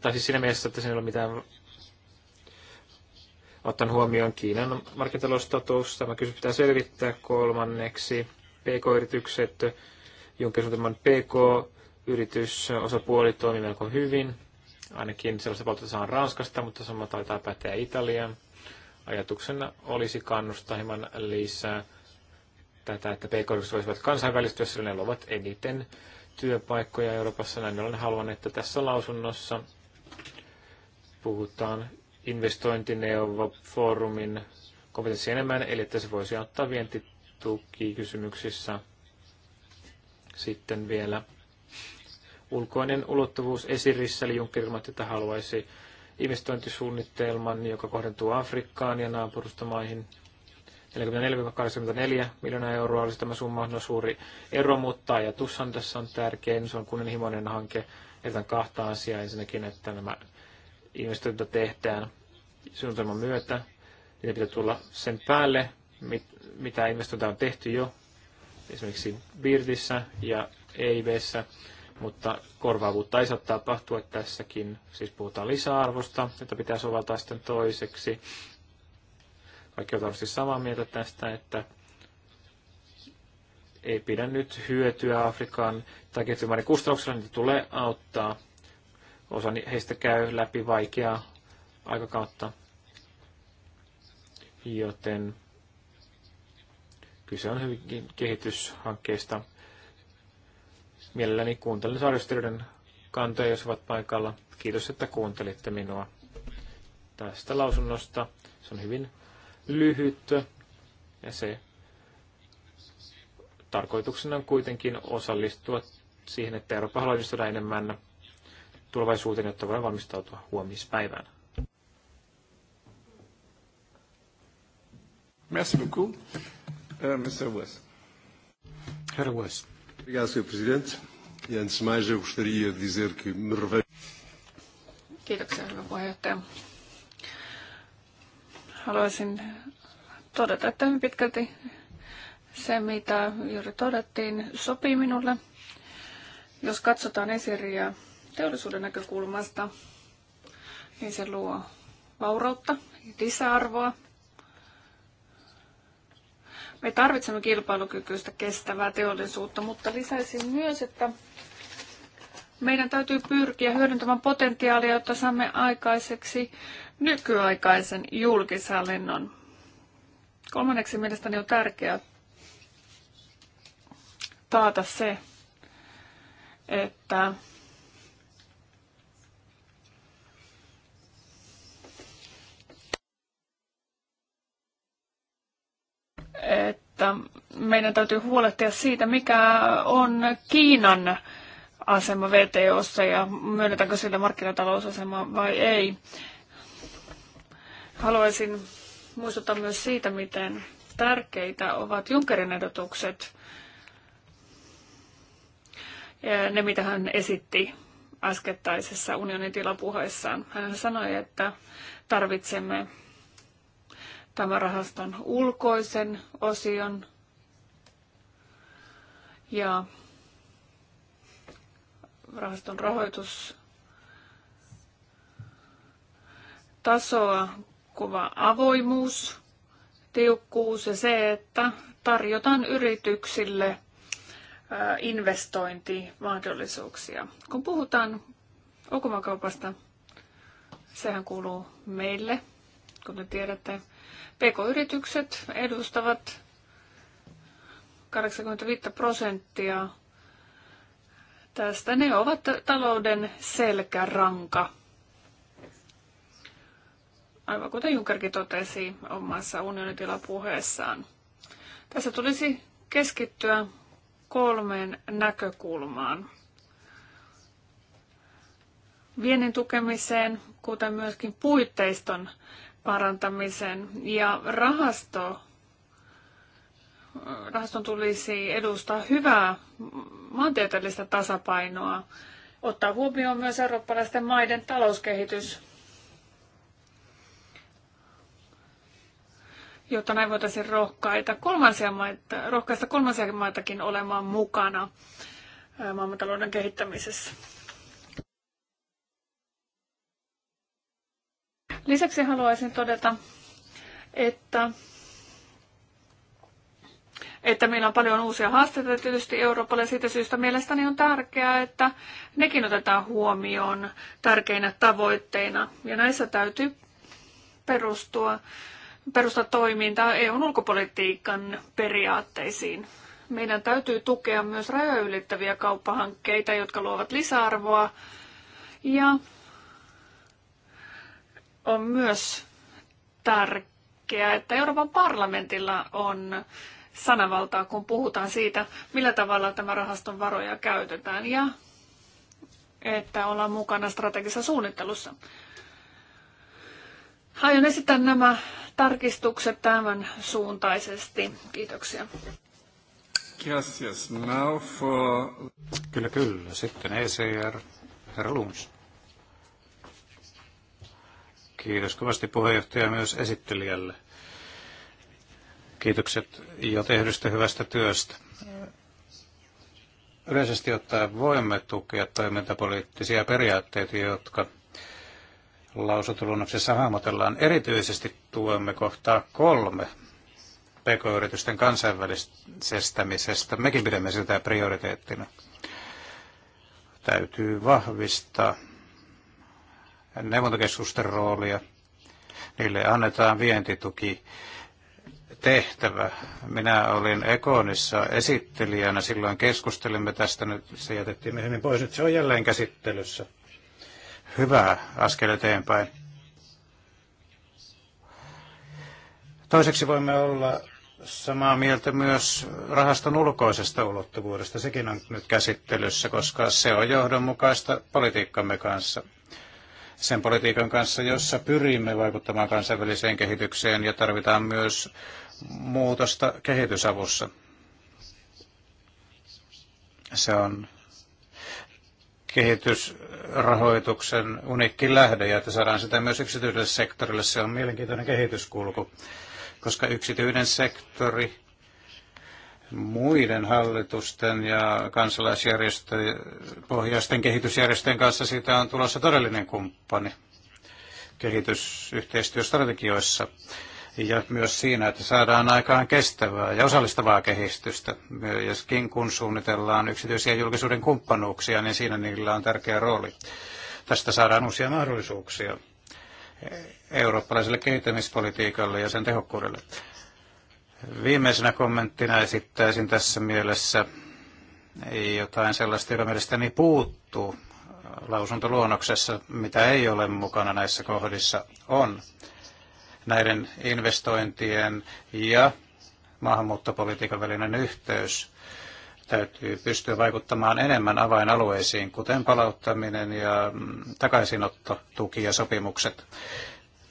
tai siis siinä mielessä, että siinä ei ole mitään otan huomioon Kiinan markkinataloustatus. Tämä kysymys pitää selvittää kolmanneksi. PK-yritykset, Junkersuutelman PK yritysosapuoli toimii melko hyvin. Ainakin sellaista palautetta saa Ranskasta, mutta sama taitaa päteä Italiaan. Ajatuksena olisi kannustaa hieman lisää tätä, että pk voisivat kansainvälistyä, sillä ne luovat eniten työpaikkoja Euroopassa. Näin olen haluan, että tässä lausunnossa puhutaan investointineuvofoorumin kompetenssi enemmän, eli että se voisi ottaa vientitukikysymyksissä sitten vielä ulkoinen ulottuvuus esirissä, eli Juncker ilmoitti, että haluaisi investointisuunnitelman, joka kohdentuu Afrikkaan ja naapurustomaihin. 44-84 miljoonaa euroa olisi tämä summa, no suuri ero, mutta ajatushan tässä on tärkein, se on kunnianhimoinen hanke. Jätän kahta asiaa ensinnäkin, että nämä investoinnit tehdään suunnitelman myötä, niitä pitää tulla sen päälle, mit, mitä investointeja on tehty jo, esimerkiksi Birdissä ja EIBssä mutta korvaavuutta ei saa tapahtua tässäkin. Siis puhutaan lisäarvosta, jota pitää soveltaa sitten toiseksi. Kaikki on varmasti samaa mieltä tästä, että ei pidä nyt hyötyä Afrikan tai kehitysmaiden kustannuksella, niitä tulee auttaa. Osa heistä käy läpi vaikeaa aikakautta, joten kyse on hyvinkin kehityshankkeista, Mielelläni kuuntelen saaristelijoiden kantoja, jos ovat paikalla. Kiitos, että kuuntelitte minua tästä lausunnosta. Se on hyvin lyhyt ja se tarkoituksena on kuitenkin osallistua siihen, että Eurooppa haluaa onnistua enemmän tulevaisuuteen, jotta voi valmistautua huomispäivään. Merci beaucoup, uh, Mr. West. Herra West. Obrigado, Sr. Presidente. E antes de mais, eu gostaria de dizer que me revejo... Kiitoksia, hyvä puheenjohtaja. Haluaisin todeta, että hyvin pitkälti se, mitä juuri todettiin, sopii minulle. Jos katsotaan esiriä teollisuuden näkökulmasta, niin se luo vaurautta, lisäarvoa me tarvitsemme kilpailukykyistä kestävää teollisuutta, mutta lisäisin myös, että meidän täytyy pyrkiä hyödyntämään potentiaalia, jotta saamme aikaiseksi nykyaikaisen julkishallinnon. Kolmanneksi mielestäni on tärkeää taata se, että että meidän täytyy huolehtia siitä, mikä on Kiinan asema VTOssa ja myönnetäänkö sille markkinatalousasema vai ei. Haluaisin muistuttaa myös siitä, miten tärkeitä ovat Junckerin ehdotukset ja ne, mitä hän esitti äskettäisessä unionin tilapuheessaan. Hän sanoi, että tarvitsemme tämän rahaston ulkoisen osion. Ja rahaston rahoitus tasoa kuva avoimuus, tiukkuus ja se, että tarjotaan yrityksille investointimahdollisuuksia. Kun puhutaan ulkomaankaupasta, sehän kuuluu meille, kuten tiedätte, PK-yritykset edustavat 85 prosenttia tästä. Ne ovat talouden selkäranka. Aivan kuten Junckerkin totesi omassa unionitilapuheessaan. Tässä tulisi keskittyä kolmeen näkökulmaan. Viennin tukemiseen, kuten myöskin puitteiston parantamisen Ja rahasto, rahaston tulisi edustaa hyvää maantieteellistä tasapainoa, ottaa huomioon myös eurooppalaisten maiden talouskehitys, jotta näin voitaisiin rohkaita kolmansia maita, rohkaista kolmansia maitakin olemaan mukana maailmantalouden kehittämisessä. Lisäksi haluaisin todeta, että että meillä on paljon uusia haasteita tietysti Euroopalle. Siitä syystä mielestäni on tärkeää, että nekin otetaan huomioon tärkeinä tavoitteina. Ja näissä täytyy perustua, perustaa toimintaa EUn ulkopolitiikan periaatteisiin. Meidän täytyy tukea myös rajoja ylittäviä kauppahankkeita, jotka luovat lisäarvoa ja on myös tärkeää, että Euroopan parlamentilla on sanavaltaa, kun puhutaan siitä, millä tavalla tämä rahaston varoja käytetään ja että ollaan mukana strategisessa suunnittelussa. Aion esittää nämä tarkistukset tämän suuntaisesti. Kiitoksia. Gracias. Now for... Kyllä, kyllä. Sitten ECR. Herra Lunds. Kiitos kovasti puheenjohtaja myös esittelijälle. Kiitokset jo tehdystä hyvästä työstä. Yleisesti ottaen voimme tukea toimintapoliittisia periaatteita, jotka lausutulunnoksessa hahmotellaan. Erityisesti tuemme kohtaa kolme pk-yritysten kansainvälisestämisestä. Mekin pidämme sitä prioriteettina. Täytyy vahvistaa neuvontakeskusten roolia. Niille annetaan vientituki tehtävä. Minä olin Ekonissa esittelijänä, silloin keskustelimme tästä, nyt se jätettiin myöhemmin pois, nyt se on jälleen käsittelyssä. Hyvä askel eteenpäin. Toiseksi voimme olla samaa mieltä myös rahaston ulkoisesta ulottuvuudesta. Sekin on nyt käsittelyssä, koska se on johdonmukaista politiikkamme kanssa sen politiikan kanssa, jossa pyrimme vaikuttamaan kansainväliseen kehitykseen ja tarvitaan myös muutosta kehitysavussa. Se on kehitysrahoituksen unikki lähde ja että saadaan sitä myös yksityiselle sektorille. Se on mielenkiintoinen kehityskulku, koska yksityinen sektori muiden hallitusten ja kansalaisjärjestöpohjaisten kehitysjärjestöjen kanssa siitä on tulossa todellinen kumppani kehitysyhteistyöstrategioissa ja myös siinä, että saadaan aikaan kestävää ja osallistavaa kehitystä. Myöskin kun suunnitellaan yksityisiä julkisuuden kumppanuuksia, niin siinä niillä on tärkeä rooli. Tästä saadaan uusia mahdollisuuksia eurooppalaiselle kehittämispolitiikalle ja sen tehokkuudelle. Viimeisenä kommenttina esittäisin tässä mielessä jotain sellaista, joka mielestäni puuttuu lausuntoluonnoksessa, mitä ei ole mukana näissä kohdissa, on näiden investointien ja maahanmuuttopolitiikan välinen yhteys. Täytyy pystyä vaikuttamaan enemmän avainalueisiin, kuten palauttaminen ja takaisinotto, tuki ja sopimukset.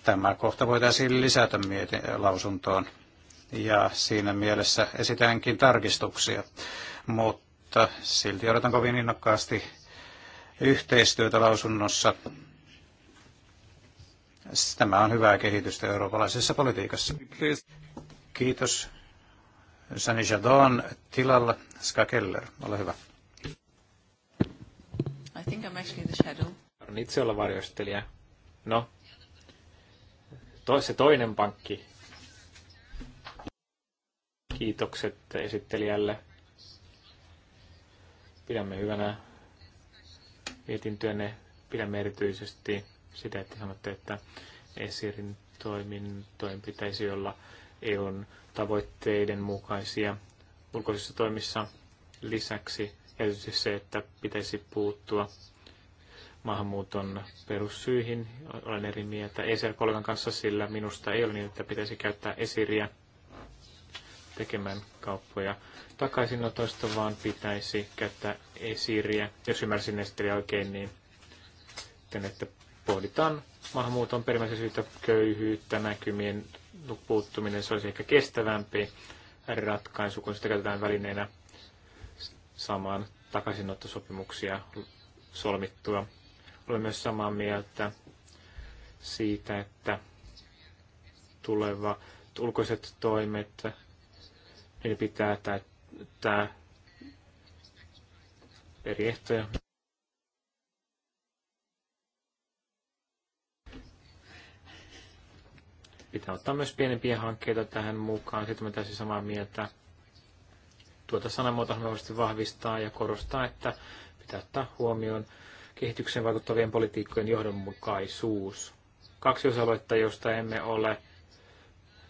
Tämä kohta voitaisiin lisätä mieti- lausuntoon ja siinä mielessä esitänkin tarkistuksia. Mutta silti odotan kovin innokkaasti yhteistyötä lausunnossa. Tämä on hyvää kehitystä eurooppalaisessa politiikassa. Kiitos. Sani Jadon tilalla Ska Keller. Ole hyvä. I think I'm actually the shadow. itse olla varjostelija. No, to, se toinen pankki Kiitokset esittelijälle. Pidämme hyvänä mietintyönne. Pidämme erityisesti sitä, että sanotte, että esirin toimintojen pitäisi olla EUn tavoitteiden mukaisia ulkoisissa toimissa lisäksi. Erityisesti se, että pitäisi puuttua maahanmuuton perussyihin. Olen eri mieltä esr kollegan kanssa, sillä minusta ei ole niin, että pitäisi käyttää esiriä tekemään kauppoja takaisinotosta, vaan pitäisi käyttää esiriä. Jos ymmärsin esittelijä oikein, niin sitten, että pohditaan maahanmuuton perimmäisen syytä köyhyyttä, näkymien puuttuminen, se olisi ehkä kestävämpi ratkaisu, kun sitä käytetään välineenä samaan takaisinottosopimuksia solmittua. Olen myös samaa mieltä siitä, että tuleva ulkoiset toimet Eli pitää täyttää eri ehtoja. Pitää ottaa myös pienempiä hankkeita tähän mukaan. Sitten me täysin samaa mieltä. Tuota sanamuotoa me varmasti vahvistaa ja korostaa, että pitää ottaa huomioon kehitykseen vaikuttavien politiikkojen johdonmukaisuus. Kaksi osa josta emme ole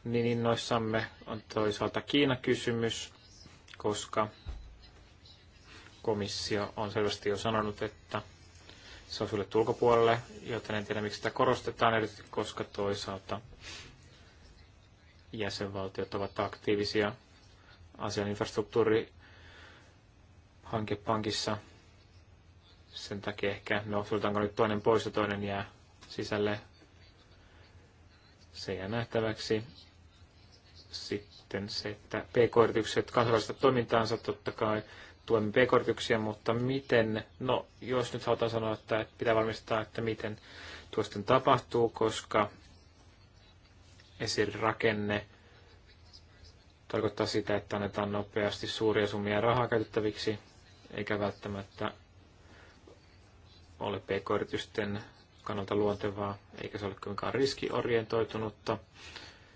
niin innoissamme on toisaalta Kiina-kysymys, koska komissio on selvästi jo sanonut, että se on sulle ulkopuolelle, joten en tiedä miksi sitä korostetaan, erityisesti koska toisaalta jäsenvaltiot ovat aktiivisia asian infrastruktuurihankepankissa. Sen takia ehkä, no sultaanko nyt toinen pois ja toinen jää sisälle. Se jää nähtäväksi. Sitten se, että pk-yritykset kansainvälistävät toimintaansa totta kai tuemme pk mutta miten, no jos nyt halutaan sanoa, että pitää varmistaa, että miten tuo sitten tapahtuu, koska esirakenne tarkoittaa sitä, että annetaan nopeasti suuria summia rahaa käytettäviksi, eikä välttämättä ole pk-yritysten kannalta luontevaa, eikä se ole kuinkaan riskiorientoitunutta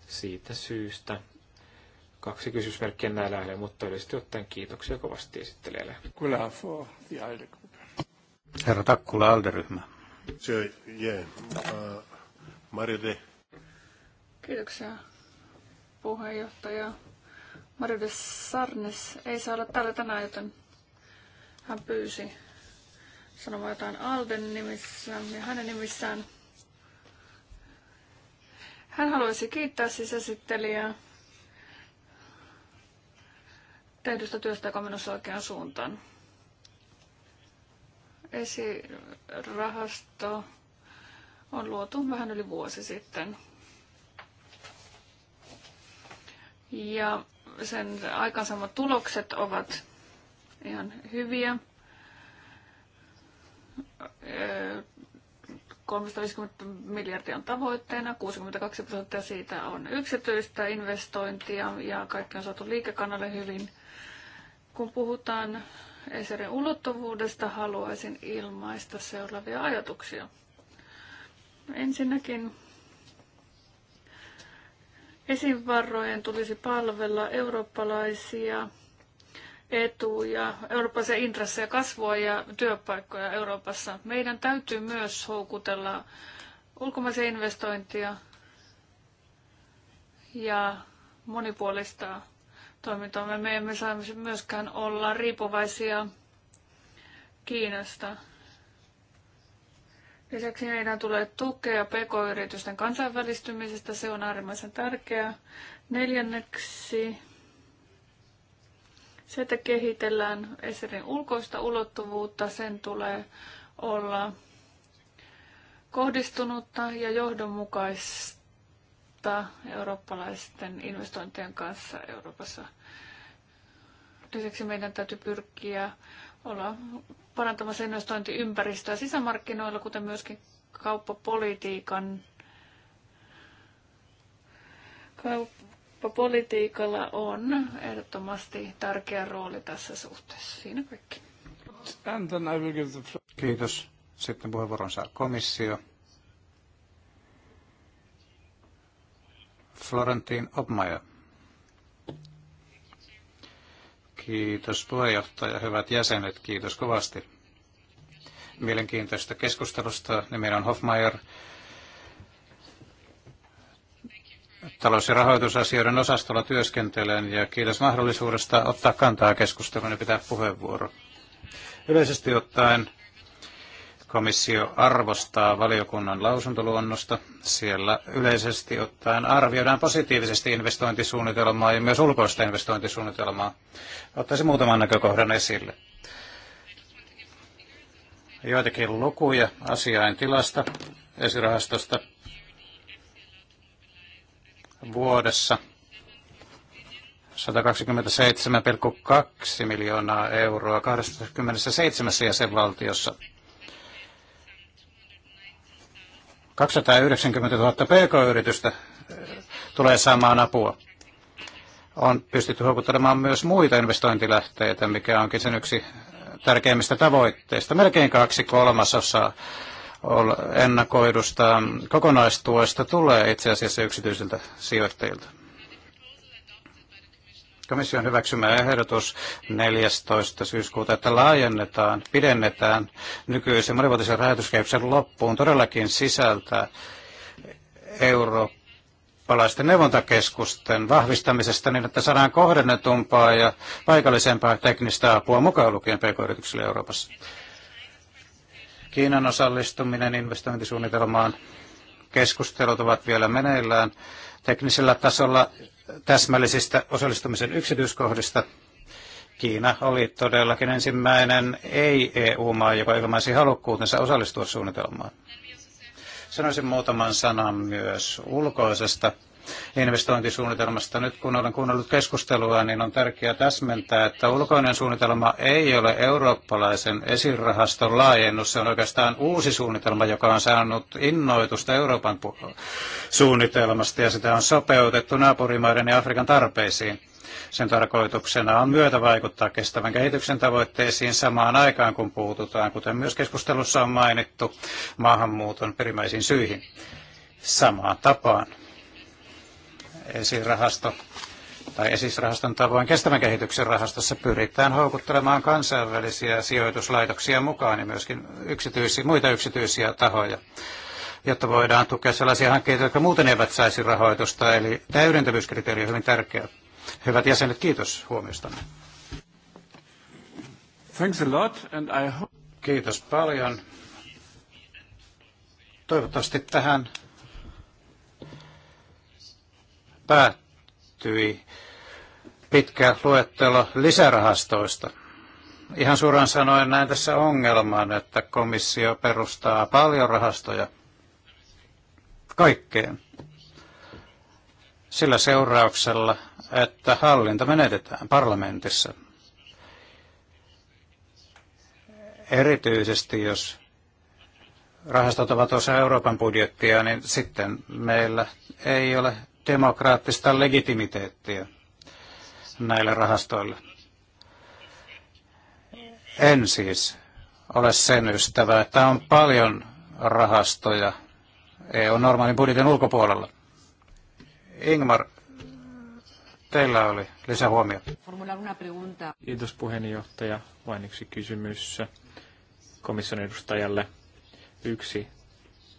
siitä syystä kaksi kysymysmerkkiä näillä aiheilla, mutta yleisesti ottaen kiitoksia kovasti esittelijälle. Herra Takkula, Alderyhmä. Se, yeah. uh, Kiitoksia, puheenjohtaja. Maride Sarnes ei saa olla täällä tänään, joten hän pyysi sanomaan jotain Alden nimissä ja hänen nimissään. Hän haluaisi kiittää sisäsittelijää tehdystä työstä, joka on menossa oikeaan suuntaan. Esirahasto on luotu vähän yli vuosi sitten. Ja sen aikaisemmat tulokset ovat ihan hyviä. 350 miljardia on tavoitteena, 62 prosenttia siitä on yksityistä investointia ja kaikki on saatu liikekanalle hyvin. Kun puhutaan Eserin ulottuvuudesta, haluaisin ilmaista seuraavia ajatuksia. Ensinnäkin esivarrojen tulisi palvella eurooppalaisia etuja, eurooppalaisia intressejä, kasvua ja työpaikkoja Euroopassa. Meidän täytyy myös houkutella ulkomaisia investointia ja monipuolistaa toimintamme. Me emme saa myöskään olla riippuvaisia Kiinasta. Lisäksi meidän tulee tukea pk-yritysten kansainvälistymisestä, se on äärimmäisen tärkeää. Neljänneksi se, että kehitellään Eserin ulkoista ulottuvuutta, sen tulee olla kohdistunutta ja johdonmukaista auttaa eurooppalaisten investointien kanssa Euroopassa. Lisäksi meidän täytyy pyrkiä olla parantamassa investointiympäristöä sisämarkkinoilla, kuten myöskin kauppapolitiikan kauppapolitiikalla on ehdottomasti tärkeä rooli tässä suhteessa. Siinä kaikki. Kiitos. Sitten puheenvuoron saa komissio. Florentin Obmaja. Kiitos puheenjohtaja, hyvät jäsenet, kiitos kovasti mielenkiintoista keskustelusta. Nimeni on Hofmeier, talous- ja rahoitusasioiden osastolla työskentelen ja kiitos mahdollisuudesta ottaa kantaa keskusteluun ja pitää puheenvuoro. Yleisesti ottaen Komissio arvostaa valiokunnan lausuntoluonnosta. Siellä yleisesti ottaen arvioidaan positiivisesti investointisuunnitelmaa ja myös ulkoista investointisuunnitelmaa. Ottaisin muutaman näkökohdan esille. Joitakin lukuja asiain tilasta esirahastosta vuodessa 127,2 miljoonaa euroa 27 jäsenvaltiossa. 290 000 pk-yritystä äh, tulee saamaan apua. On pystytty houkuttelemaan myös muita investointilähteitä, mikä onkin sen yksi tärkeimmistä tavoitteista. Melkein kaksi kolmasosaa ennakoidusta kokonaistuesta tulee itse asiassa yksityisiltä sijoittajilta komission hyväksymä ehdotus 14. syyskuuta, että laajennetaan, pidennetään nykyisen monivuotisen rahoituskehyksen loppuun, todellakin sisältää eurooppalaisten neuvontakeskusten vahvistamisesta niin, että saadaan kohdennetumpaa ja paikallisempaa teknistä apua mukaan lukien pk-yrityksille Euroopassa. Kiinan osallistuminen investointisuunnitelmaan keskustelut ovat vielä meneillään teknisellä tasolla täsmällisistä osallistumisen yksityiskohdista. Kiina oli todellakin ensimmäinen ei-EU-maa, joka ilmaisi halukkuutensa osallistua suunnitelmaan. Sanoisin muutaman sanan myös ulkoisesta investointisuunnitelmasta. Nyt kun olen kuunnellut keskustelua, niin on tärkeää täsmentää, että ulkoinen suunnitelma ei ole eurooppalaisen esirahaston laajennus. Se on oikeastaan uusi suunnitelma, joka on saanut innoitusta Euroopan suunnitelmasta ja sitä on sopeutettu naapurimaiden ja Afrikan tarpeisiin. Sen tarkoituksena on myötävaikuttaa kestävän kehityksen tavoitteisiin samaan aikaan, kun puututaan, kuten myös keskustelussa on mainittu, maahanmuuton perimmäisiin syihin samaan tapaan esirahasto tai esisrahaston tavoin kestävän kehityksen rahastossa pyritään houkuttelemaan kansainvälisiä sijoituslaitoksia mukaan ja myöskin yksityisiä, muita yksityisiä tahoja, jotta voidaan tukea sellaisia hankkeita, jotka muuten eivät saisi rahoitusta. Eli täydentävyyskriteeri on hyvin tärkeä. Hyvät jäsenet, kiitos huomiostanne. Thanks a lot and I hope... Kiitos paljon. Toivottavasti tähän päättyi pitkä luettelo lisärahastoista. Ihan suoraan sanoen näin tässä ongelman, että komissio perustaa paljon rahastoja kaikkeen sillä seurauksella, että hallinta menetetään parlamentissa. Erityisesti jos rahastot ovat osa Euroopan budjettia, niin sitten meillä ei ole demokraattista legitimiteettiä näille rahastoille. En siis ole sen ystävä, että on paljon rahastoja EU-normaalin budjetin ulkopuolella. Ingmar, teillä oli lisähuomio. Kiitos puheenjohtaja. Vain yksi kysymys komission edustajalle. Yksi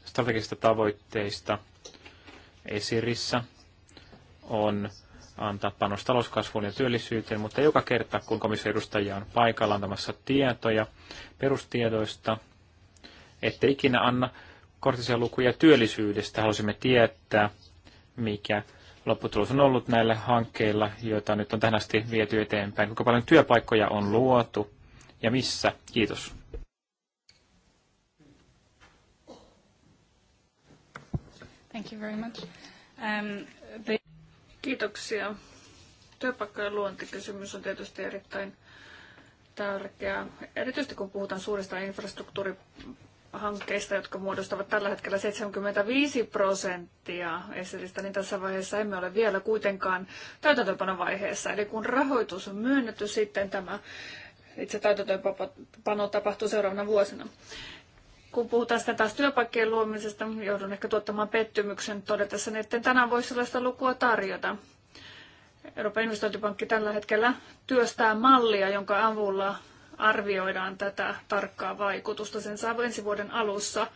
strategisista tavoitteista esirissä on antaa panos talouskasvuun ja työllisyyteen, mutta joka kerta, kun komission edustajia on paikalla antamassa tietoja perustiedoista, ette ikinä anna korttisia lukuja työllisyydestä. Halusimme tietää, mikä lopputulos on ollut näillä hankkeilla, joita nyt on tähän asti viety eteenpäin. Kuinka paljon työpaikkoja on luotu ja missä? Kiitos. Thank you very much. Um, the... Kiitoksia. Työpaikkojen luontikysymys on tietysti erittäin tärkeää, erityisesti kun puhutaan suurista infrastruktuurihankkeista, jotka muodostavat tällä hetkellä 75 prosenttia esitistä, niin tässä vaiheessa emme ole vielä kuitenkaan täytäntöönpanovaiheessa. Eli kun rahoitus on myönnetty, sitten tämä itse täytäntöönpano tapahtuu seuraavana vuosina kun puhutaan sitä taas työpaikkojen luomisesta, joudun ehkä tuottamaan pettymyksen todetessa, niin että tänään voisi sellaista lukua tarjota. Euroopan investointipankki tällä hetkellä työstää mallia, jonka avulla arvioidaan tätä tarkkaa vaikutusta. Sen saa ensi vuoden alussa.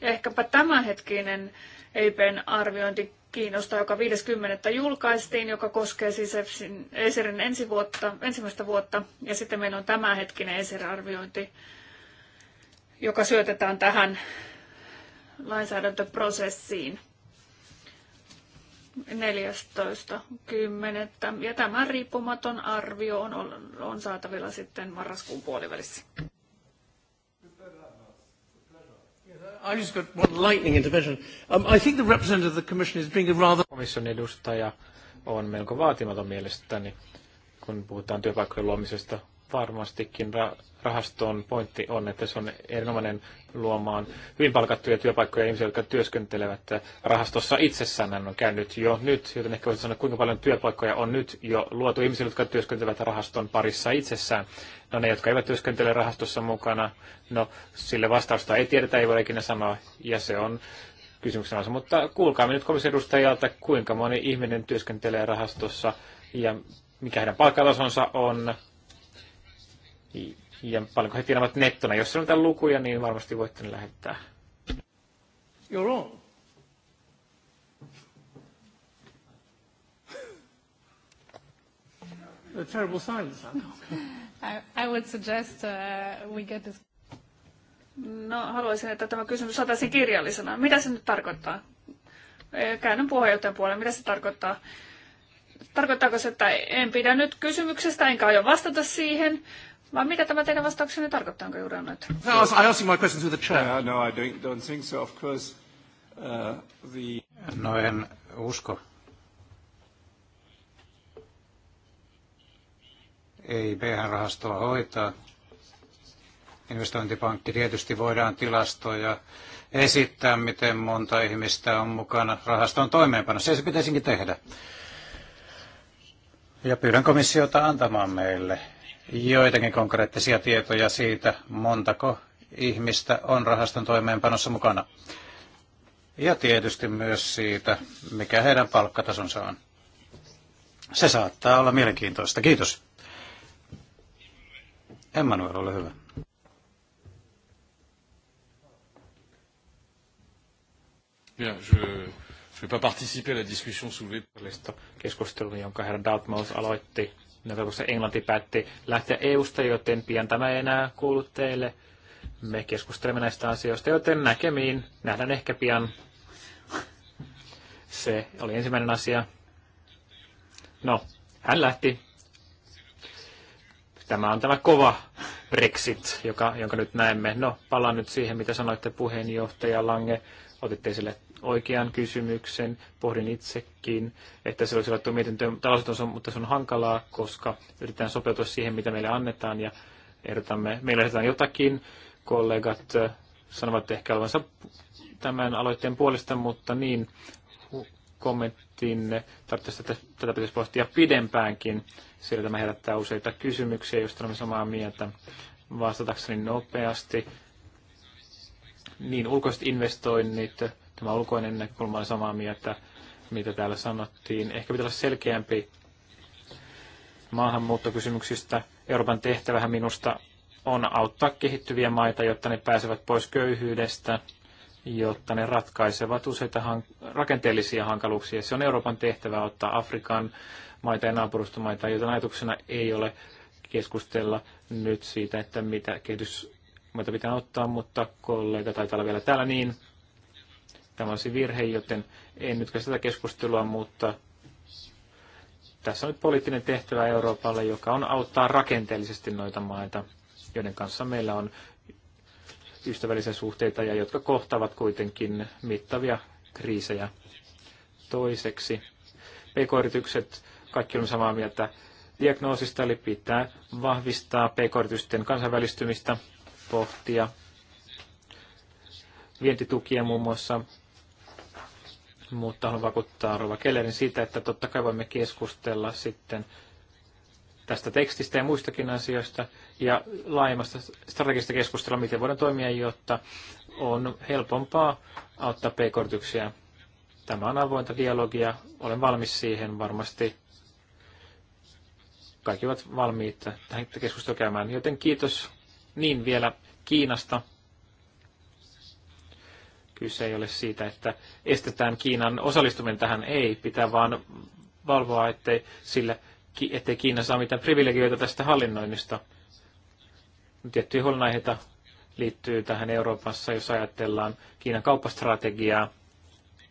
Ja ehkäpä tämänhetkinen EIPn arviointi kiinnostaa, joka 50. julkaistiin, joka koskee siis ESERin ensi vuotta, ensimmäistä vuotta. Ja sitten meillä on tämänhetkinen ESER-arviointi, joka syötetään tähän lainsäädäntöprosessiin 14.10. Ja tämä riippumaton arvio on, on saatavilla sitten marraskuun puolivälissä. I just got one lightning intervention. Um, I think the representative of the Commission is being a rather... Komission edustaja on melko vaatimaton mielestäni, kun puhutaan työpaikkojen luomisesta varmastikin rahaston pointti on, että se on erinomainen luomaan hyvin palkattuja työpaikkoja ihmisiä, jotka työskentelevät rahastossa itsessään. Hän on käynyt jo nyt, joten ehkä voisi sanoa, kuinka paljon työpaikkoja on nyt jo luotu ihmisille, jotka työskentelevät rahaston parissa itsessään. No ne, jotka eivät työskentele rahastossa mukana, no sille vastausta ei tiedetä, ei voi ikinä sanoa, ja se on kysymyksenä. Mutta kuulkaamme nyt komission edustajalta, kuinka moni ihminen työskentelee rahastossa ja mikä heidän palkkatasonsa on, ja paljonko he tienaavat nettona. Jos sanotaan lukuja, niin varmasti voitte ne lähettää. You're wrong. A terrible silence. I, I would suggest uh, we get this. No, haluaisin, että tämä kysymys saataisiin kirjallisena. Mitä se nyt tarkoittaa? E, käännyn puheenjohtajan puoleen. Mitä se tarkoittaa? Tarkoittaako se, että en pidä nyt kysymyksestä, enkä aio vastata siihen? Vai mitä tämä teidän vastauksenne tarkoittaa, onko juuri annoit? No, I asked my question to the chair. Yeah, uh, no, I don't, don't think so. Of course, uh, the... No en usko. ei BH rahastoa hoitaa. Investointipankki tietysti voidaan tilastoja esittää, miten monta ihmistä on mukana rahaston toimeenpanossa. Se pitäisikin tehdä. Ja pyydän komissiota antamaan meille joitakin konkreettisia tietoja siitä, montako ihmistä on rahaston toimeenpanossa mukana. Ja tietysti myös siitä, mikä heidän palkkatasonsa on. Se saattaa olla mielenkiintoista. Kiitos. Emmanuel, ole hyvä. Bien, je, je vais pas participer à la discussion soulevée. par keskustelu, jonka herra Dartmouth aloitti neuvottelussa Englanti päätti lähteä EU-sta, joten pian tämä ei enää kuulu teille. Me keskustelemme näistä asioista, joten näkemiin. Nähdään ehkä pian. Se oli ensimmäinen asia. No, hän lähti. Tämä on tämä kova Brexit, joka, jonka nyt näemme. No, palaan nyt siihen, mitä sanoitte puheenjohtaja Lange. Otitte esille oikean kysymyksen. Pohdin itsekin, että se olisi laittu mietintöön talouston, mutta se on hankalaa, koska yritetään sopeutua siihen, mitä meille annetaan ja ehdotamme, meillä ehdotetaan jotakin. Kollegat äh, sanovat ehkä olevansa tämän aloitteen puolesta, mutta niin kommenttiin tarvitsisi tätä, tätä pitäisi pohtia pidempäänkin, sillä tämä herättää useita kysymyksiä, joista olemme samaa mieltä. Vastatakseni nopeasti, niin ulkoiset investoinnit Tämä ulkoinen näkökulma on samaa mieltä, mitä täällä sanottiin. Ehkä pitää olla selkeämpi maahanmuuttokysymyksistä. Euroopan tehtävähän minusta on auttaa kehittyviä maita, jotta ne pääsevät pois köyhyydestä, jotta ne ratkaisevat useita hank- rakenteellisia hankaluuksia. Se on Euroopan tehtävä ottaa Afrikan maita ja naapurustomaita, joten ajatuksena ei ole keskustella nyt siitä, että mitä kehitysmaita pitää ottaa, mutta kollega taitaa olla vielä täällä niin. Tämä olisi virhe, joten en nyt sitä keskustelua, mutta tässä on nyt poliittinen tehtävä Euroopalle, joka on auttaa rakenteellisesti noita maita, joiden kanssa meillä on ystävällisiä suhteita ja jotka kohtaavat kuitenkin mittavia kriisejä. Toiseksi, pk-yritykset, kaikki on samaa mieltä diagnoosista, eli pitää vahvistaa pk-yritysten kansainvälistymistä, pohtia vientitukia muun muassa mutta haluan vakuuttaa Rova Kellerin siitä, että totta kai voimme keskustella sitten tästä tekstistä ja muistakin asioista ja laajemmasta strategista keskustelua, miten voidaan toimia, jotta on helpompaa auttaa pk-yrityksiä. Tämä on avointa dialogia, olen valmis siihen varmasti. Kaikki ovat valmiita tähän keskustelua käymään, joten kiitos niin vielä Kiinasta. Kyse ei ole siitä, että estetään Kiinan osallistuminen tähän. Ei, pitää vaan valvoa, ettei, sillä, ettei Kiina saa mitään privilegioita tästä hallinnoinnista. Tiettyjä huolenaiheita liittyy tähän Euroopassa, jos ajatellaan Kiinan kauppastrategiaa.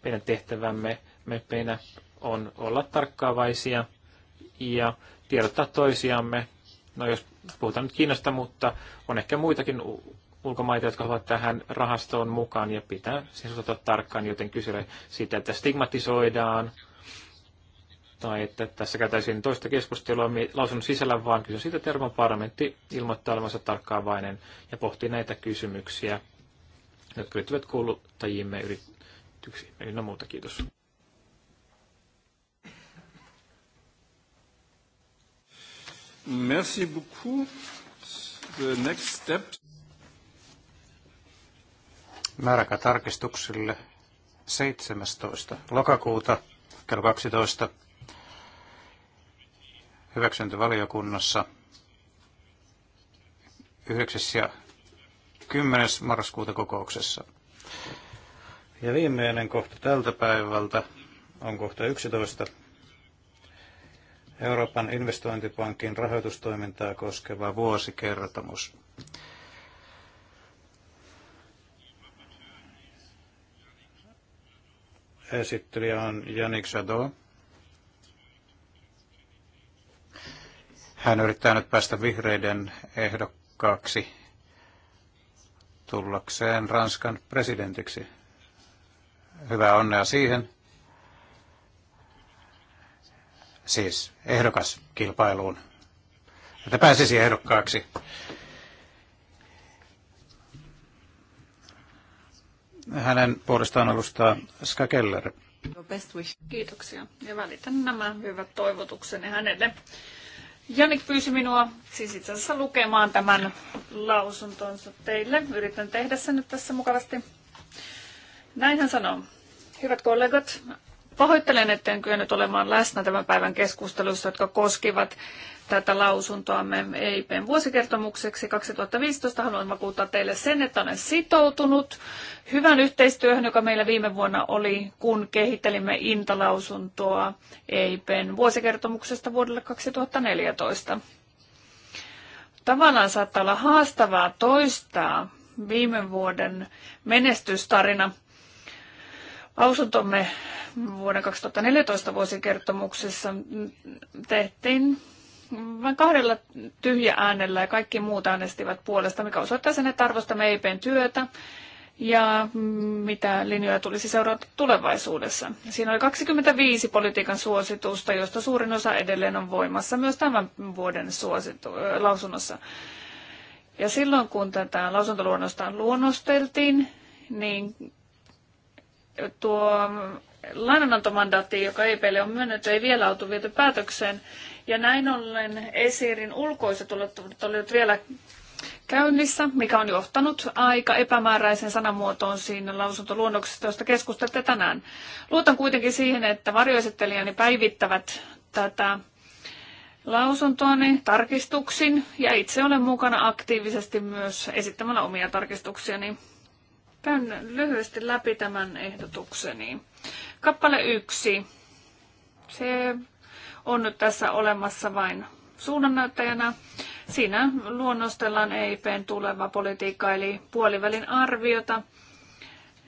Meidän tehtävämme meppeinä on olla tarkkaavaisia ja tiedottaa toisiamme. No jos puhutaan nyt Kiinasta, mutta on ehkä muitakin ulkomaita, jotka ovat tähän rahastoon mukaan ja pitää sen siis suhtautua tarkkaan, joten kysyä siitä, että stigmatisoidaan tai että tässä käytäisiin toista keskustelua lausunnon sisällä, vaan kyse siitä, että Euroopan parlamentti ilmoittaa olevansa tarkkaavainen ja pohtii näitä kysymyksiä, jotka liittyvät kuuluttajiimme yrityksiin. no muuta, kiitos. Merci beaucoup. The next step määräkä tarkistuksille 17. lokakuuta kello 12 hyväksyntävaliokunnassa 9. ja 10. marraskuuta kokouksessa. Ja viimeinen kohta tältä päivältä on kohta 11. Euroopan investointipankin rahoitustoimintaa koskeva vuosikertomus. Esittelijä on Janik Sado. Hän yrittää nyt päästä vihreiden ehdokkaaksi tullakseen Ranskan presidentiksi. Hyvää onnea siihen. Siis ehdokaskilpailuun, että pääsisi ehdokkaaksi. hänen puolestaan alustaa Ska Keller. Kiitoksia ja välitän nämä hyvät toivotukseni hänelle. Janik pyysi minua siis itse asiassa lukemaan tämän lausuntonsa teille. Yritän tehdä sen nyt tässä mukavasti. Näin hän sanoo. Hyvät kollegat, Pahoittelen, etten kyennyt olemaan läsnä tämän päivän keskustelussa, jotka koskivat tätä lausuntoamme EIPn vuosikertomukseksi 2015. Haluan vakuuttaa teille sen, että olen sitoutunut hyvän yhteistyöhön, joka meillä viime vuonna oli, kun kehittelimme inta lausuntoa EIPn vuosikertomuksesta vuodelle 2014. Tavallaan saattaa olla haastavaa toistaa viime vuoden menestystarina, lausuntomme vuoden 2014 vuosikertomuksessa tehtiin vain kahdella tyhjä äänellä ja kaikki muut äänestivät puolesta, mikä osoittaa sen, että arvostamme EIPn työtä ja mitä linjoja tulisi seurata tulevaisuudessa. Siinä oli 25 politiikan suositusta, joista suurin osa edelleen on voimassa myös tämän vuoden suositu- lausunnossa. Ja silloin kun tätä lausuntoluonnosta luonnosteltiin, niin tuo lainanantomandaatti, joka EPlle on myönnetty, ei vielä oltu viety päätökseen. Ja näin ollen Esirin ulkoiset ulottuvuudet olivat vielä käynnissä, mikä on johtanut aika epämääräisen sanamuotoon siinä lausuntoluonnoksessa, josta keskustelette tänään. Luotan kuitenkin siihen, että varjoesittelijäni päivittävät tätä lausuntoani tarkistuksin ja itse olen mukana aktiivisesti myös esittämällä omia tarkistuksiani. Käyn lyhyesti läpi tämän ehdotukseni. Kappale 1. Se on nyt tässä olemassa vain suunnannäyttäjänä. Siinä luonnostellaan EIPn tuleva politiikka eli puolivälin arviota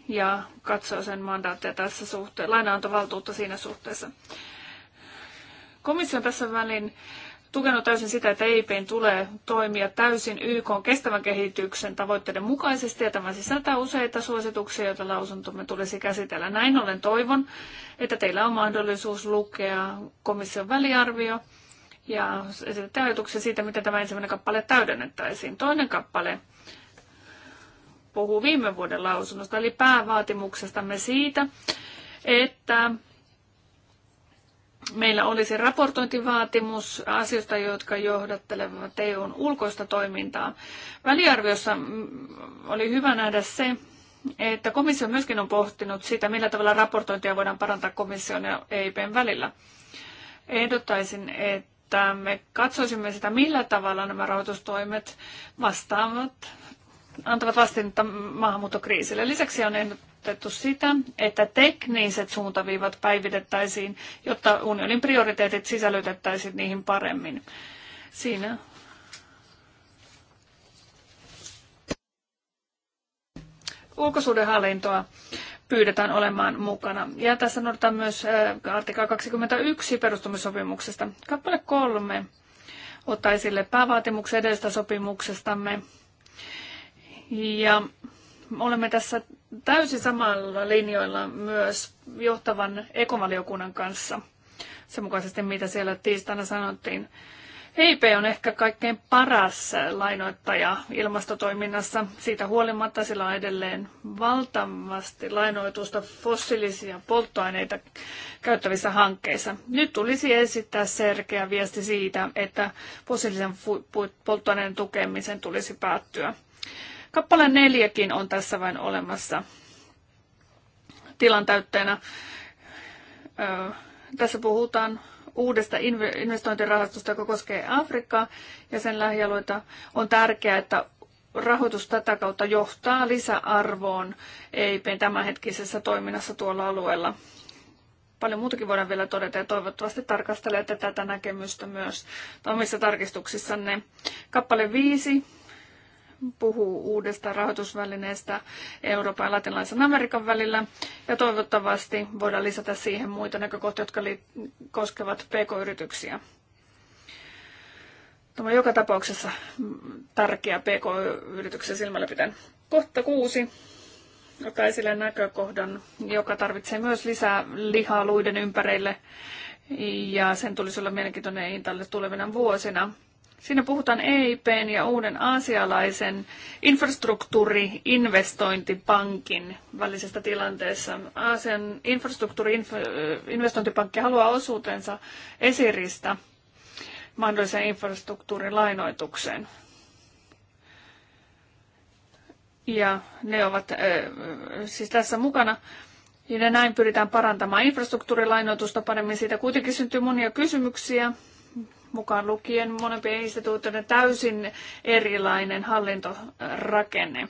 ja katsoo sen mandaattia tässä suhteessa, lainaantovaltuutta siinä suhteessa. Komissio tässä välin tukenut täysin sitä, että EIPn tulee toimia täysin YK kestävän kehityksen tavoitteiden mukaisesti, ja tämä sisältää useita suosituksia, joita lausuntomme tulisi käsitellä. Näin ollen toivon, että teillä on mahdollisuus lukea komission väliarvio ja esitätte ajatuksia siitä, miten tämä ensimmäinen kappale täydennettäisiin. Toinen kappale puhuu viime vuoden lausunnosta, eli päävaatimuksestamme siitä, että meillä olisi raportointivaatimus asioista, jotka johdattelevat EUn ulkoista toimintaa. Väliarviossa mm, oli hyvä nähdä se, että komissio myöskin on pohtinut sitä, millä tavalla raportointia voidaan parantaa komission ja EIPn välillä. Ehdottaisin, että me katsoisimme sitä, millä tavalla nämä rahoitustoimet vastaavat antavat vastinta maahanmuuttokriisille. Lisäksi on ehdotettu sitä, että tekniset suuntaviivat päivitettäisiin, jotta unionin prioriteetit sisällytettäisiin niihin paremmin. Siinä ulkosuudenhallintoa pyydetään olemaan mukana. Ja tässä noudataan myös äh, artikla 21 perustumissopimuksesta. Kappale kolme ottaa esille päävaatimuksen edellisestä sopimuksestamme ja olemme tässä täysin samalla linjoilla myös johtavan ekovaliokunnan kanssa. Sen mukaisesti, mitä siellä tiistaina sanottiin. EIP on ehkä kaikkein paras lainoittaja ilmastotoiminnassa. Siitä huolimatta sillä on edelleen valtavasti lainoitusta fossiilisia polttoaineita käyttävissä hankkeissa. Nyt tulisi esittää selkeä viesti siitä, että fossiilisen polttoaineen tukemisen tulisi päättyä. Kappale neljäkin on tässä vain olemassa tilan täytteenä. Tässä puhutaan uudesta investointirahastosta, joka koskee Afrikkaa ja sen lähialueita. On tärkeää, että rahoitus tätä kautta johtaa lisäarvoon EIPn tämänhetkisessä toiminnassa tuolla alueella. Paljon muutakin voidaan vielä todeta ja toivottavasti tarkastelette tätä näkemystä myös omissa tarkistuksissanne. Kappale 5 puhuu uudesta rahoitusvälineestä Euroopan ja Latinalaisen Amerikan välillä. Ja toivottavasti voidaan lisätä siihen muita näkökohtia, jotka koskevat pk-yrityksiä. Tämä on joka tapauksessa tärkeä pk-yrityksen pitää Kohta kuusi ottaa esille näkökohdan, joka tarvitsee myös lisää lihaa luiden ympärille. Ja sen tulisi olla mielenkiintoinen Intalle tulevina vuosina. Siinä puhutaan EIPn ja uuden aasialaisen infrastruktuuri-investointipankin välisestä tilanteessa. Aasian infrastruktuuri-investointipankki haluaa osuutensa esiristä mahdolliseen infrastruktuurin lainoitukseen. Ja ne ovat äh, siis tässä mukana. Ja näin pyritään parantamaan infrastruktuurilainoitusta paremmin. Siitä kuitenkin syntyy monia kysymyksiä mukaan lukien monempien instituutioiden täysin erilainen hallintorakenne.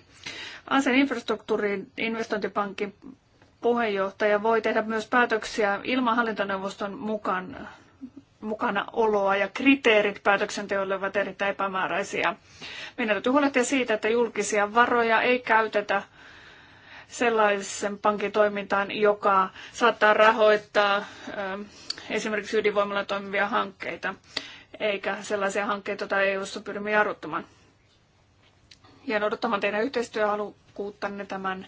Asen infrastruktuurin investointipankin puheenjohtaja voi tehdä myös päätöksiä ilman hallintoneuvoston mukaan, mukana oloa ja kriteerit päätöksenteolle ovat erittäin epämääräisiä. Meidän täytyy huolehtia siitä, että julkisia varoja ei käytetä sellaisen pankin toimintaan, joka saattaa rahoittaa esimerkiksi ydinvoimalla toimivia hankkeita eikä sellaisia hankkeita, joita EU-ssa pyrimme jarruttamaan. Ja odottamaan teidän yhteistyöhalukkuuttanne tämän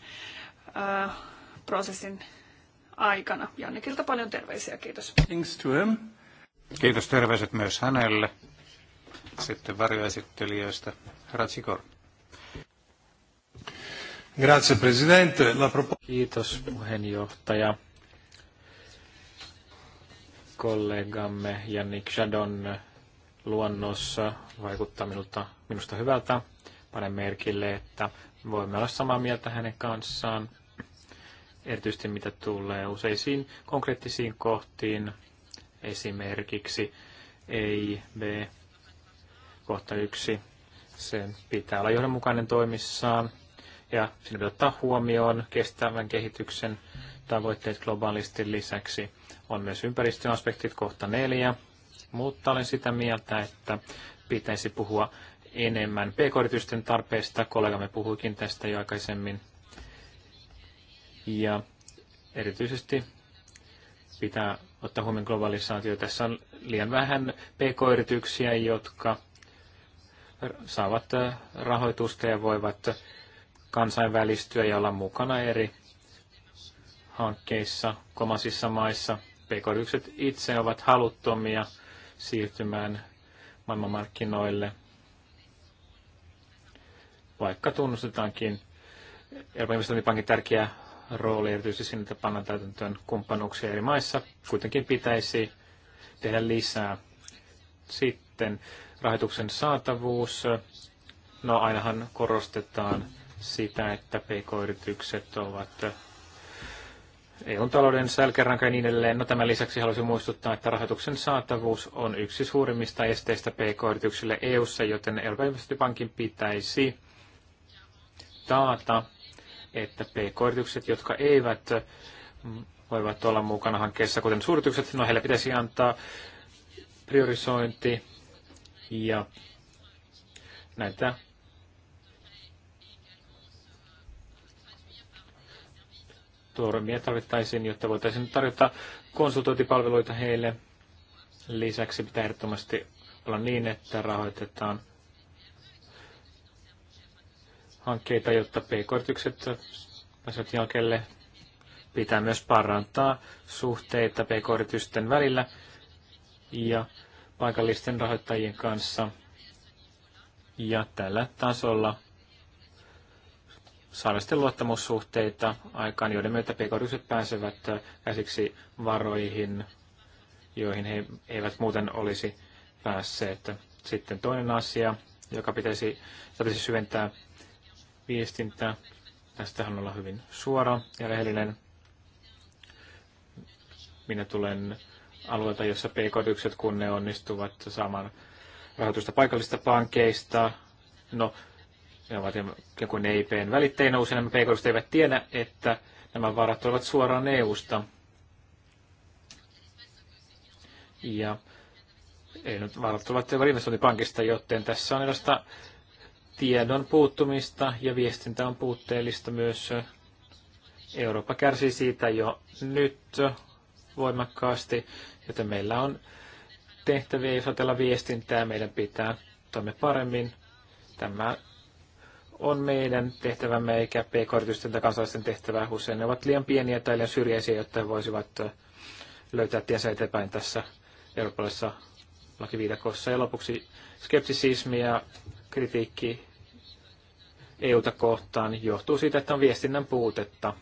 ö, prosessin aikana. Jannikilta paljon terveisiä, kiitos. Thanks to him. Kiitos terveiset myös hänelle. Sitten varjoesittelijöistä. Ratsikor. Grazie, presidente. La propos- Kiitos puheenjohtaja. Kollegamme Jannik Jadon luonnossa vaikuttaa minulta, minusta hyvältä. Panen merkille, että voimme olla samaa mieltä hänen kanssaan, erityisesti mitä tulee useisiin konkreettisiin kohtiin, esimerkiksi B kohta yksi, sen pitää olla johdonmukainen toimissaan ja siinä pitää ottaa huomioon kestävän kehityksen tavoitteet globaalisti lisäksi. On myös ympäristöaspektit kohta neljä, mutta olen sitä mieltä, että pitäisi puhua enemmän pk-yritysten tarpeista. Kollegamme puhuikin tästä jo aikaisemmin. Ja erityisesti pitää ottaa huomioon globalisaatio. Tässä on liian vähän pk-yrityksiä, jotka saavat rahoitusta ja voivat kansainvälistyä ja olla mukana eri hankkeissa, komasissa maissa. pk itse ovat haluttomia siirtymään maailmanmarkkinoille, vaikka tunnustetaankin Euroopan investointipankin tärkeä rooli, erityisesti siinä, että pannaan täytäntöön kumppanuuksia eri maissa, kuitenkin pitäisi tehdä lisää. Sitten rahoituksen saatavuus. No ainahan korostetaan sitä, että pk-yritykset ovat EUn talouden selkäranka ja niin edelleen. No tämän lisäksi haluaisin muistuttaa, että rahoituksen saatavuus on yksi suurimmista esteistä PK-yrityksille EUssa, joten Euroopan investointipankin pitäisi taata, että PK-yritykset, jotka eivät voivat olla mukana hankkeessa, kuten suuritykset, no heille pitäisi antaa priorisointi ja näitä reformia tarvittaisiin, jotta voitaisiin tarjota konsultointipalveluita heille. Lisäksi pitää ehdottomasti olla niin, että rahoitetaan hankkeita, jotta pk-yritykset pääsevät jalkelle. Pitää myös parantaa suhteita pk-yritysten välillä ja paikallisten rahoittajien kanssa. Ja tällä tasolla saamme luottamussuhteita aikaan, joiden myötä pk pääsevät käsiksi varoihin, joihin he eivät muuten olisi päässeet. Sitten toinen asia, joka pitäisi, pitäisi syventää viestintää. Tästähän olla hyvin suora ja rehellinen. Minä tulen alueelta, jossa pk kun ne onnistuvat saamaan rahoitusta paikallisista pankeista, no ne ovat ja kun EIPn välitteinä usein nämä pk eivät tiedä, että nämä varat tulevat suoraan EUsta. Ja ei nyt varat tulevat investointipankista, joten tässä on edasta tiedon puuttumista ja viestintä on puutteellista myös. Eurooppa kärsii siitä jo nyt voimakkaasti, joten meillä on tehtäviä, jos ajatellaan viestintää, meidän pitää toimia paremmin. Tämä on meidän tehtävämme eikä pk-yritysten tai kansalaisten tehtävää. Usein ne ovat liian pieniä tai liian syrjäisiä, jotta voisivat löytää tiensä eteenpäin tässä eurooppalaisessa lakiviidakossa. Ja lopuksi skeptisismi ja kritiikki EUta kohtaan johtuu siitä, että on viestinnän puutetta.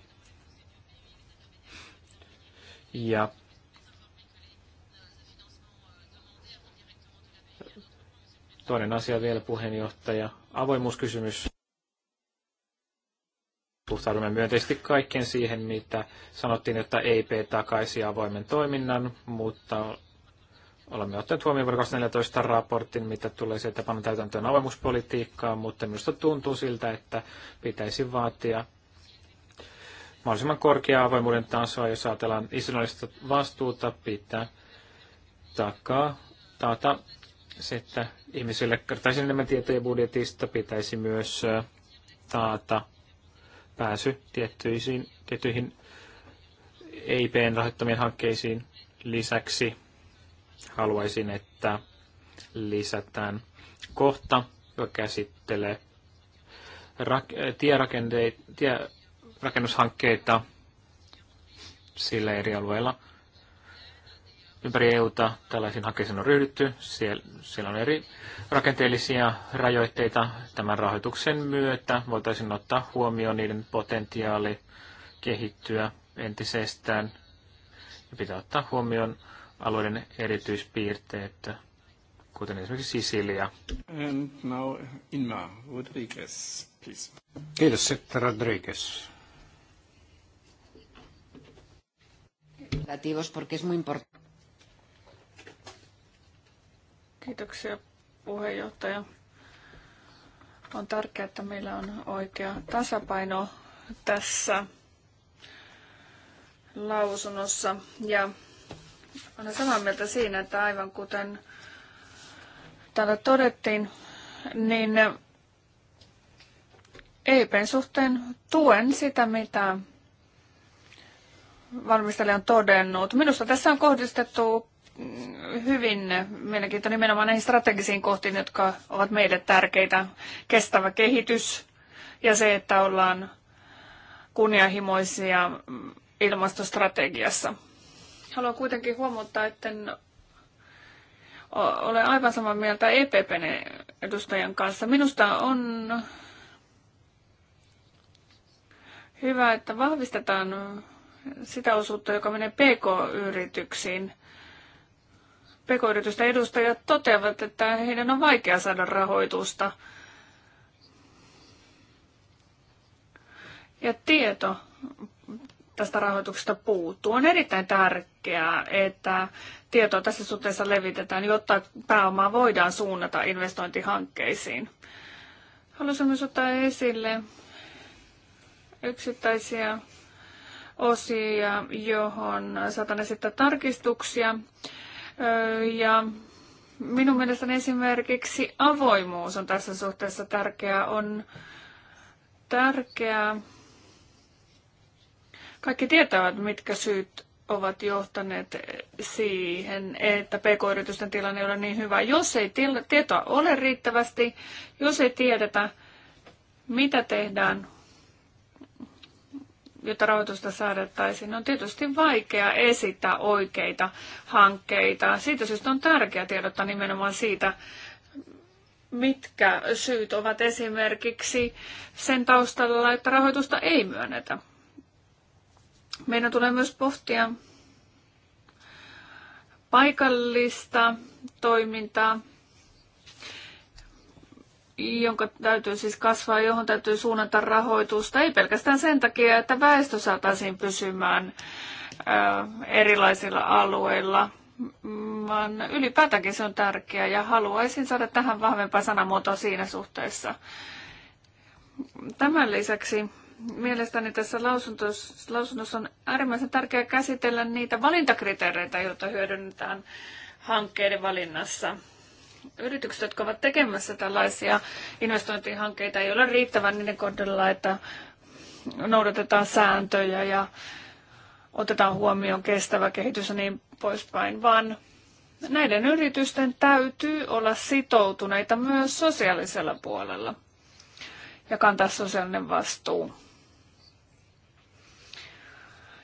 Ja toinen asia vielä puheenjohtaja, avoimuuskysymys suhtaudumme myönteisesti kaikkeen siihen, mitä sanottiin, että EIP takaisi avoimen toiminnan, mutta olemme ottaneet huomioon vuoden 2014 raportin, mitä tulee se, että pannaan täytäntöön avoimuuspolitiikkaa, mutta minusta tuntuu siltä, että pitäisi vaatia mahdollisimman korkeaa avoimuuden tasoa, jos ajatellaan islannista vastuuta, pitää takaa, taata se, että ihmisille kertaisin siis enemmän tietoja budjetista, pitäisi myös taata pääsy tiettyihin, tiettyihin e EIPn rahoittamien hankkeisiin lisäksi haluaisin, että lisätään kohta, joka käsittelee rak- tierakennushankkeita sillä eri alueilla – ympäri EUta tällaisiin hakeisiin on ryhdytty. Siellä, siellä on eri rakenteellisia rajoitteita. Tämän rahoituksen myötä voitaisiin ottaa huomioon niiden potentiaali kehittyä entisestään. Ja pitää ottaa huomioon alueiden erityispiirteet, kuten esimerkiksi Sisilia. And now Inma Rodriguez, please. Kiitos, Setta Rodriguez. porque es muy importante. Kiitoksia puheenjohtaja. On tärkeää, että meillä on oikea tasapaino tässä lausunnossa. Ja olen samaa mieltä siinä, että aivan kuten täällä todettiin, niin EIPn suhteen tuen sitä, mitä valmistelija on todennut. Minusta tässä on kohdistettu hyvin mielenkiintoista nimenomaan näihin strategisiin kohtiin, jotka ovat meille tärkeitä. Kestävä kehitys ja se, että ollaan kunnianhimoisia ilmastostrategiassa. Haluan kuitenkin huomauttaa, että en ole aivan samaa mieltä EPPn edustajan kanssa. Minusta on hyvä, että vahvistetaan sitä osuutta, joka menee PK-yrityksiin pk-yritysten edustajat toteavat, että heidän on vaikea saada rahoitusta. Ja tieto tästä rahoituksesta puuttuu. On erittäin tärkeää, että tietoa tässä suhteessa levitetään, jotta pääomaa voidaan suunnata investointihankkeisiin. Haluaisin myös ottaa esille yksittäisiä osia, johon saatan esittää tarkistuksia. Ja minun mielestäni esimerkiksi avoimuus on tässä suhteessa tärkeää. On tärkeää. Kaikki tietävät, mitkä syyt ovat johtaneet siihen, että pk-yritysten tilanne ei ole niin hyvä. Jos ei tietoa ole riittävästi, jos ei tiedetä, mitä tehdään, jotta rahoitusta säädettäisiin, on tietysti vaikea esittää oikeita hankkeita. Siitä syystä on tärkeää tiedottaa nimenomaan siitä, mitkä syyt ovat esimerkiksi sen taustalla, että rahoitusta ei myönnetä. Meidän tulee myös pohtia paikallista toimintaa jonka täytyy siis kasvaa, johon täytyy suunnata rahoitusta, ei pelkästään sen takia, että väestö saataisiin pysymään erilaisilla alueilla, vaan ylipäätäänkin se on tärkeää ja haluaisin saada tähän vahvempaa sanamuotoa siinä suhteessa. Tämän lisäksi mielestäni tässä lausunnossa, lausunnossa on äärimmäisen tärkeää käsitellä niitä valintakriteereitä, joita hyödynnetään hankkeiden valinnassa yritykset, jotka ovat tekemässä tällaisia investointihankkeita, ei ole riittävän niiden kohdalla, että noudatetaan sääntöjä ja otetaan huomioon kestävä kehitys ja niin poispäin, vaan näiden yritysten täytyy olla sitoutuneita myös sosiaalisella puolella ja kantaa sosiaalinen vastuu.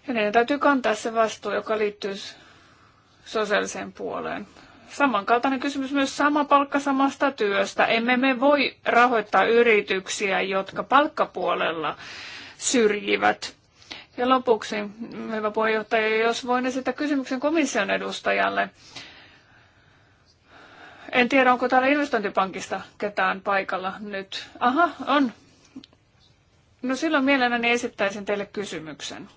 Ja niiden täytyy kantaa se vastuu, joka liittyy sosiaaliseen puoleen. Samankaltainen kysymys myös sama palkka samasta työstä. Emme me voi rahoittaa yrityksiä, jotka palkkapuolella syrjivät. Ja lopuksi, hyvä puheenjohtaja, jos voin esittää kysymyksen komission edustajalle. En tiedä, onko täällä investointipankista ketään paikalla nyt. Aha, on. No silloin mielelläni esittäisin teille kysymyksen.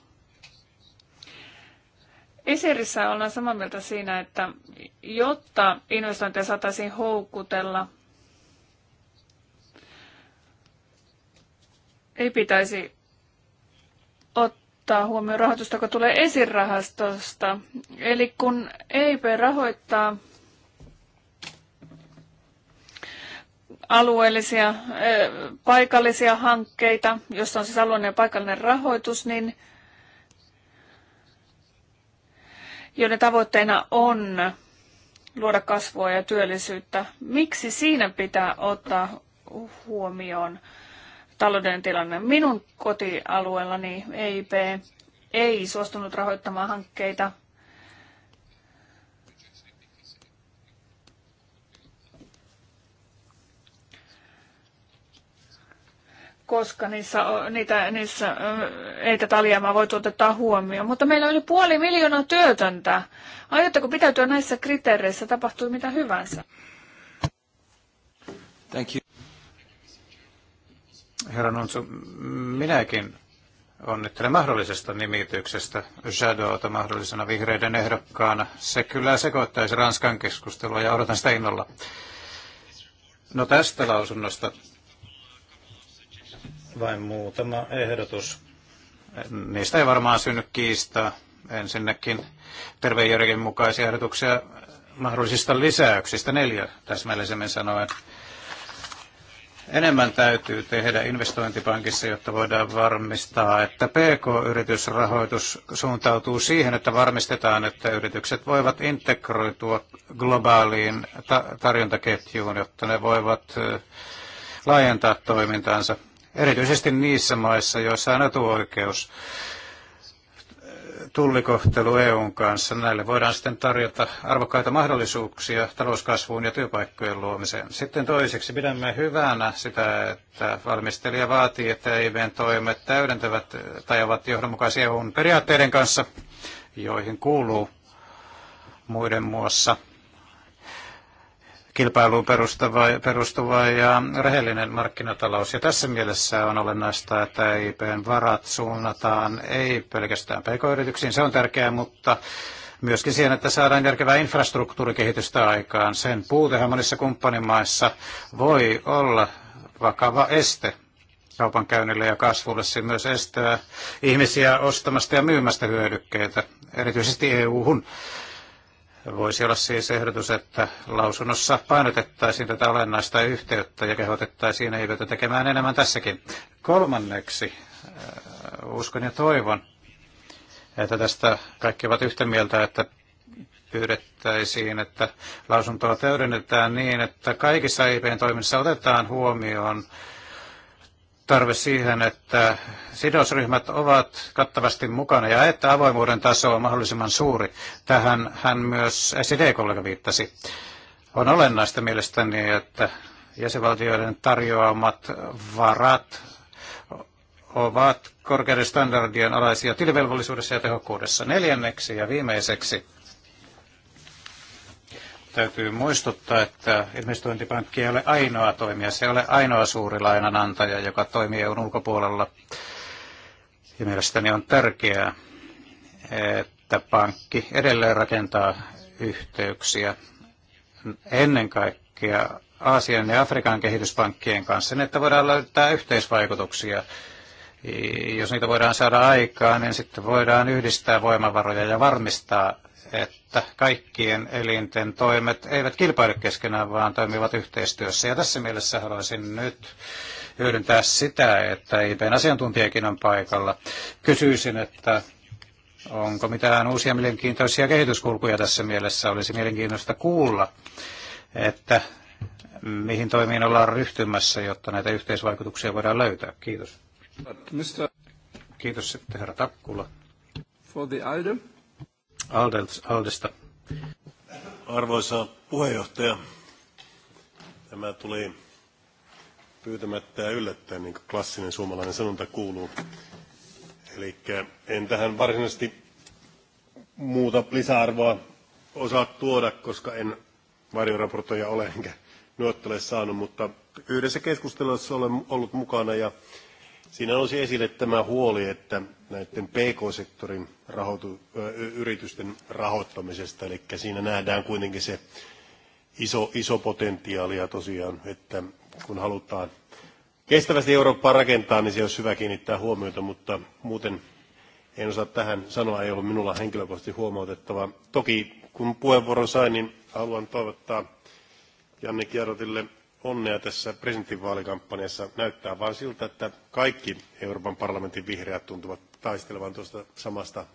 Esirissä ollaan samaa mieltä siinä, että jotta investointeja saataisiin houkutella, ei pitäisi ottaa huomioon rahoitusta, joka tulee esirahastosta. Eli kun EIP rahoittaa alueellisia, eh, paikallisia hankkeita, jossa on siis alueellinen ja paikallinen rahoitus, niin – joiden tavoitteena on luoda kasvua ja työllisyyttä. Miksi siinä pitää ottaa huomioon talouden tilanne? Minun kotialueellani EIP ei suostunut rahoittamaan hankkeita, koska niissä, niitä, niissä ei tätä alijäämää voi ottaa huomioon. Mutta meillä on yli puoli miljoonaa työtöntä. Aiotteko pitäytyä näissä kriteereissä, tapahtuu mitä hyvänsä? Thank you. Herra Nonsu, minäkin onnittelen mahdollisesta nimityksestä Jadota mahdollisena vihreiden ehdokkaana. Se kyllä sekoittaisi Ranskan keskustelua ja odotan sitä innolla. No tästä lausunnosta vain muutama ehdotus. Niistä ei varmaan synny kiistaa. Ensinnäkin tervejärjen mukaisia ehdotuksia mahdollisista lisäyksistä, neljä täsmällisemmin sanoen. Enemmän täytyy tehdä investointipankissa, jotta voidaan varmistaa, että PK-yritysrahoitus suuntautuu siihen, että varmistetaan, että yritykset voivat integroitua globaaliin ta- tarjontaketjuun, jotta ne voivat laajentaa toimintaansa erityisesti niissä maissa, joissa on etuoikeus tullikohtelu EUn kanssa. Näille voidaan sitten tarjota arvokkaita mahdollisuuksia talouskasvuun ja työpaikkojen luomiseen. Sitten toiseksi pidämme hyvänä sitä, että valmistelija vaatii, että EIVn toimet täydentävät tai ovat johdonmukaisia EUn periaatteiden kanssa, joihin kuuluu muiden muassa kilpailuun perustuva, perustuva ja rehellinen markkinatalous. Ja tässä mielessä on olennaista, että EIPn varat suunnataan ei pelkästään pk-yrityksiin, se on tärkeää, mutta myöskin siihen, että saadaan järkevää infrastruktuurikehitystä aikaan. Sen puutehan monissa kumppanimaissa voi olla vakava este kaupankäynnille ja kasvulle. Se myös estää ihmisiä ostamasta ja myymästä hyödykkeitä, erityisesti EU-hun. Voisi olla siis ehdotus, että lausunnossa painotettaisiin tätä olennaista yhteyttä ja kehotettaisiin EIVtä tekemään enemmän tässäkin. Kolmanneksi äh, uskon ja toivon, että tästä kaikki ovat yhtä mieltä, että pyydettäisiin, että lausuntoa täydennetään niin, että kaikissa IPn toiminnassa otetaan huomioon tarve siihen, että sidosryhmät ovat kattavasti mukana ja että avoimuuden taso on mahdollisimman suuri. Tähän hän myös SID-kollega viittasi. On olennaista mielestäni, että jäsenvaltioiden tarjoamat varat ovat korkeiden standardien alaisia tilivelvollisuudessa ja tehokkuudessa. Neljänneksi ja viimeiseksi Täytyy muistuttaa, että investointipankki ei ole ainoa toimija. Se ei ole ainoa suuri lainanantaja, joka toimii EUn ulkopuolella. Ja mielestäni on tärkeää, että pankki edelleen rakentaa yhteyksiä ennen kaikkea Aasian ja Afrikan kehityspankkien kanssa, niin että voidaan löytää yhteisvaikutuksia. Jos niitä voidaan saada aikaan, niin sitten voidaan yhdistää voimavaroja ja varmistaa, että että kaikkien elinten toimet eivät kilpaile keskenään, vaan toimivat yhteistyössä. Ja tässä mielessä haluaisin nyt hyödyntää sitä, että IPn asiantuntijakin on paikalla. Kysyisin, että onko mitään uusia mielenkiintoisia kehityskulkuja tässä mielessä. Olisi mielenkiintoista kuulla, että mihin toimiin ollaan ryhtymässä, jotta näitä yhteisvaikutuksia voidaan löytää. Kiitos. Kiitos sitten herra Takkula. For the item. Aldesta. Arvoisa puheenjohtaja, tämä tuli pyytämättä ja yllättäen, niin kuin klassinen suomalainen sanonta kuuluu. Eli en tähän varsinaisesti muuta lisäarvoa osaa tuoda, koska en varjoraportoja ole enkä nuottele saanut, mutta yhdessä keskustelussa olen ollut mukana ja Siinä nousi esille tämä huoli, että näiden PK-sektorin rahoitu, yritysten rahoittamisesta, eli siinä nähdään kuitenkin se iso, iso potentiaali ja tosiaan, että kun halutaan kestävästi Eurooppaa rakentaa, niin se olisi hyvä kiinnittää huomiota, mutta muuten en osaa tähän sanoa, ei ollut minulla henkilökohtaisesti huomautettavaa. Toki kun puheenvuoron sain, niin haluan toivottaa Janne Kierotille onnea tässä presidentinvaalikampanjassa. Näyttää vain siltä, että kaikki Euroopan parlamentin vihreät tuntuvat taistelevan tuosta samasta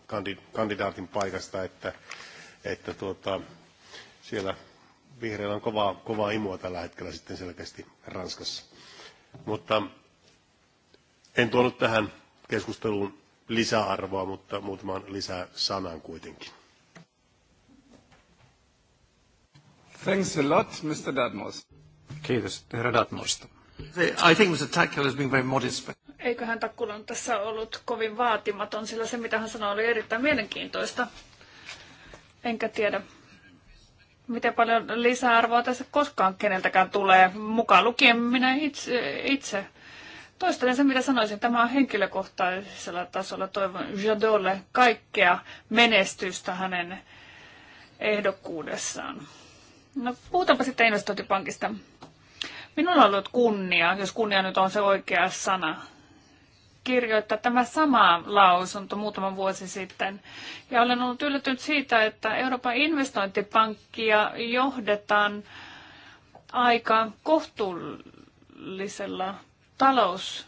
kandidaatin paikasta, että, että tuota, siellä vihreillä on kovaa, kovaa imua tällä hetkellä sitten selkeästi Ranskassa. Mutta en tuonut tähän keskusteluun lisäarvoa, mutta muutaman lisää sanan kuitenkin. Thanks a lot, Mr. Dadmos. Kiitos herra Datmoista. I think Mr. Tackle has been very modest. Eiköhän Takkulan tässä ollut kovin vaatimaton, sillä se mitä hän sanoi oli erittäin mielenkiintoista. Enkä tiedä, miten paljon lisäarvoa tässä koskaan keneltäkään tulee, mukaan lukien minä itse. itse. Toistelen sen, mitä sanoisin. Tämä on henkilökohtaisella tasolla. Toivon Jadolle kaikkea menestystä hänen ehdokkuudessaan. No puhutaanpa sitten investointipankista. Minulla on ollut kunnia, jos kunnia nyt on se oikea sana, kirjoittaa tämä sama lausunto muutama vuosi sitten. Ja olen ollut yllättynyt siitä, että Euroopan investointipankkia johdetaan aika kohtuullisella talous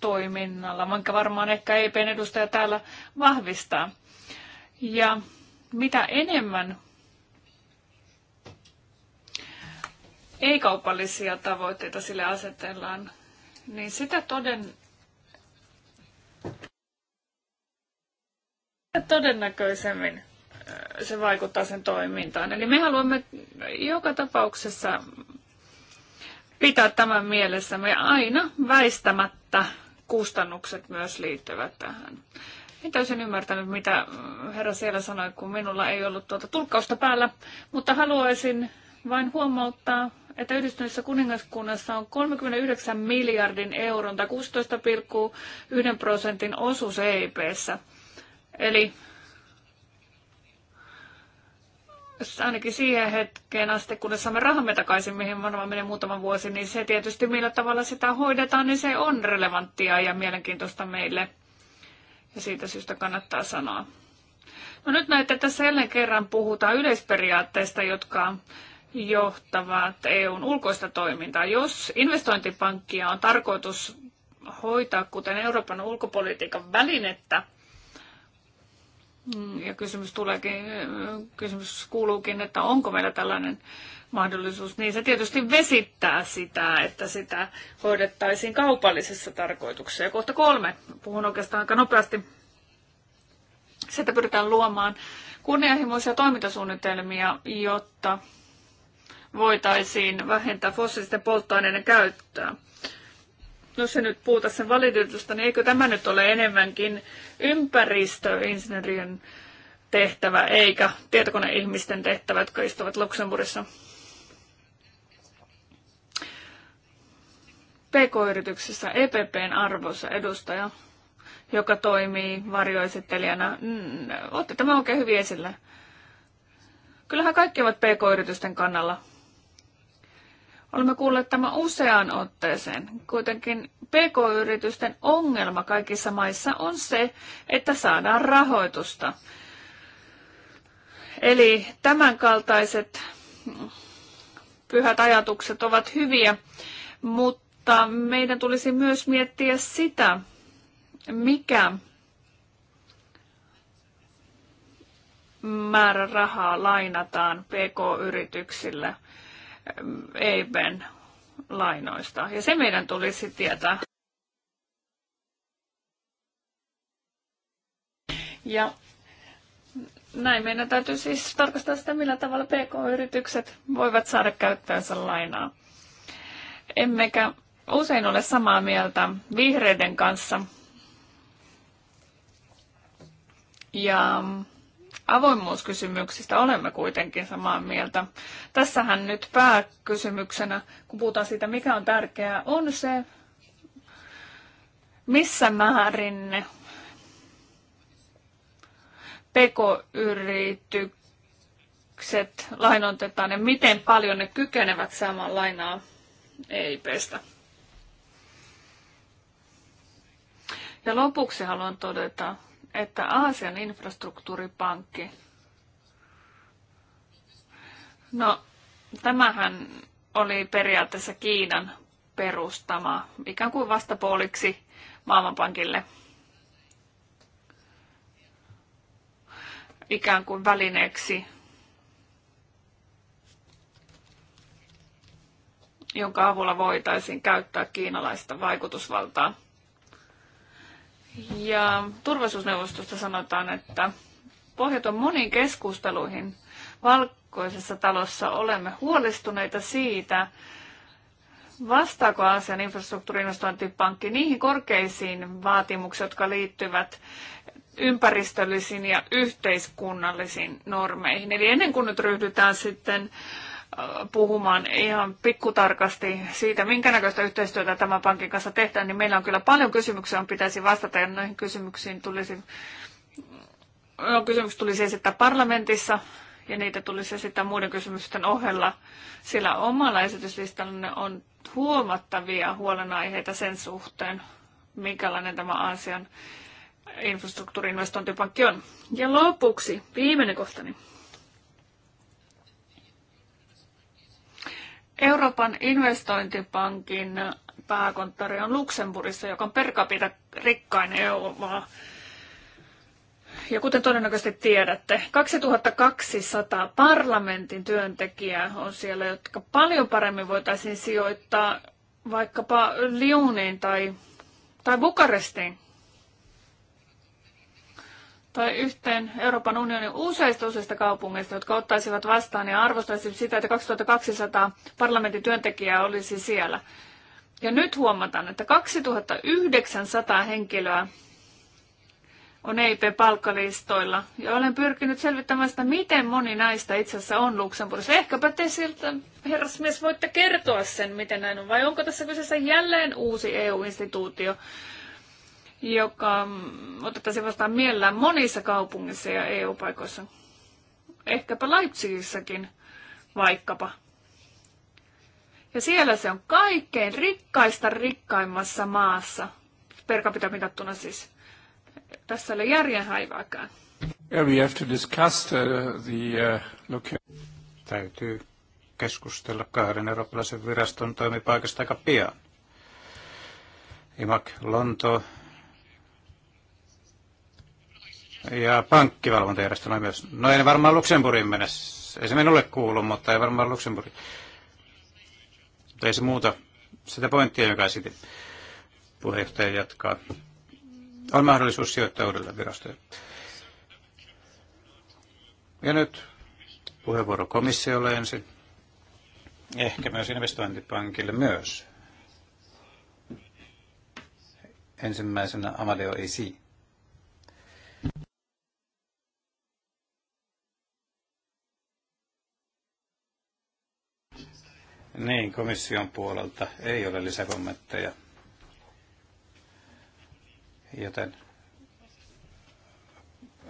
toiminnalla, vaikka varmaan ehkä EPn edustaja täällä vahvistaa. Ja mitä enemmän ei-kaupallisia tavoitteita sille asetellaan, niin sitä toden... todennäköisemmin äh, se vaikuttaa sen toimintaan. Eli me haluamme joka tapauksessa pitää tämän mielessä. Me aina väistämättä kustannukset myös liittyvät tähän. Mitä olisin ymmärtänyt, mitä herra siellä sanoi, kun minulla ei ollut tuota tulkkausta päällä, mutta haluaisin vain huomauttaa, että Yhdistyneessä kuningaskunnassa on 39 miljardin euron tai 16,1 prosentin osuus EIPssä. Eli ainakin siihen hetkeen asti, kunnes saamme rahamme takaisin, mihin varmaan menee muutama vuosi, niin se tietysti millä tavalla sitä hoidetaan, niin se on relevanttia ja mielenkiintoista meille. Ja siitä syystä kannattaa sanoa. No nyt näette, tässä jälleen kerran puhutaan yleisperiaatteista, jotka johtavat EUn ulkoista toimintaa. Jos investointipankkia on tarkoitus hoitaa kuten Euroopan ulkopolitiikan välinettä, mm, ja kysymys, tuleekin, kysymys kuuluukin, että onko meillä tällainen mahdollisuus, niin se tietysti vesittää sitä, että sitä hoidettaisiin kaupallisessa tarkoituksessa. Ja kohta kolme, puhun oikeastaan aika nopeasti, sitä pyritään luomaan kunnianhimoisia toimintasuunnitelmia, jotta voitaisiin vähentää fossiilisten polttoaineiden käyttöä. No se nyt puhuta sen valitetusta, niin eikö tämä nyt ole enemmänkin ympäristöinsinöörien tehtävä eikä tietokoneihmisten tehtävä, jotka istuvat Luxemburgissa? PK-yrityksissä EPPn arvossa edustaja, joka toimii varjoesittelijänä. Mm, Olette tämä oikein hyvin esillä. Kyllähän kaikki ovat PK-yritysten kannalla. Olemme kuulleet tämä useaan otteeseen. Kuitenkin PK-yritysten ongelma kaikissa maissa on se, että saadaan rahoitusta. Eli tämänkaltaiset mm, pyhät ajatukset ovat hyviä, mutta mutta meidän tulisi myös miettiä sitä, mikä määrä rahaa lainataan PK-yrityksille eh, EIBen lainoista. Ja se meidän tulisi tietää. Ja näin meidän täytyy siis tarkastaa sitä, millä tavalla PK-yritykset voivat saada käyttöönsä lainaa. Emmekä usein ole samaa mieltä vihreiden kanssa. Ja avoimuuskysymyksistä olemme kuitenkin samaa mieltä. Tässähän nyt pääkysymyksenä, kun puhutaan siitä, mikä on tärkeää, on se, missä määrin pekoyritykset lainoitetaan ja miten paljon ne kykenevät saamaan lainaa EIPstä. Ja lopuksi haluan todeta, että Aasian infrastruktuuripankki, no tämähän oli periaatteessa Kiinan perustama ikään kuin vastapuoliksi Maailmanpankille ikään kuin välineeksi, jonka avulla voitaisiin käyttää kiinalaista vaikutusvaltaa. Ja turvallisuusneuvostosta sanotaan, että pohjaton moniin keskusteluihin valkoisessa talossa olemme huolestuneita siitä, vastaako Aasian infrastruktuurinvestointipankki niihin korkeisiin vaatimuksiin, jotka liittyvät ympäristöllisiin ja yhteiskunnallisiin normeihin. Eli ennen kuin nyt ryhdytään sitten puhumaan ihan pikkutarkasti siitä, minkä näköistä yhteistyötä tämän pankin kanssa tehdään, niin meillä on kyllä paljon kysymyksiä, on pitäisi vastata ja noihin kysymyksiin tulisi, no, kysymys tulisi esittää parlamentissa ja niitä tulisi esittää muiden kysymysten ohella, sillä omalla esityslistallanne on huomattavia huolenaiheita sen suhteen, minkälainen tämä Aasian infrastruktuurinvestointipankki on. Ja lopuksi viimeinen kohtani. Niin Euroopan investointipankin pääkonttori on Luxemburgissa, joka on per capita rikkain EU-maa. Ja kuten todennäköisesti tiedätte, 2200 parlamentin työntekijää on siellä, jotka paljon paremmin voitaisiin sijoittaa vaikkapa Lyoniin tai, tai Bukarestiin tai yhteen Euroopan unionin useista useista kaupungeista, jotka ottaisivat vastaan ja arvostaisivat sitä, että 2200 parlamentin työntekijää olisi siellä. Ja nyt huomataan, että 2900 henkilöä on EIP-palkkalistoilla. Ja olen pyrkinyt selvittämään sitä, miten moni näistä itse asiassa on Luxemburgissa. Ehkäpä te siltä, herrasmies, voitte kertoa sen, miten näin on. Vai onko tässä kyseessä jälleen uusi EU-instituutio, joka otettaisiin vastaan mielellään monissa kaupungeissa ja EU-paikoissa. Ehkäpä Leipzigissäkin vaikkapa. Ja siellä se on kaikkein rikkaista rikkaimmassa maassa, per capita mitattuna siis. Tässä ei ole järjen haivaakaan. Yeah, we have to discuss the, the uh, look. Täytyy keskustella kahden eurooppalaisen viraston toimipaikasta aika pian. Imak Lonto Ja pankkivalvontajärjestelmä myös. No ei varmaan Luxemburgin mennä. Ei se minulle kuulu, mutta ei varmaan Luxemburgin. Mutta ei se muuta sitä pointtia, joka sitten puheenjohtaja jatkaa. On mahdollisuus sijoittaa uudelleen virastoja. Ja nyt puheenvuoro komissiolle ensin. Ehkä myös investointipankille myös. Ensimmäisenä Amadeo Isi. Niin, komission puolelta ei ole lisäkommentteja. Joten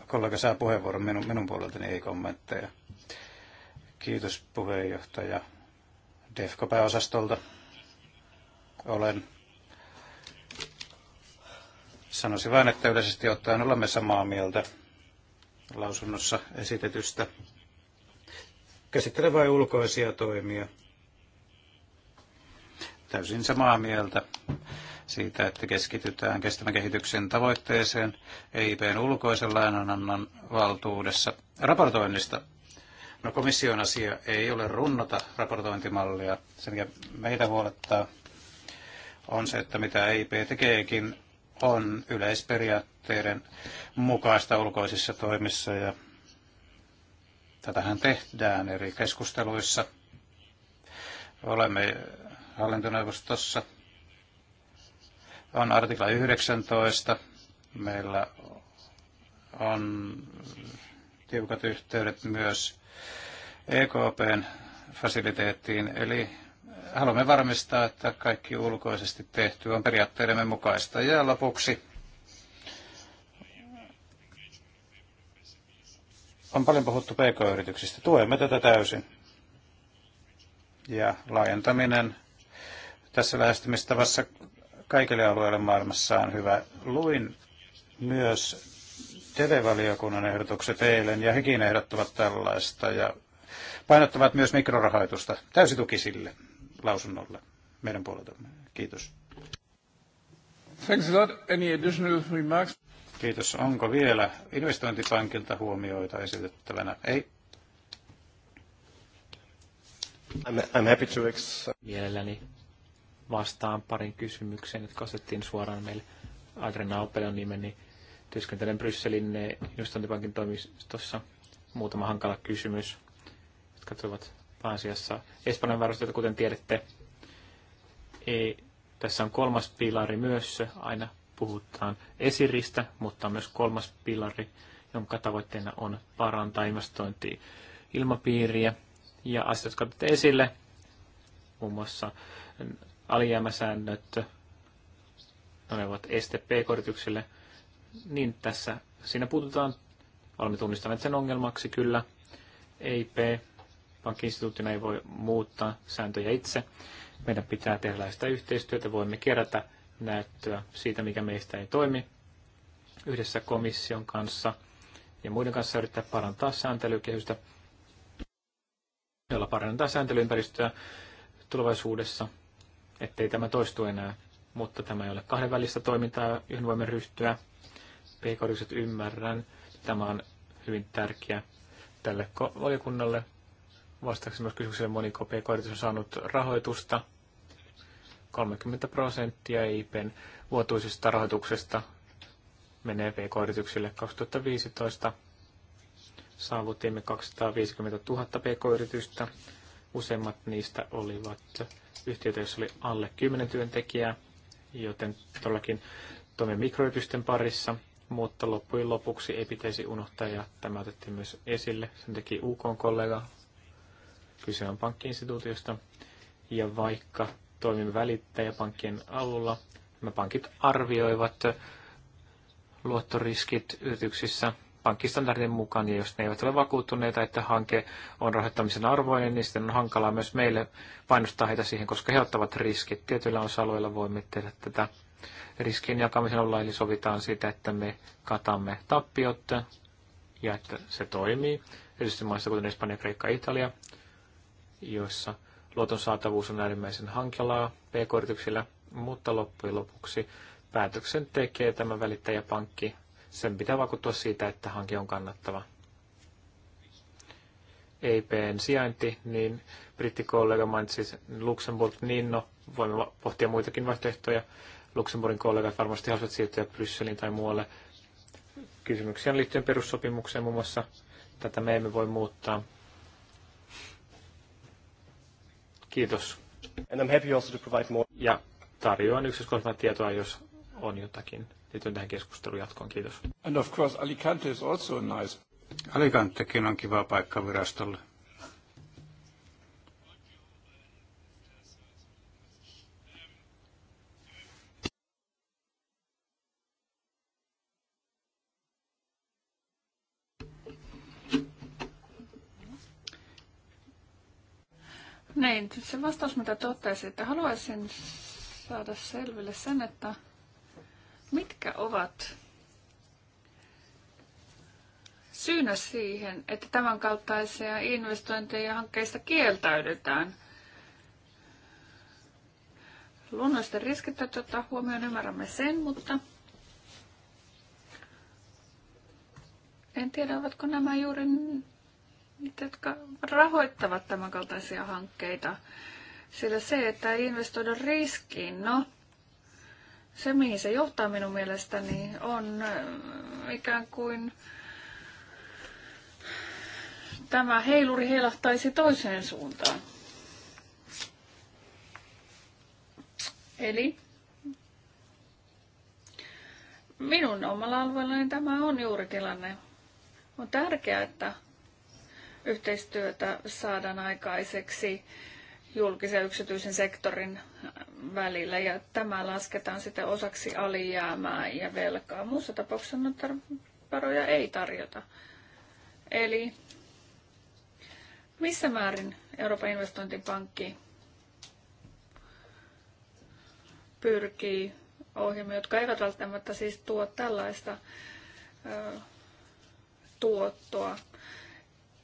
kollega saa puheenvuoron minun, minun puoleltani, ei kommentteja. Kiitos puheenjohtaja DEFCO-pääosastolta. Olen sanoisin vain, että yleisesti ottaen olemme samaa mieltä lausunnossa esitetystä. Käsittelevä ulkoisia toimia täysin samaa mieltä siitä, että keskitytään kestävän kehityksen tavoitteeseen EIPn ulkoisen lainanannan valtuudessa raportoinnista. No komission asia ei ole runnota raportointimallia. Se, mikä meitä huolettaa, on se, että mitä EIP tekeekin, on yleisperiaatteiden mukaista ulkoisissa toimissa ja tätähän tehdään eri keskusteluissa. Olemme hallintoneuvostossa on artikla 19. Meillä on tiukat yhteydet myös EKPn fasiliteettiin, eli haluamme varmistaa, että kaikki ulkoisesti tehty on periaatteidemme mukaista. Ja lopuksi on paljon puhuttu pk-yrityksistä. Tuemme tätä täysin. Ja laajentaminen tässä lähestymistavassa kaikille alueille maailmassa on hyvä. Luin myös televaliokunnan ehdotukset eilen, ja hekin ehdottavat tällaista, ja painottavat myös mikrorahoitusta. Täysi tuki sille lausunnolle meidän puoleltamme. Kiitos. Thanks a lot. Any additional remarks? Kiitos. Onko vielä investointipankilta huomioita esitettävänä? Ei. I'm, I'm happy to ex- Mielelläni vastaan parin kysymykseen, jotka asettiin suoraan meille. Adrian Aupelon on nimeni. Työskentelen Brysselin eh, investointipankin toimistossa. Muutama hankala kysymys, jotka tulevat pääasiassa Espanjan varustelta, kuten tiedätte. Ei, tässä on kolmas pilari myös, aina puhutaan esiristä, mutta on myös kolmas pilari, jonka tavoitteena on parantaa investointia ilmapiiriä ja asiat, jotka esille, muun muassa alijäämäsäännöt, olevat ovat este p niin tässä siinä puututaan, olemme tunnistaneet sen ongelmaksi kyllä, P. pankkiinstituuttina ei voi muuttaa sääntöjä itse. Meidän pitää tehdä sitä yhteistyötä, voimme kerätä näyttöä siitä, mikä meistä ei toimi yhdessä komission kanssa ja muiden kanssa yrittää parantaa sääntelykehystä, jolla parannetaan sääntelyympäristöä tulevaisuudessa ettei tämä toistu enää, mutta tämä ei ole kahdenvälistä toimintaa, johon voimme ryhtyä. pk ymmärrän, tämä on hyvin tärkeä tälle valiokunnalle. Vastaakseni myös kysymykseen, moniko pk on saanut rahoitusta. 30 prosenttia IPn vuotuisesta rahoituksesta menee pk-yrityksille 2015 saavutimme 250 000 pk-yritystä Useimmat niistä olivat yhtiöitä, joissa oli alle 10 työntekijää, joten todellakin toimi mikroyritysten parissa, mutta loppujen lopuksi ei pitäisi unohtaa, ja tämä otettiin myös esille, sen teki UK-kollega, kyse on pankkiinstituutiosta, ja vaikka toimin välittäjäpankkien avulla, nämä pankit arvioivat luottoriskit yrityksissä pankkistandardin mukaan, ja jos ne eivät ole vakuuttuneita, että hanke on rahoittamisen arvoinen, niin sitten on hankalaa myös meille painostaa heitä siihen, koska he ottavat riskit. Tietyillä osa-alueilla voimme tehdä tätä riskien jakamisen olla, eli sovitaan sitä, että me katamme tappiot ja että se toimii. Erityisesti maissa kuten Espanja, Kreikka ja Italia, joissa luoton saatavuus on äärimmäisen hankalaa pk-yrityksillä, mutta loppujen lopuksi päätöksen tekee tämä välittäjäpankki sen pitää vakuuttua siitä, että hanke on kannattava. EIPn sijainti, niin brittikollega mainitsi Luxemburg, niin no, voimme pohtia muitakin vaihtoehtoja. Luxemburgin kollegat varmasti haluavat siirtyä Brysseliin tai muualle. Kysymyksiä liittyen perussopimukseen muun muassa. Tätä me emme voi muuttaa. Kiitos. And I'm happy also to provide more. Ja tarjoan yksityiskohtaista tietoa, jos on jotakin liittyen tähän keskustelun jatkoon. Kiitos. And of course Alicante is also nice. Alicantekin on kiva paikka virastolle. Niin, se vastaus mitä totesin, että haluaisin saada selville sen, että Mitkä ovat syynä siihen, että tämän kaltaisia investointeja ja hankkeista kieltäydytään? Luonnollisten riskit täytyy ottaa huomioon, ymmärrämme sen, mutta en tiedä, ovatko nämä juuri niitä, jotka rahoittavat tämänkaltaisia hankkeita. Sillä se, että ei investoida riskiin, no se, mihin se johtaa minun mielestäni, on äh, ikään kuin tämä heiluri heilahtaisi toiseen suuntaan. Eli minun omalla alueellani tämä on juuri tilanne. On tärkeää, että yhteistyötä saadaan aikaiseksi julkisen ja yksityisen sektorin välillä ja tämä lasketaan sitten osaksi alijäämää ja velkaa. Muussa tapauksessa noita varoja ei tarjota. Eli missä määrin Euroopan investointipankki pyrkii ohjelmiin, jotka eivät välttämättä siis tuo tällaista ö, tuottoa.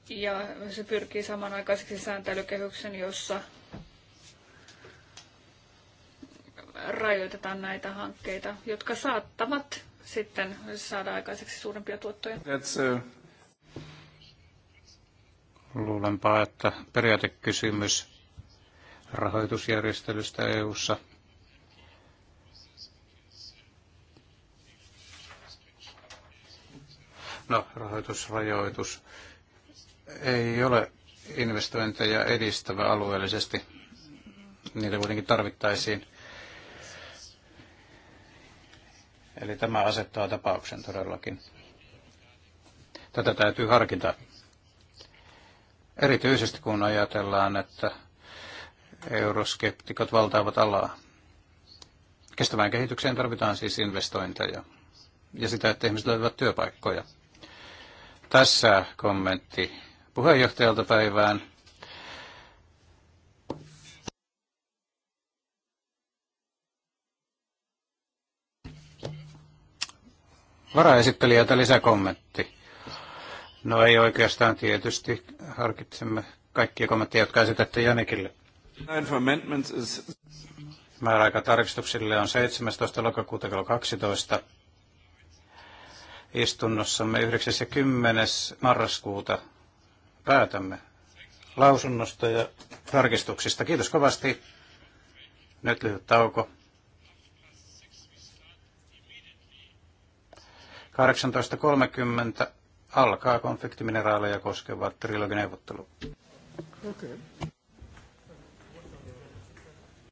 Ja se pyrkii samanaikaiseksi sääntelykehyksen, jossa rajoitetaan näitä hankkeita, jotka saattavat sitten saada aikaiseksi suurempia tuottoja. That's, uh... Luulenpa, että periaatekysymys rahoitusjärjestelystä EU:ssa No, rahoitusrajoitus ei ole investointeja edistävä alueellisesti. Niitä kuitenkin tarvittaisiin. Eli tämä asettaa tapauksen todellakin. Tätä täytyy harkita. Erityisesti kun ajatellaan, että euroskeptikot valtaavat alaa. Kestävään kehitykseen tarvitaan siis investointeja ja sitä, että ihmiset löytävät työpaikkoja. Tässä kommentti puheenjohtajalta päivään. varaesittelijältä lisäkommentti. No ei oikeastaan tietysti. Harkitsemme kaikkia kommentteja, jotka esitätte Janikille. Määräaika tarkistuksille on 17. lokakuuta kello 12. Istunnossamme 9. ja 10. marraskuuta päätämme lausunnosta ja tarkistuksista. Kiitos kovasti. Nyt lyhyt tauko. 18.30 alkaa konfliktimineraaleja koskeva trilogineuvottelu. Okay.